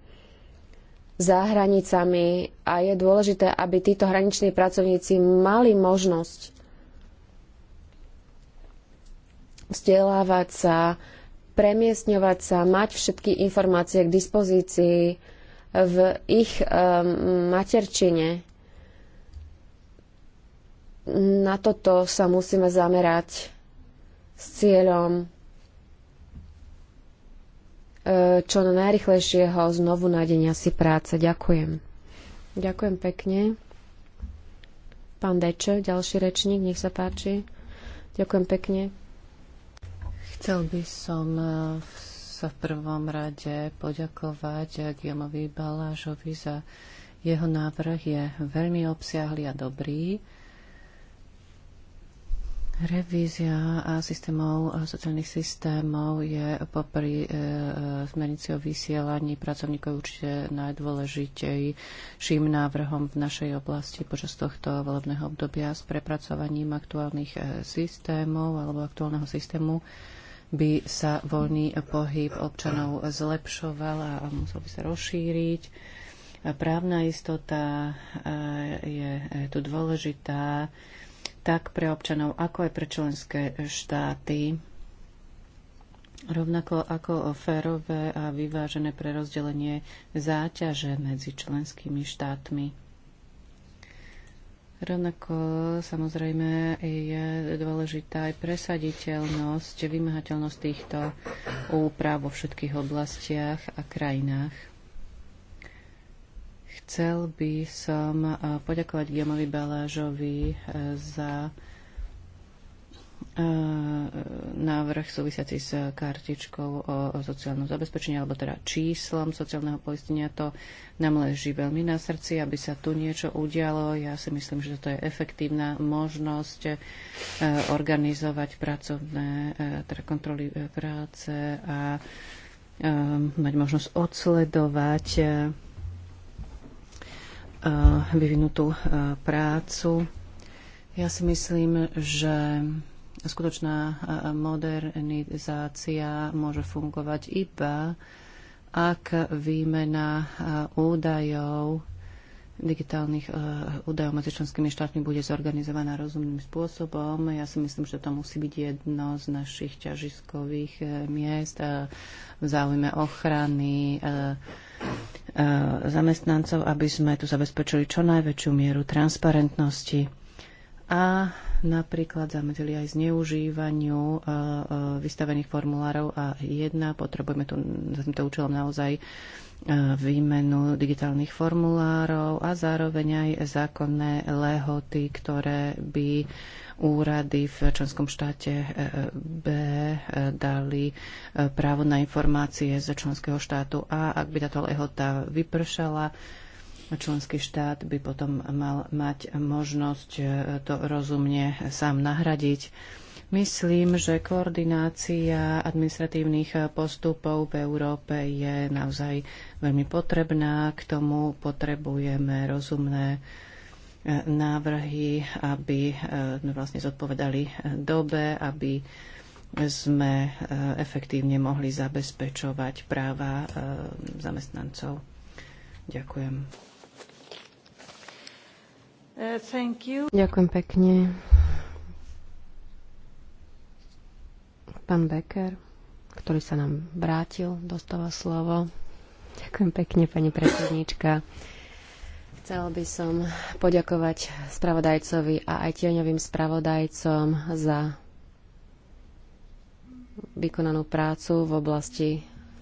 za hranicami a je dôležité, aby títo hraniční pracovníci mali možnosť vzdelávať sa, premiestňovať sa, mať všetky informácie k dispozícii v ich um, materčine. Na toto sa musíme zamerať s cieľom E, čo na najrychlejšieho znovu nájdenia si práce. Ďakujem. Ďakujem pekne. Pán Deče, ďalší rečník, nech sa páči. Ďakujem pekne. Chcel by som e, sa v prvom rade poďakovať Guillaumeovi Balážovi za jeho návrh. Je veľmi obsiahly a dobrý. Revízia eh, systémov, eh, sociálnych systémov je popri e, smernici o vysielaní pracovníkov určite najdôležitejším návrhom v našej oblasti počas tohto volebného obdobia s prepracovaním aktuálnych e, systémov alebo aktuálneho systému by sa voľný pohyb občanov zlepšoval a musel by sa rozšíriť. Právna istota e, je tu dôležitá tak pre občanov, ako aj pre členské štáty. Rovnako ako férové a vyvážené prerozdelenie záťaže medzi členskými štátmi. Rovnako samozrejme je dôležitá aj presaditeľnosť, vymahateľnosť týchto úprav vo všetkých oblastiach a krajinách. Chcel by som eh, poďakovať Guillaumeovi Balážovi eh, za eh, návrh súvisiaci s kartičkou o, sociálnom zabezpečení, alebo teda číslom sociálneho poistenia. To nám leží veľmi na srdci, aby sa tu niečo udialo. Ja si myslím, že toto je efektívna možnosť organizovať pracovné, teda kontroly práce a mať možnosť odsledovať Eh, vyvinutú eh, prácu. Ja si myslím, že skutočná eh, modernizácia môže fungovať iba, ak výmena údajov digitálnych údajov medzi členskými štátmi bude zorganizovaná rozumným spôsobom. Ja si myslím, že to musí byť jedno z našich ťažiskových miest v záujme ochrany E, zamestnancov, aby sme tu zabezpečili čo najväčšiu mieru transparentnosti a napríklad zamedzili aj zneužívaniu e, e, vystavených formulárov a jedna. Potrebujeme tu za týmto účelom naozaj e, výmenu digitálnych formulárov a zároveň aj zákonné lehoty, ktoré by úrady v členskom štáte B dali právo na informácie z členského štátu A, ak by táto lehota vypršala, Členský štát by potom mal mať možnosť e, to rozumne sám nahradiť. Myslím, že koordinácia administratívnych postupov v Európe je naozaj veľmi potrebná. K tomu potrebujeme rozumné e, návrhy, aby e, vlastne zodpovedali dobe, aby sme efektívne mohli zabezpečovať práva zamestnancov. Ďakujem. Uh, ďakujem pekne. Pán Becker, ktorý sa nám vrátil, dostáva slovo. Ďakujem pekne, pani predsedníčka. Chcel by som poďakovať spravodajcovi a aj tieňovým spravodajcom za vykonanú prácu v oblasti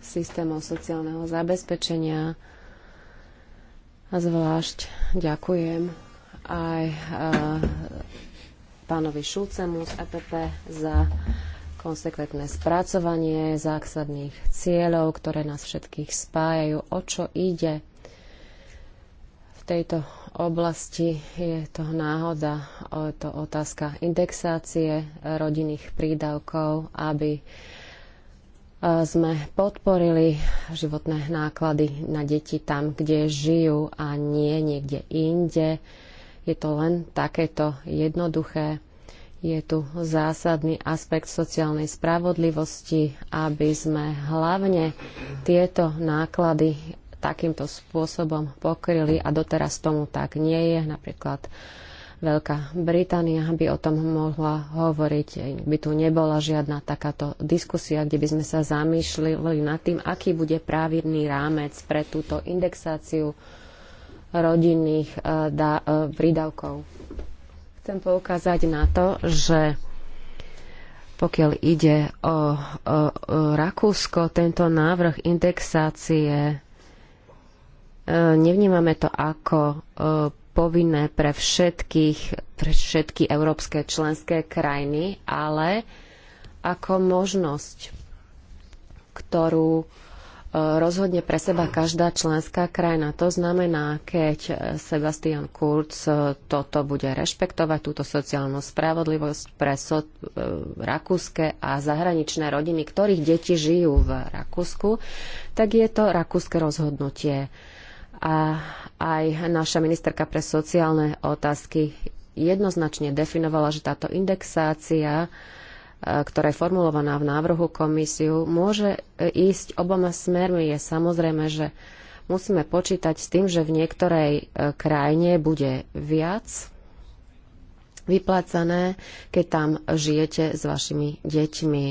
systémov sociálneho zabezpečenia a zvlášť ďakujem aj eh, pánovi Šulcemu z EPP za konsekventné spracovanie zásadných cieľov, ktoré nás všetkých spájajú. O čo ide v tejto oblasti? Je to náhoda, je to otázka indexácie rodinných prídavkov, aby eh, sme podporili životné náklady na deti tam, kde žijú a nie niekde inde je to len takéto jednoduché. Je tu zásadný aspekt sociálnej spravodlivosti, aby sme hlavne tieto náklady takýmto spôsobom pokryli a doteraz tomu tak nie je. Napríklad Veľká Británia by o tom mohla hovoriť, by tu nebola žiadna takáto diskusia, kde by sme sa zamýšľali nad tým, aký bude právidný rámec pre túto indexáciu rodinných eh, eh, prídavkov. Chcem poukázať na to, že pokiaľ ide o, o, o Rakúsko, tento návrh indexácie eh, nevnímame to ako povinné pre všetkých, pre všetky európske členské krajiny, ale ako možnosť, ktorú rozhodne pre seba každá členská krajina. To znamená, keď Sebastian Kurz toto bude rešpektovať, túto sociálnu spravodlivosť pre so, e, rakúske a zahraničné rodiny, ktorých deti žijú v Rakúsku, tak je to rakúske rozhodnutie. A aj naša ministerka pre sociálne otázky jednoznačne definovala, že táto indexácia uh, E, ktorá je formulovaná v návrhu komisiu, môže ísť oboma smermi. Je samozrejme, že musíme počítať s tým, že v niektorej e, krajine bude viac vyplácané, keď tam žijete s vašimi deťmi.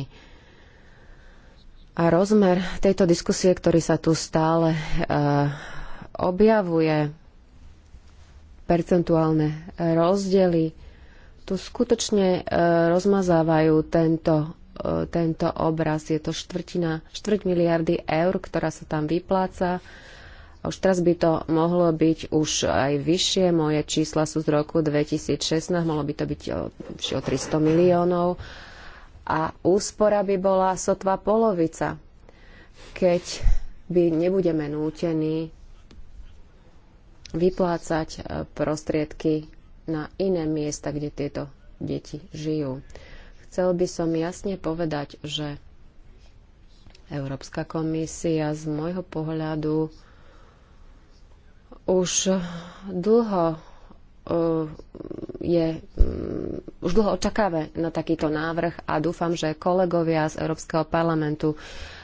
A rozmer tejto diskusie, ktorý sa tu stále e, objavuje, percentuálne rozdiely, tu skutočne e, rozmazávajú tento, e, tento obraz. Je to štvrtina, štvrť miliardy eur, ktorá sa tam vypláca. Už teraz by to mohlo byť už aj vyššie. Moje čísla sú z roku 2016, mohlo by to byť e, o, o 300 miliónov. A úspora by bola sotva polovica, keď by nebudeme nútení vyplácať prostriedky na iné miesta, kde tieto deti žijú. Chcel by som jasne povedať, že Európska komisia z môjho pohľadu už dlho eh, je, mm, už dlho očakáme na takýto návrh a dúfam, že kolegovia z Európskeho parlamentu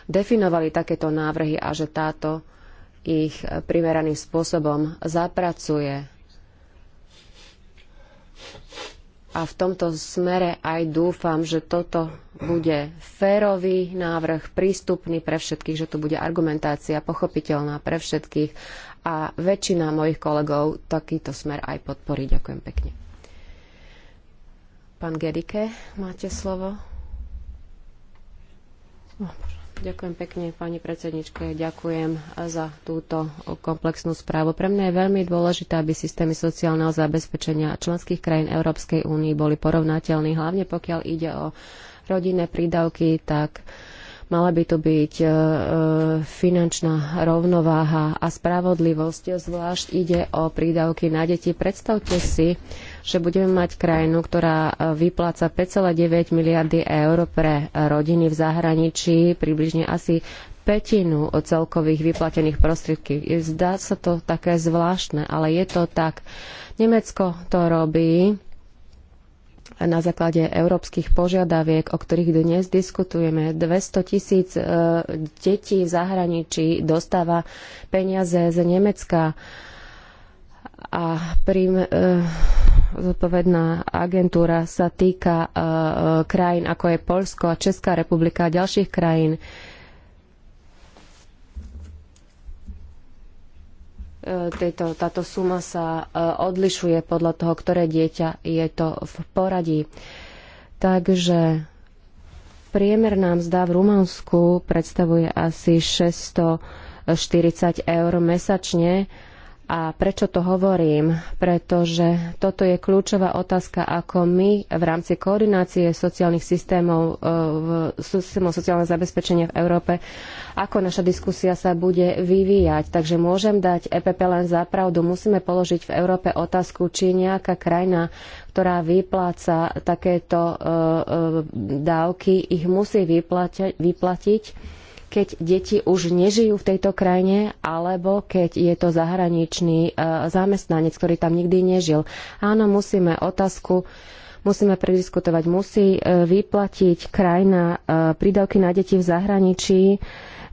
definovali takéto návrhy a že táto ich primeraným spôsobom zapracuje A v tomto smere aj dúfam, že toto bude férový návrh, prístupný pre všetkých, že tu bude argumentácia pochopiteľná pre všetkých a väčšina mojich kolegov takýto smer aj podporí. Ďakujem pekne. Pán Gerike, máte slovo. Oh, Ďakujem pekne, pani predsedničke. Ďakujem za túto komplexnú správu. Pre mňa je veľmi dôležité, aby systémy sociálneho zabezpečenia členských krajín Európskej únii boli porovnateľní, hlavne pokiaľ ide o rodinné prídavky, tak mala by tu byť e, finančná rovnováha a spravodlivosť. Zvlášť ide o prídavky na deti. Predstavte si, že budeme mať krajinu, ktorá e, vypláca 5,9 miliardy eur pre rodiny v zahraničí, približne asi petinu od celkových vyplatených prostriedky. Zdá sa to také zvláštne, ale je to tak. Nemecko to robí na základe európskych požiadaviek, o ktorých dnes diskutujeme. 200 tisíc e, detí v zahraničí dostáva peniaze z Nemecka a prim, e, zodpovedná agentúra sa týka e, e, krajín ako je Polsko a Česká republika a ďalších krajín. E, tejto, táto suma sa odlišuje podľa toho, ktoré dieťa je to v poradí. Takže priemerná mzda v Rumunsku predstavuje asi 640 eur mesačne a prečo to hovorím? Pretože toto je kľúčová otázka, ako my v rámci koordinácie sociálnych systémov, e, v systémov sociálneho zabezpečenia v Európe, ako naša diskusia sa bude vyvíjať. Takže môžem dať EPP len za pravdu. Musíme položiť v Európe otázku, či nejaká krajina, ktorá vypláca takéto e, e, dávky, ich musí vyplatiť, vyplatiť keď deti už nežijú v tejto krajine, alebo keď je to zahraničný e, zamestnanec, ktorý tam nikdy nežil. Áno, musíme otázku musíme prediskutovať. Musí e, vyplatiť krajina e, prídavky na deti v zahraničí.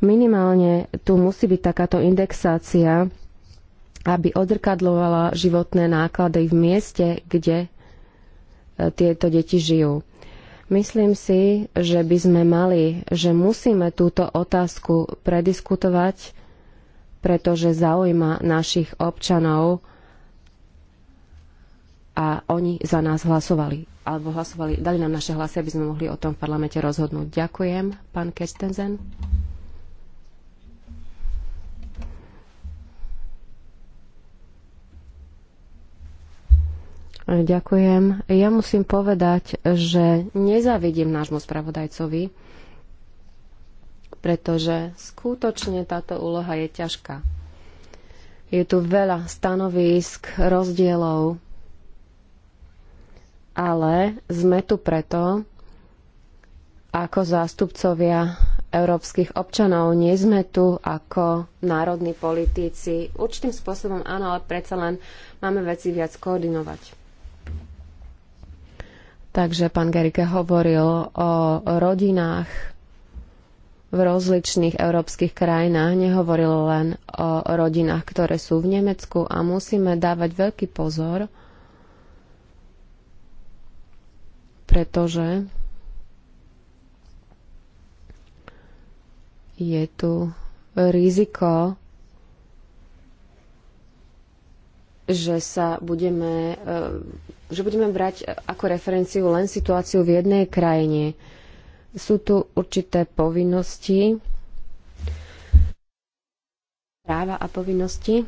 Minimálne tu musí byť takáto indexácia, aby odrkadlovala životné náklady v mieste, kde tieto deti žijú. Myslím si, že by sme mali, že musíme túto otázku prediskutovať, pretože zaujíma našich občanov a oni za nás hlasovali. Alebo hlasovali, dali nám naše hlasy, aby sme mohli o tom v parlamente rozhodnúť. Ďakujem, pán Kestenzen. Ďakujem. Ja musím povedať, že nezavidím nášmu spravodajcovi, pretože skutočne táto úloha je ťažká. Je tu veľa stanovísk, rozdielov, ale sme tu preto, ako zástupcovia európskych občanov, nie sme tu ako národní politici Určitým spôsobom áno, ale predsa len máme veci viac koordinovať. Takže pán Gerike hovoril o rodinách v rozličných európskych krajinách, nehovoril len o rodinách, ktoré sú v Nemecku a musíme dávať veľký pozor, pretože je tu riziko, že sa budeme eh, že budeme brať e, ako referenciu len situáciu v jednej krajine. Sú tu určité povinnosti, práva a povinnosti,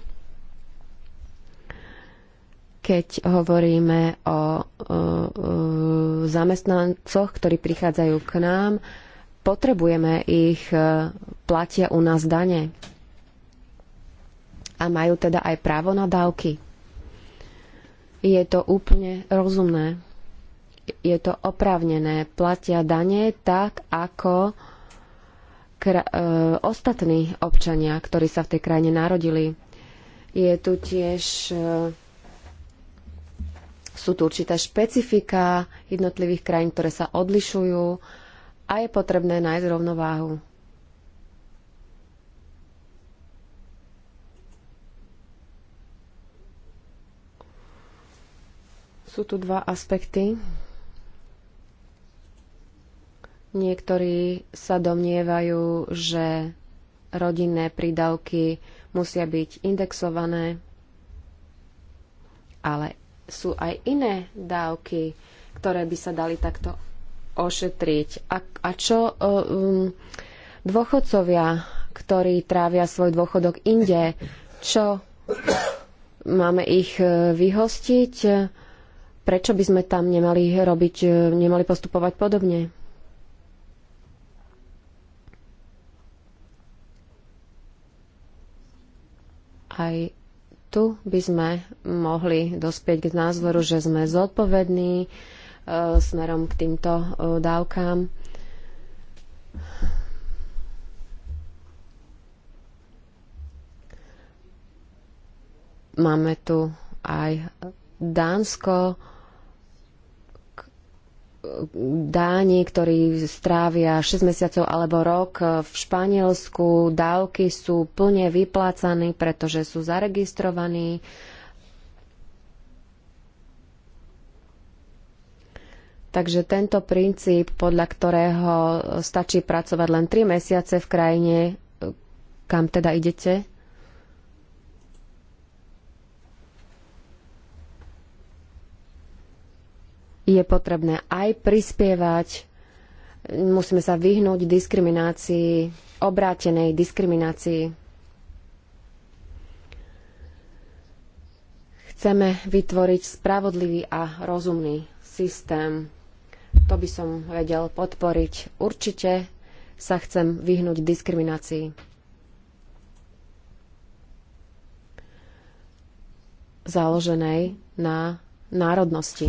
keď hovoríme o, o, o zamestnancoch, ktorí prichádzajú k nám, potrebujeme ich, e, platia u nás dane a majú teda aj právo na dávky je to úplne rozumné. Je to oprávnené. Platia dane tak, ako kra- e, ostatní občania, ktorí sa v tej krajine narodili. Je tu tiež, e, sú tu určité špecifika jednotlivých krajín, ktoré sa odlišujú a je potrebné nájsť rovnováhu. Sú tu dva aspekty. Niektorí sa domnievajú, že rodinné prídavky musia byť indexované, ale sú aj iné dávky, ktoré by sa dali takto ošetriť. A, a čo e, um, dôchodcovia, ktorí trávia svoj dôchodok inde, čo máme ich e, vyhostiť? prečo by sme tam nemali robiť, e, nemali postupovať podobne? Aj tu by sme mohli dospieť k názoru, že sme zodpovední e, smerom k týmto e, dávkám. Máme tu aj Dánsko, Dáni, ktorí strávia 6 mesiacov alebo rok v Španielsku, dávky sú plne vyplácaní, pretože sú zaregistrovaní. Takže tento princíp, podľa ktorého stačí pracovať len 3 mesiace v krajine, kam teda idete, je potrebné aj prispievať, musíme sa vyhnúť diskriminácii, obrátenej diskriminácii. Chceme vytvoriť spravodlivý a rozumný systém. To by som vedel podporiť. Určite sa chcem vyhnúť diskriminácii. založenej na národnosti.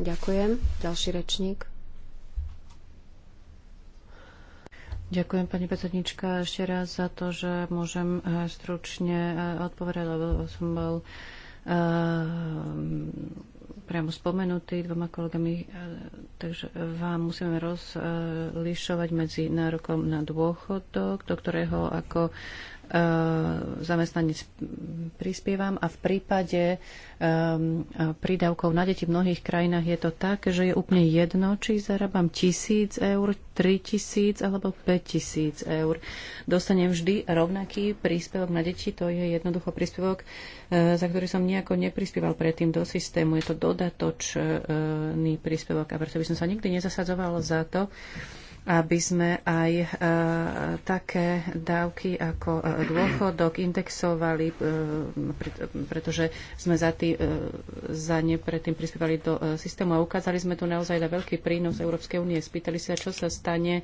Ďakujem. Ďalší rečník. Ďakujem, pani predsednička, ešte raz za to, že môžem e, stručne e, odpovedať, lebo som bol uh, priamo spomenutý dvoma kolegami, takže vám musíme rozlišovať medzi nárokom na dôchodok, do ktorého ako E, zamestnanec prispievam a v prípade um, prídavkov na deti v mnohých krajinách je to tak, že je úplne jedno, či zarábam tisíc eur, tri tisíc alebo päť tisíc eur. Dostanem vždy rovnaký príspevok na deti, to je jednoducho príspevok, e, za ktorý som nejako neprispieval predtým do systému. Je to dodatočný príspevok a preto by som sa nikdy nezasadzoval za to, aby sme aj e, také dávky ako e, dôchodok indexovali, e, pretože sme za, tý, e, za ne predtým prispievali do e, systému a ukázali sme tu naozaj na veľký prínos Európskej únie. Spýtali sa, čo sa stane e,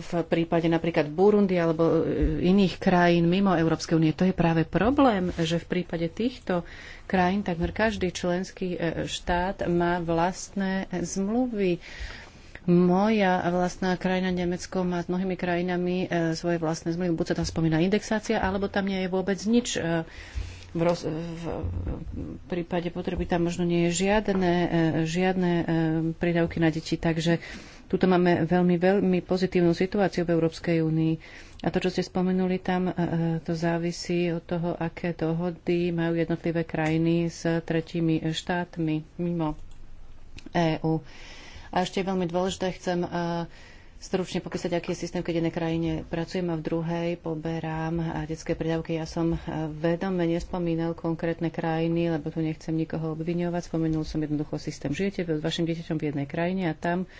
v prípade napríklad Burundi alebo iných krajín mimo Európskej únie. To je práve problém, že v prípade týchto krajín takmer každý členský štát má vlastné zmluvy moja vlastná krajina Nemecko má s mnohými krajinami e, svoje vlastné zmluvy. Buď sa tam spomína indexácia, alebo tam nie je vôbec nič e, v, roz, v prípade potreby tam možno nie je žiadne, e, žiadne prídavky na deti. Takže tuto máme veľmi, veľmi pozitívnu situáciu v Európskej únii. A to, čo ste spomenuli tam, to závisí od toho, aké dohody majú jednotlivé krajiny s tretími štátmi mimo EÚ. A ešte veľmi dôležité, chcem e, stručne popísať, aký je systém, keď v jednej krajine pracujem a v druhej poberám e, detské prídavky. Ja som e, vedome nespomínal konkrétne krajiny, lebo tu nechcem nikoho obviňovať. Spomenul som jednoducho systém. Žijete s vašim dieťaťom v jednej krajine a tam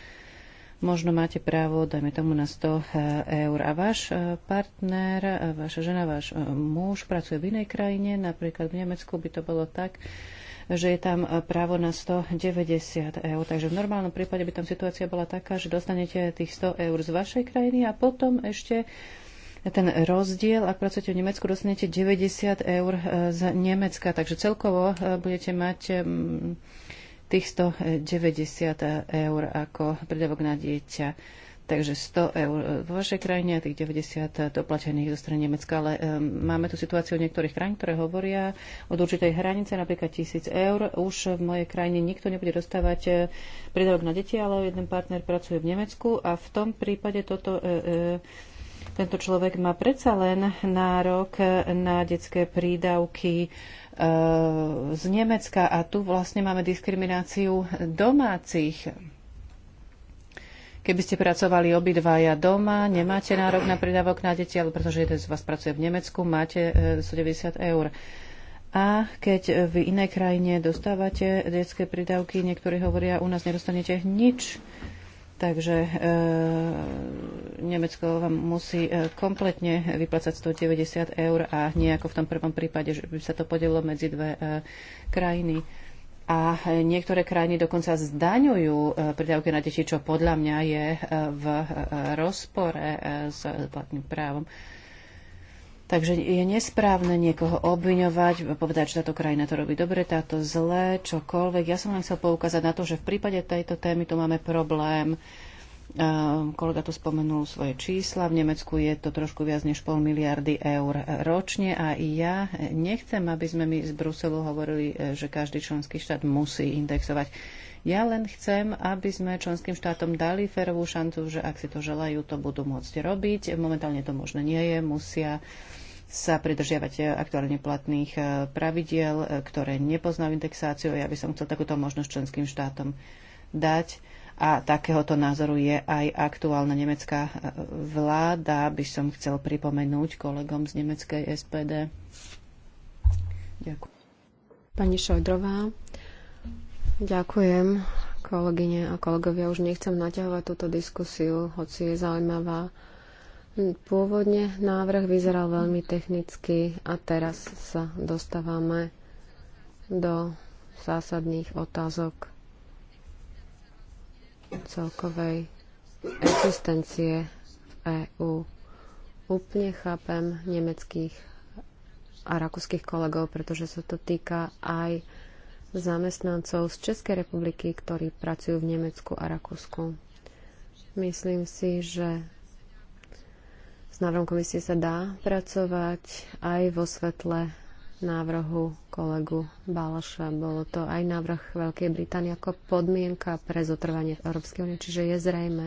možno máte právo, dajme tomu, na 100 eur. A váš partner, vaša žena, váš muž pracuje v inej krajine, napríklad v Nemecku by to bolo tak, že je tam e, právo na 190 eur. Takže v normálnom prípade by tam situácia bola taká, že dostanete tých 100 eur z vašej krajiny a potom ešte ten rozdiel, ak pracujete v Nemecku, dostanete 90 eur e, z Nemecka. Takže celkovo e, budete mať tých 190 eur ako prídavok na dieťa. Takže 100 eur vo vašej krajine a tých 90 doplatených zo strany Nemecka. Ale um, máme tu situáciu niektorých krajín, ktoré hovoria od určitej hranice, napríklad 1000 eur. Už v mojej krajine nikto nebude dostávať e, prídavok na deti, ale jeden partner pracuje v Nemecku a v tom prípade toto, Uh, uh, tento človek má predsa len nárok na detské prídavky z Nemecka a tu vlastne máme diskrimináciu domácich Keby ste pracovali obidvaja doma, nemáte nárok na prídavok na deti, ale pretože jeden z vás pracuje v Nemecku, máte 190 e, eur. A keď v inej krajine dostávate detské prídavky, niektorí hovoria, u nás nedostanete nič. Takže e, Nemecko vám musí e, kompletne vyplácať 190 eur a nie ako v tom prvom prípade, že by sa to podelilo medzi dve e, krajiny a niektoré krajiny dokonca zdaňujú e, prídavky na deti, čo podľa mňa je e, v e, rozpore s platným právom. Takže je nesprávne niekoho obviňovať, povedať, že táto krajina to robí dobre, táto zle, čokoľvek. Ja som len chcel poukázať na to, že v prípade tejto témy tu máme problém Ehm, kolega tu spomenul svoje čísla. V Nemecku je to trošku viac než pol miliardy eur ročne a ja nechcem, aby sme my z Bruselu hovorili, e, že každý členský štát musí indexovať. Ja len chcem, aby sme členským štátom dali férovú šancu, že ak si to želajú, to budú môcť robiť. Momentálne to možno nie je, musia sa pridržiavať e, aktuálne platných e, pravidiel, ktoré nepoznajú indexáciu. Ja by som chcel takúto možnosť členským štátom dať a takéhoto názoru je aj aktuálna nemecká e, vláda, by som chcel pripomenúť kolegom z nemeckej SPD. Ďakujem. Pani Šojdrová, ďakujem kolegyne a kolegovia. Už nechcem naťahovať túto diskusiu, hoci je zaujímavá. Pôvodne návrh vyzeral veľmi technicky a teraz sa dostávame do zásadných otázok celkovej existencie v e EÚ. Úplne chápem nemeckých a rakúskych kolegov, pretože sa to týka aj zamestnancov z Českej republiky, ktorí pracujú v Nemecku a Rakúsku. Myslím si, že s návrhom komisie sa dá pracovať aj vo svetle návrhu kolegu Balaša. Bolo to aj návrh Veľkej Británie ako podmienka pre zotrvanie v Európskej únie. Čiže je zrejme,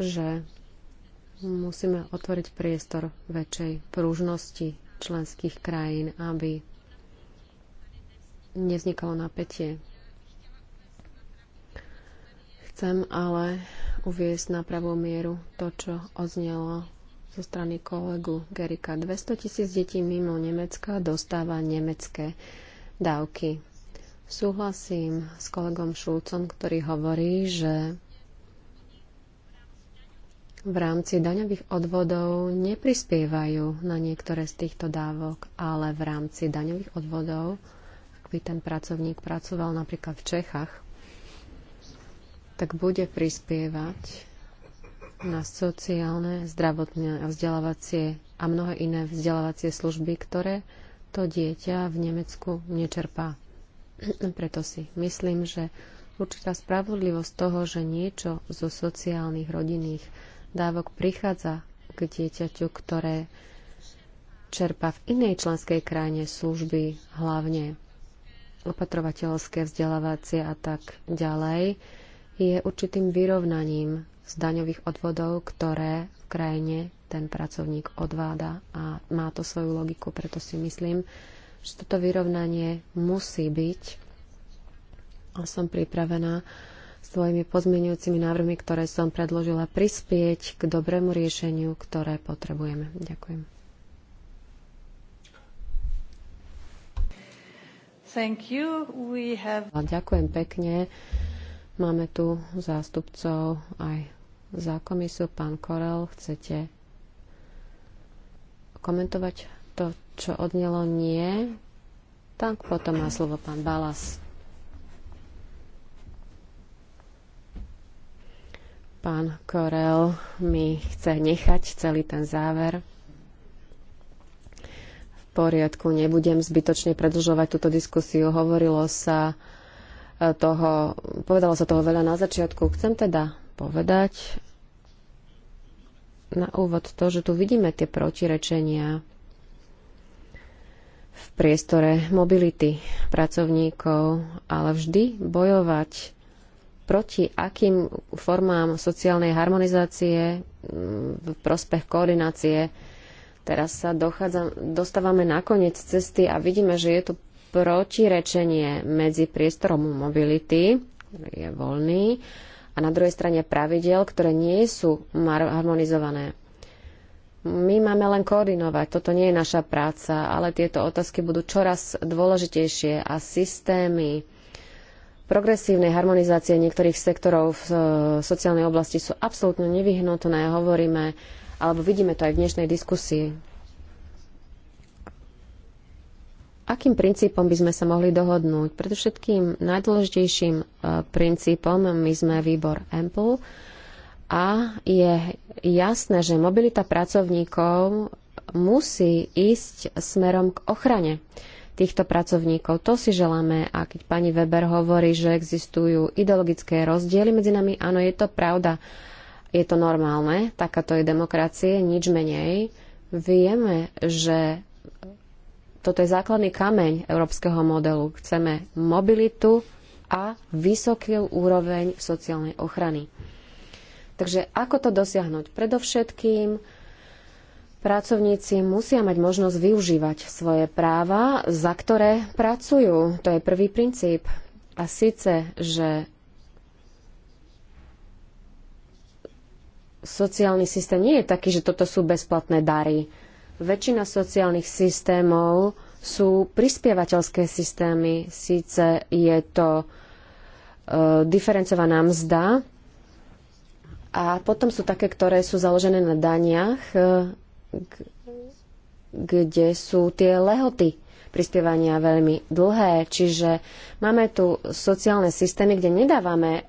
že musíme otvoriť priestor väčšej prúžnosti členských krajín, aby nevznikalo napätie. Chcem ale uviesť na pravú mieru to, čo oznelo zo strany kolegu Gerika. 200 tisíc detí mimo Nemecka dostáva nemecké dávky. Súhlasím s kolegom Šulcom, ktorý hovorí, že v rámci daňových odvodov neprispievajú na niektoré z týchto dávok, ale v rámci daňových odvodov, ak by ten pracovník pracoval napríklad v Čechách, tak bude prispievať na sociálne, zdravotné a vzdelávacie a mnohé iné vzdelávacie služby, ktoré to dieťa v Nemecku nečerpá. Preto si myslím, že určitá spravodlivosť toho, že niečo zo sociálnych rodinných dávok prichádza k dieťaťu, ktoré čerpa v inej členskej krajine služby, hlavne opatrovateľské, vzdelávacie a tak ďalej, je určitým vyrovnaním z daňových odvodov, ktoré v krajine ten pracovník odváda a má to svoju logiku, preto si myslím, že toto vyrovnanie musí byť a som pripravená svojimi pozmeňujúcimi návrhmi, ktoré som predložila, prispieť k dobrému riešeniu, ktoré potrebujeme. Ďakujem. Thank you. We have... Ďakujem pekne. Máme tu zástupcov aj za komisiu. Pán Korel, chcete komentovať to, čo odnelo nie? Tak potom má slovo pán Balas. Pán Korel mi chce nechať celý ten záver V poriadku, nebudem zbytočne predlžovať túto diskusiu. Hovorilo sa e, toho, povedalo sa toho veľa na začiatku. Chcem teda povedať, na úvod to, že tu vidíme tie protirečenia v priestore mobility pracovníkov, ale vždy bojovať proti akým formám sociálnej harmonizácie mm, v prospech koordinácie. Teraz sa dochádza, dostávame na koniec cesty a vidíme, že je tu protirečenie medzi priestorom mobility, ktorý je voľný, a na druhej strane pravidel, ktoré nie sú harmonizované. My máme len koordinovať, toto nie je naša práca, ale tieto otázky budú čoraz dôležitejšie a systémy progresívnej harmonizácie niektorých sektorov v e, sociálnej oblasti sú absolútne nevyhnutné, hovoríme, alebo vidíme to aj v dnešnej diskusii. Akým princípom by sme sa mohli dohodnúť? Predovšetkým najdôležitejším e, princípom my sme výbor EMPL a je jasné, že mobilita pracovníkov musí ísť smerom k ochrane týchto pracovníkov. To si želáme. A keď pani Weber hovorí, že existujú ideologické rozdiely medzi nami, áno, je to pravda. Je to normálne, takáto je demokracie, nič menej. Vieme, že toto je základný kameň európskeho modelu. Chceme mobilitu a vysoký úroveň sociálnej ochrany. Takže ako to dosiahnuť? Predovšetkým pracovníci musia mať možnosť využívať svoje práva, za ktoré pracujú. To je prvý princíp. A síce, že sociálny systém nie je taký, že toto sú bezplatné dary Väčšina sociálnych systémov sú prispievateľské systémy. Síce je to e, diferencovaná mzda a potom sú také, ktoré sú založené na daniach, e, kde sú tie lehoty prispievania veľmi dlhé. Čiže máme tu sociálne systémy, kde nedávame e,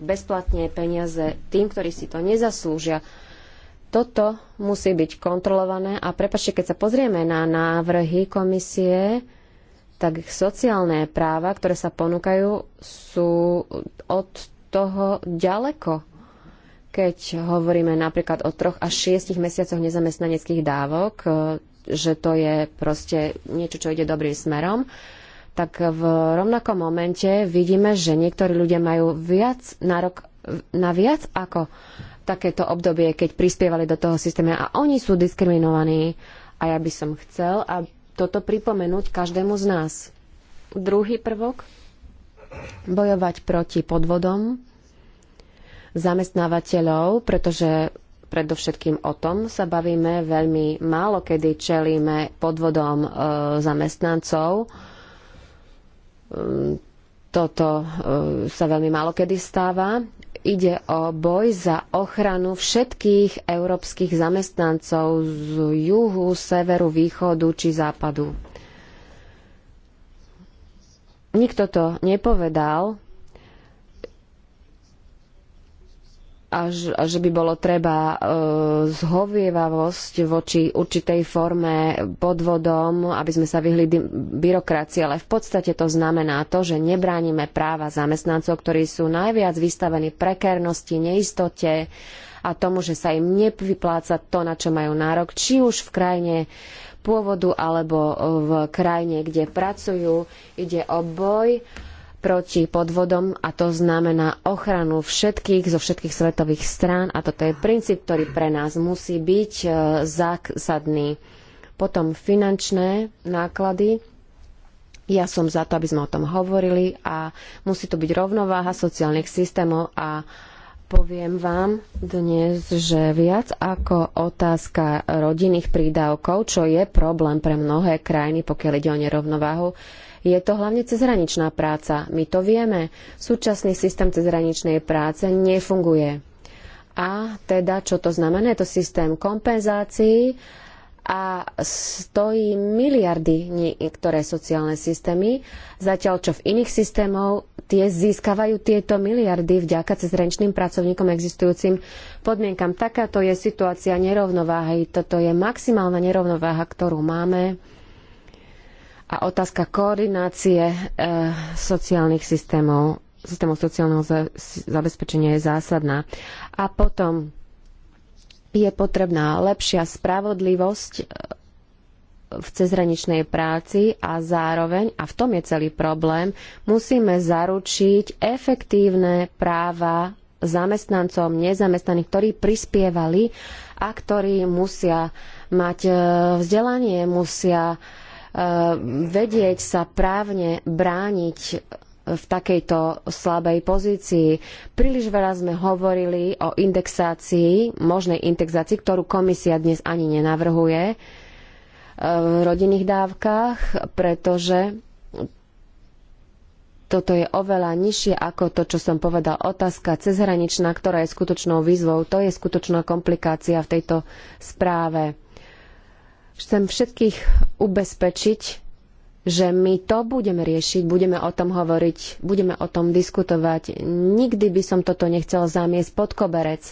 bezplatne peniaze tým, ktorí si to nezaslúžia. Toto musí byť kontrolované a prepačte, keď sa pozrieme na návrhy komisie, tak sociálne práva, ktoré sa ponúkajú, sú od toho ďaleko. Keď hovoríme napríklad o troch až šiestich mesiacoch nezamestnaneckých dávok, že to je proste niečo, čo ide dobrým smerom, tak v rovnakom momente vidíme, že niektorí ľudia majú viac nárok na viac ako takéto obdobie, keď prispievali do toho systému a oni sú diskriminovaní. A ja by som chcel a toto pripomenúť každému z nás. Druhý prvok, bojovať proti podvodom zamestnávateľov, pretože predovšetkým o tom sa bavíme veľmi málo, kedy čelíme podvodom e, zamestnancov. Ehm, toto e, sa veľmi málo kedy stáva ide o boj za ochranu všetkých európskych zamestnancov z juhu, severu, východu či západu. Nikto to nepovedal, a že by bolo treba e, zhovievavosť voči určitej forme podvodom, aby sme sa vyhli byrokracii, ale v podstate to znamená to, že nebránime práva zamestnancov, ktorí sú najviac vystavení prekernosti, neistote a tomu, že sa im nevypláca to, na čo majú nárok, či už v krajine pôvodu alebo v krajine, kde pracujú. Ide o boj proti podvodom a to znamená ochranu všetkých zo všetkých svetových strán a toto je princíp, ktorý pre nás musí byť e, zásadný. Potom finančné náklady. Ja som za to, aby sme o tom hovorili a musí to byť rovnováha sociálnych systémov a poviem vám dnes, že viac ako otázka rodinných prídavkov, čo je problém pre mnohé krajiny, pokiaľ ide o nerovnováhu, je to hlavne cezhraničná práca. My to vieme. Súčasný systém cezhraničnej práce nefunguje. A teda, čo to znamená? Je to systém kompenzácií a stojí miliardy niektoré sociálne systémy, zatiaľ čo v iných systémoch tie získavajú tieto miliardy vďaka cezhraničným pracovníkom existujúcim podmienkam. Takáto je situácia nerovnováhy. Toto je maximálna nerovnováha, ktorú máme a otázka koordinácie e, sociálnych systémov, systémov sociálneho za, zabezpečenia je zásadná. A potom je potrebná lepšia spravodlivosť eh, v cezhraničnej práci a zároveň, a v tom je celý problém, musíme zaručiť efektívne práva zamestnancom, nezamestnaných, ktorí prispievali a ktorí musia mať eh, vzdelanie, musia Eh, vedieť sa právne brániť v takejto slabej pozícii. Príliš veľa sme hovorili o indexácii, možnej indexácii, ktorú komisia dnes ani nenavrhuje eh, v rodinných dávkach, pretože toto je oveľa nižšie ako to, čo som povedal. Otázka cezhraničná, ktorá je skutočnou výzvou, to je skutočná komplikácia v tejto správe. Chcem všetkých ubezpečiť, že my to budeme riešiť, budeme o tom hovoriť, budeme o tom diskutovať. Nikdy by som toto nechcel zamiesť pod koberec.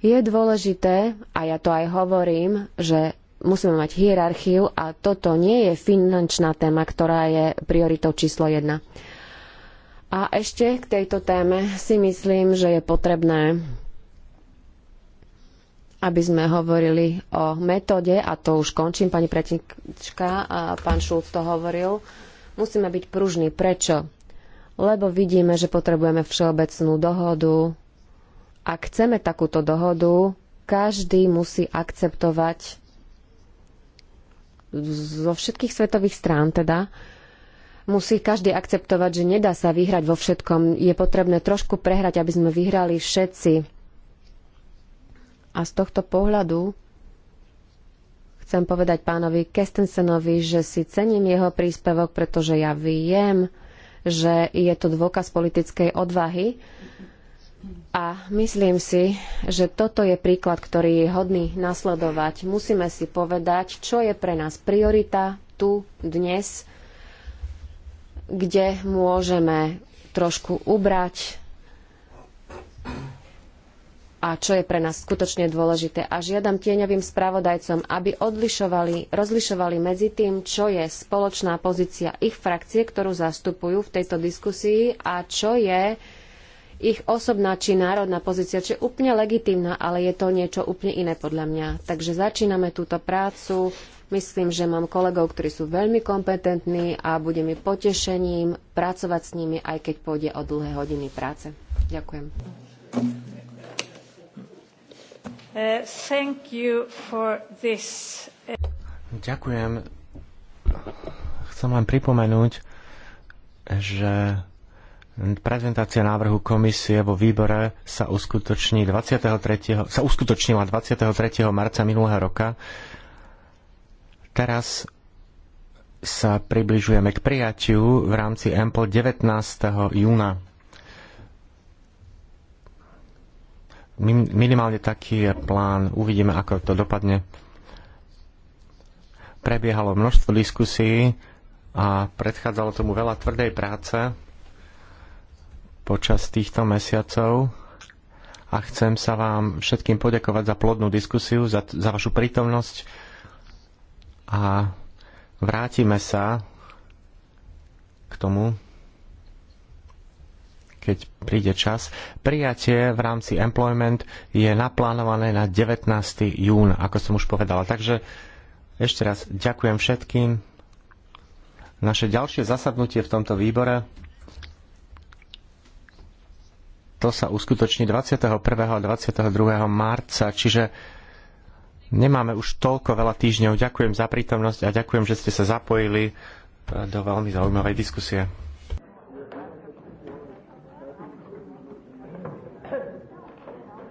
Je dôležité, a ja to aj hovorím, že musíme mať hierarchiu a toto nie je finančná téma, ktorá je prioritou číslo jedna. A ešte k tejto téme si myslím, že je potrebné aby sme hovorili o metóde, a to už končím, pani pretinčka, a pán Šulc to hovoril, musíme byť pružní. Prečo? Lebo vidíme, že potrebujeme všeobecnú dohodu. Ak chceme takúto dohodu, každý musí akceptovať zo všetkých svetových strán teda, musí každý akceptovať, že nedá sa vyhrať vo všetkom. Je potrebné trošku prehrať, aby sme vyhrali všetci a z tohto pohľadu chcem povedať pánovi Kestensenovi, že si cením jeho príspevok, pretože ja viem, že je to dôkaz politickej odvahy. A myslím si, že toto je príklad, ktorý je hodný nasledovať. Musíme si povedať, čo je pre nás priorita tu dnes, kde môžeme trošku ubrať a čo je pre nás skutočne dôležité. A žiadam tieňovým spravodajcom, aby odlišovali, rozlišovali medzi tým, čo je spoločná pozícia ich frakcie, ktorú zastupujú v tejto diskusii a čo je ich osobná či národná pozícia, čo je úplne legitímna, ale je to niečo úplne iné podľa mňa. Takže začíname túto prácu. Myslím, že mám kolegov, ktorí sú veľmi kompetentní a bude mi potešením pracovať s nimi, aj keď pôjde o dlhé hodiny práce. Ďakujem. Uh, uh, Ďakujem. Chcem vám pripomenúť, že prezentácia návrhu komisie vo výbore sa, uskutoční 23, sa uskutočnila 23. marca minulého roka. Teraz sa približujeme k prijatiu v rámci EMPO 19. júna. minimálne taký je plán. Uvidíme, ako to dopadne. Prebiehalo množstvo diskusí a predchádzalo tomu veľa tvrdej práce počas týchto mesiacov a chcem sa vám všetkým poďakovať za plodnú diskusiu, za, za vašu prítomnosť a vrátime sa k tomu, keď príde čas. Prijatie v rámci employment je naplánované na 19. jún, ako som už povedala. Takže ešte raz ďakujem všetkým. Naše ďalšie zasadnutie v tomto výbore to sa uskutoční 21. a 22. marca, čiže nemáme už toľko veľa týždňov. Ďakujem za prítomnosť a ďakujem, že ste sa zapojili do veľmi zaujímavej diskusie.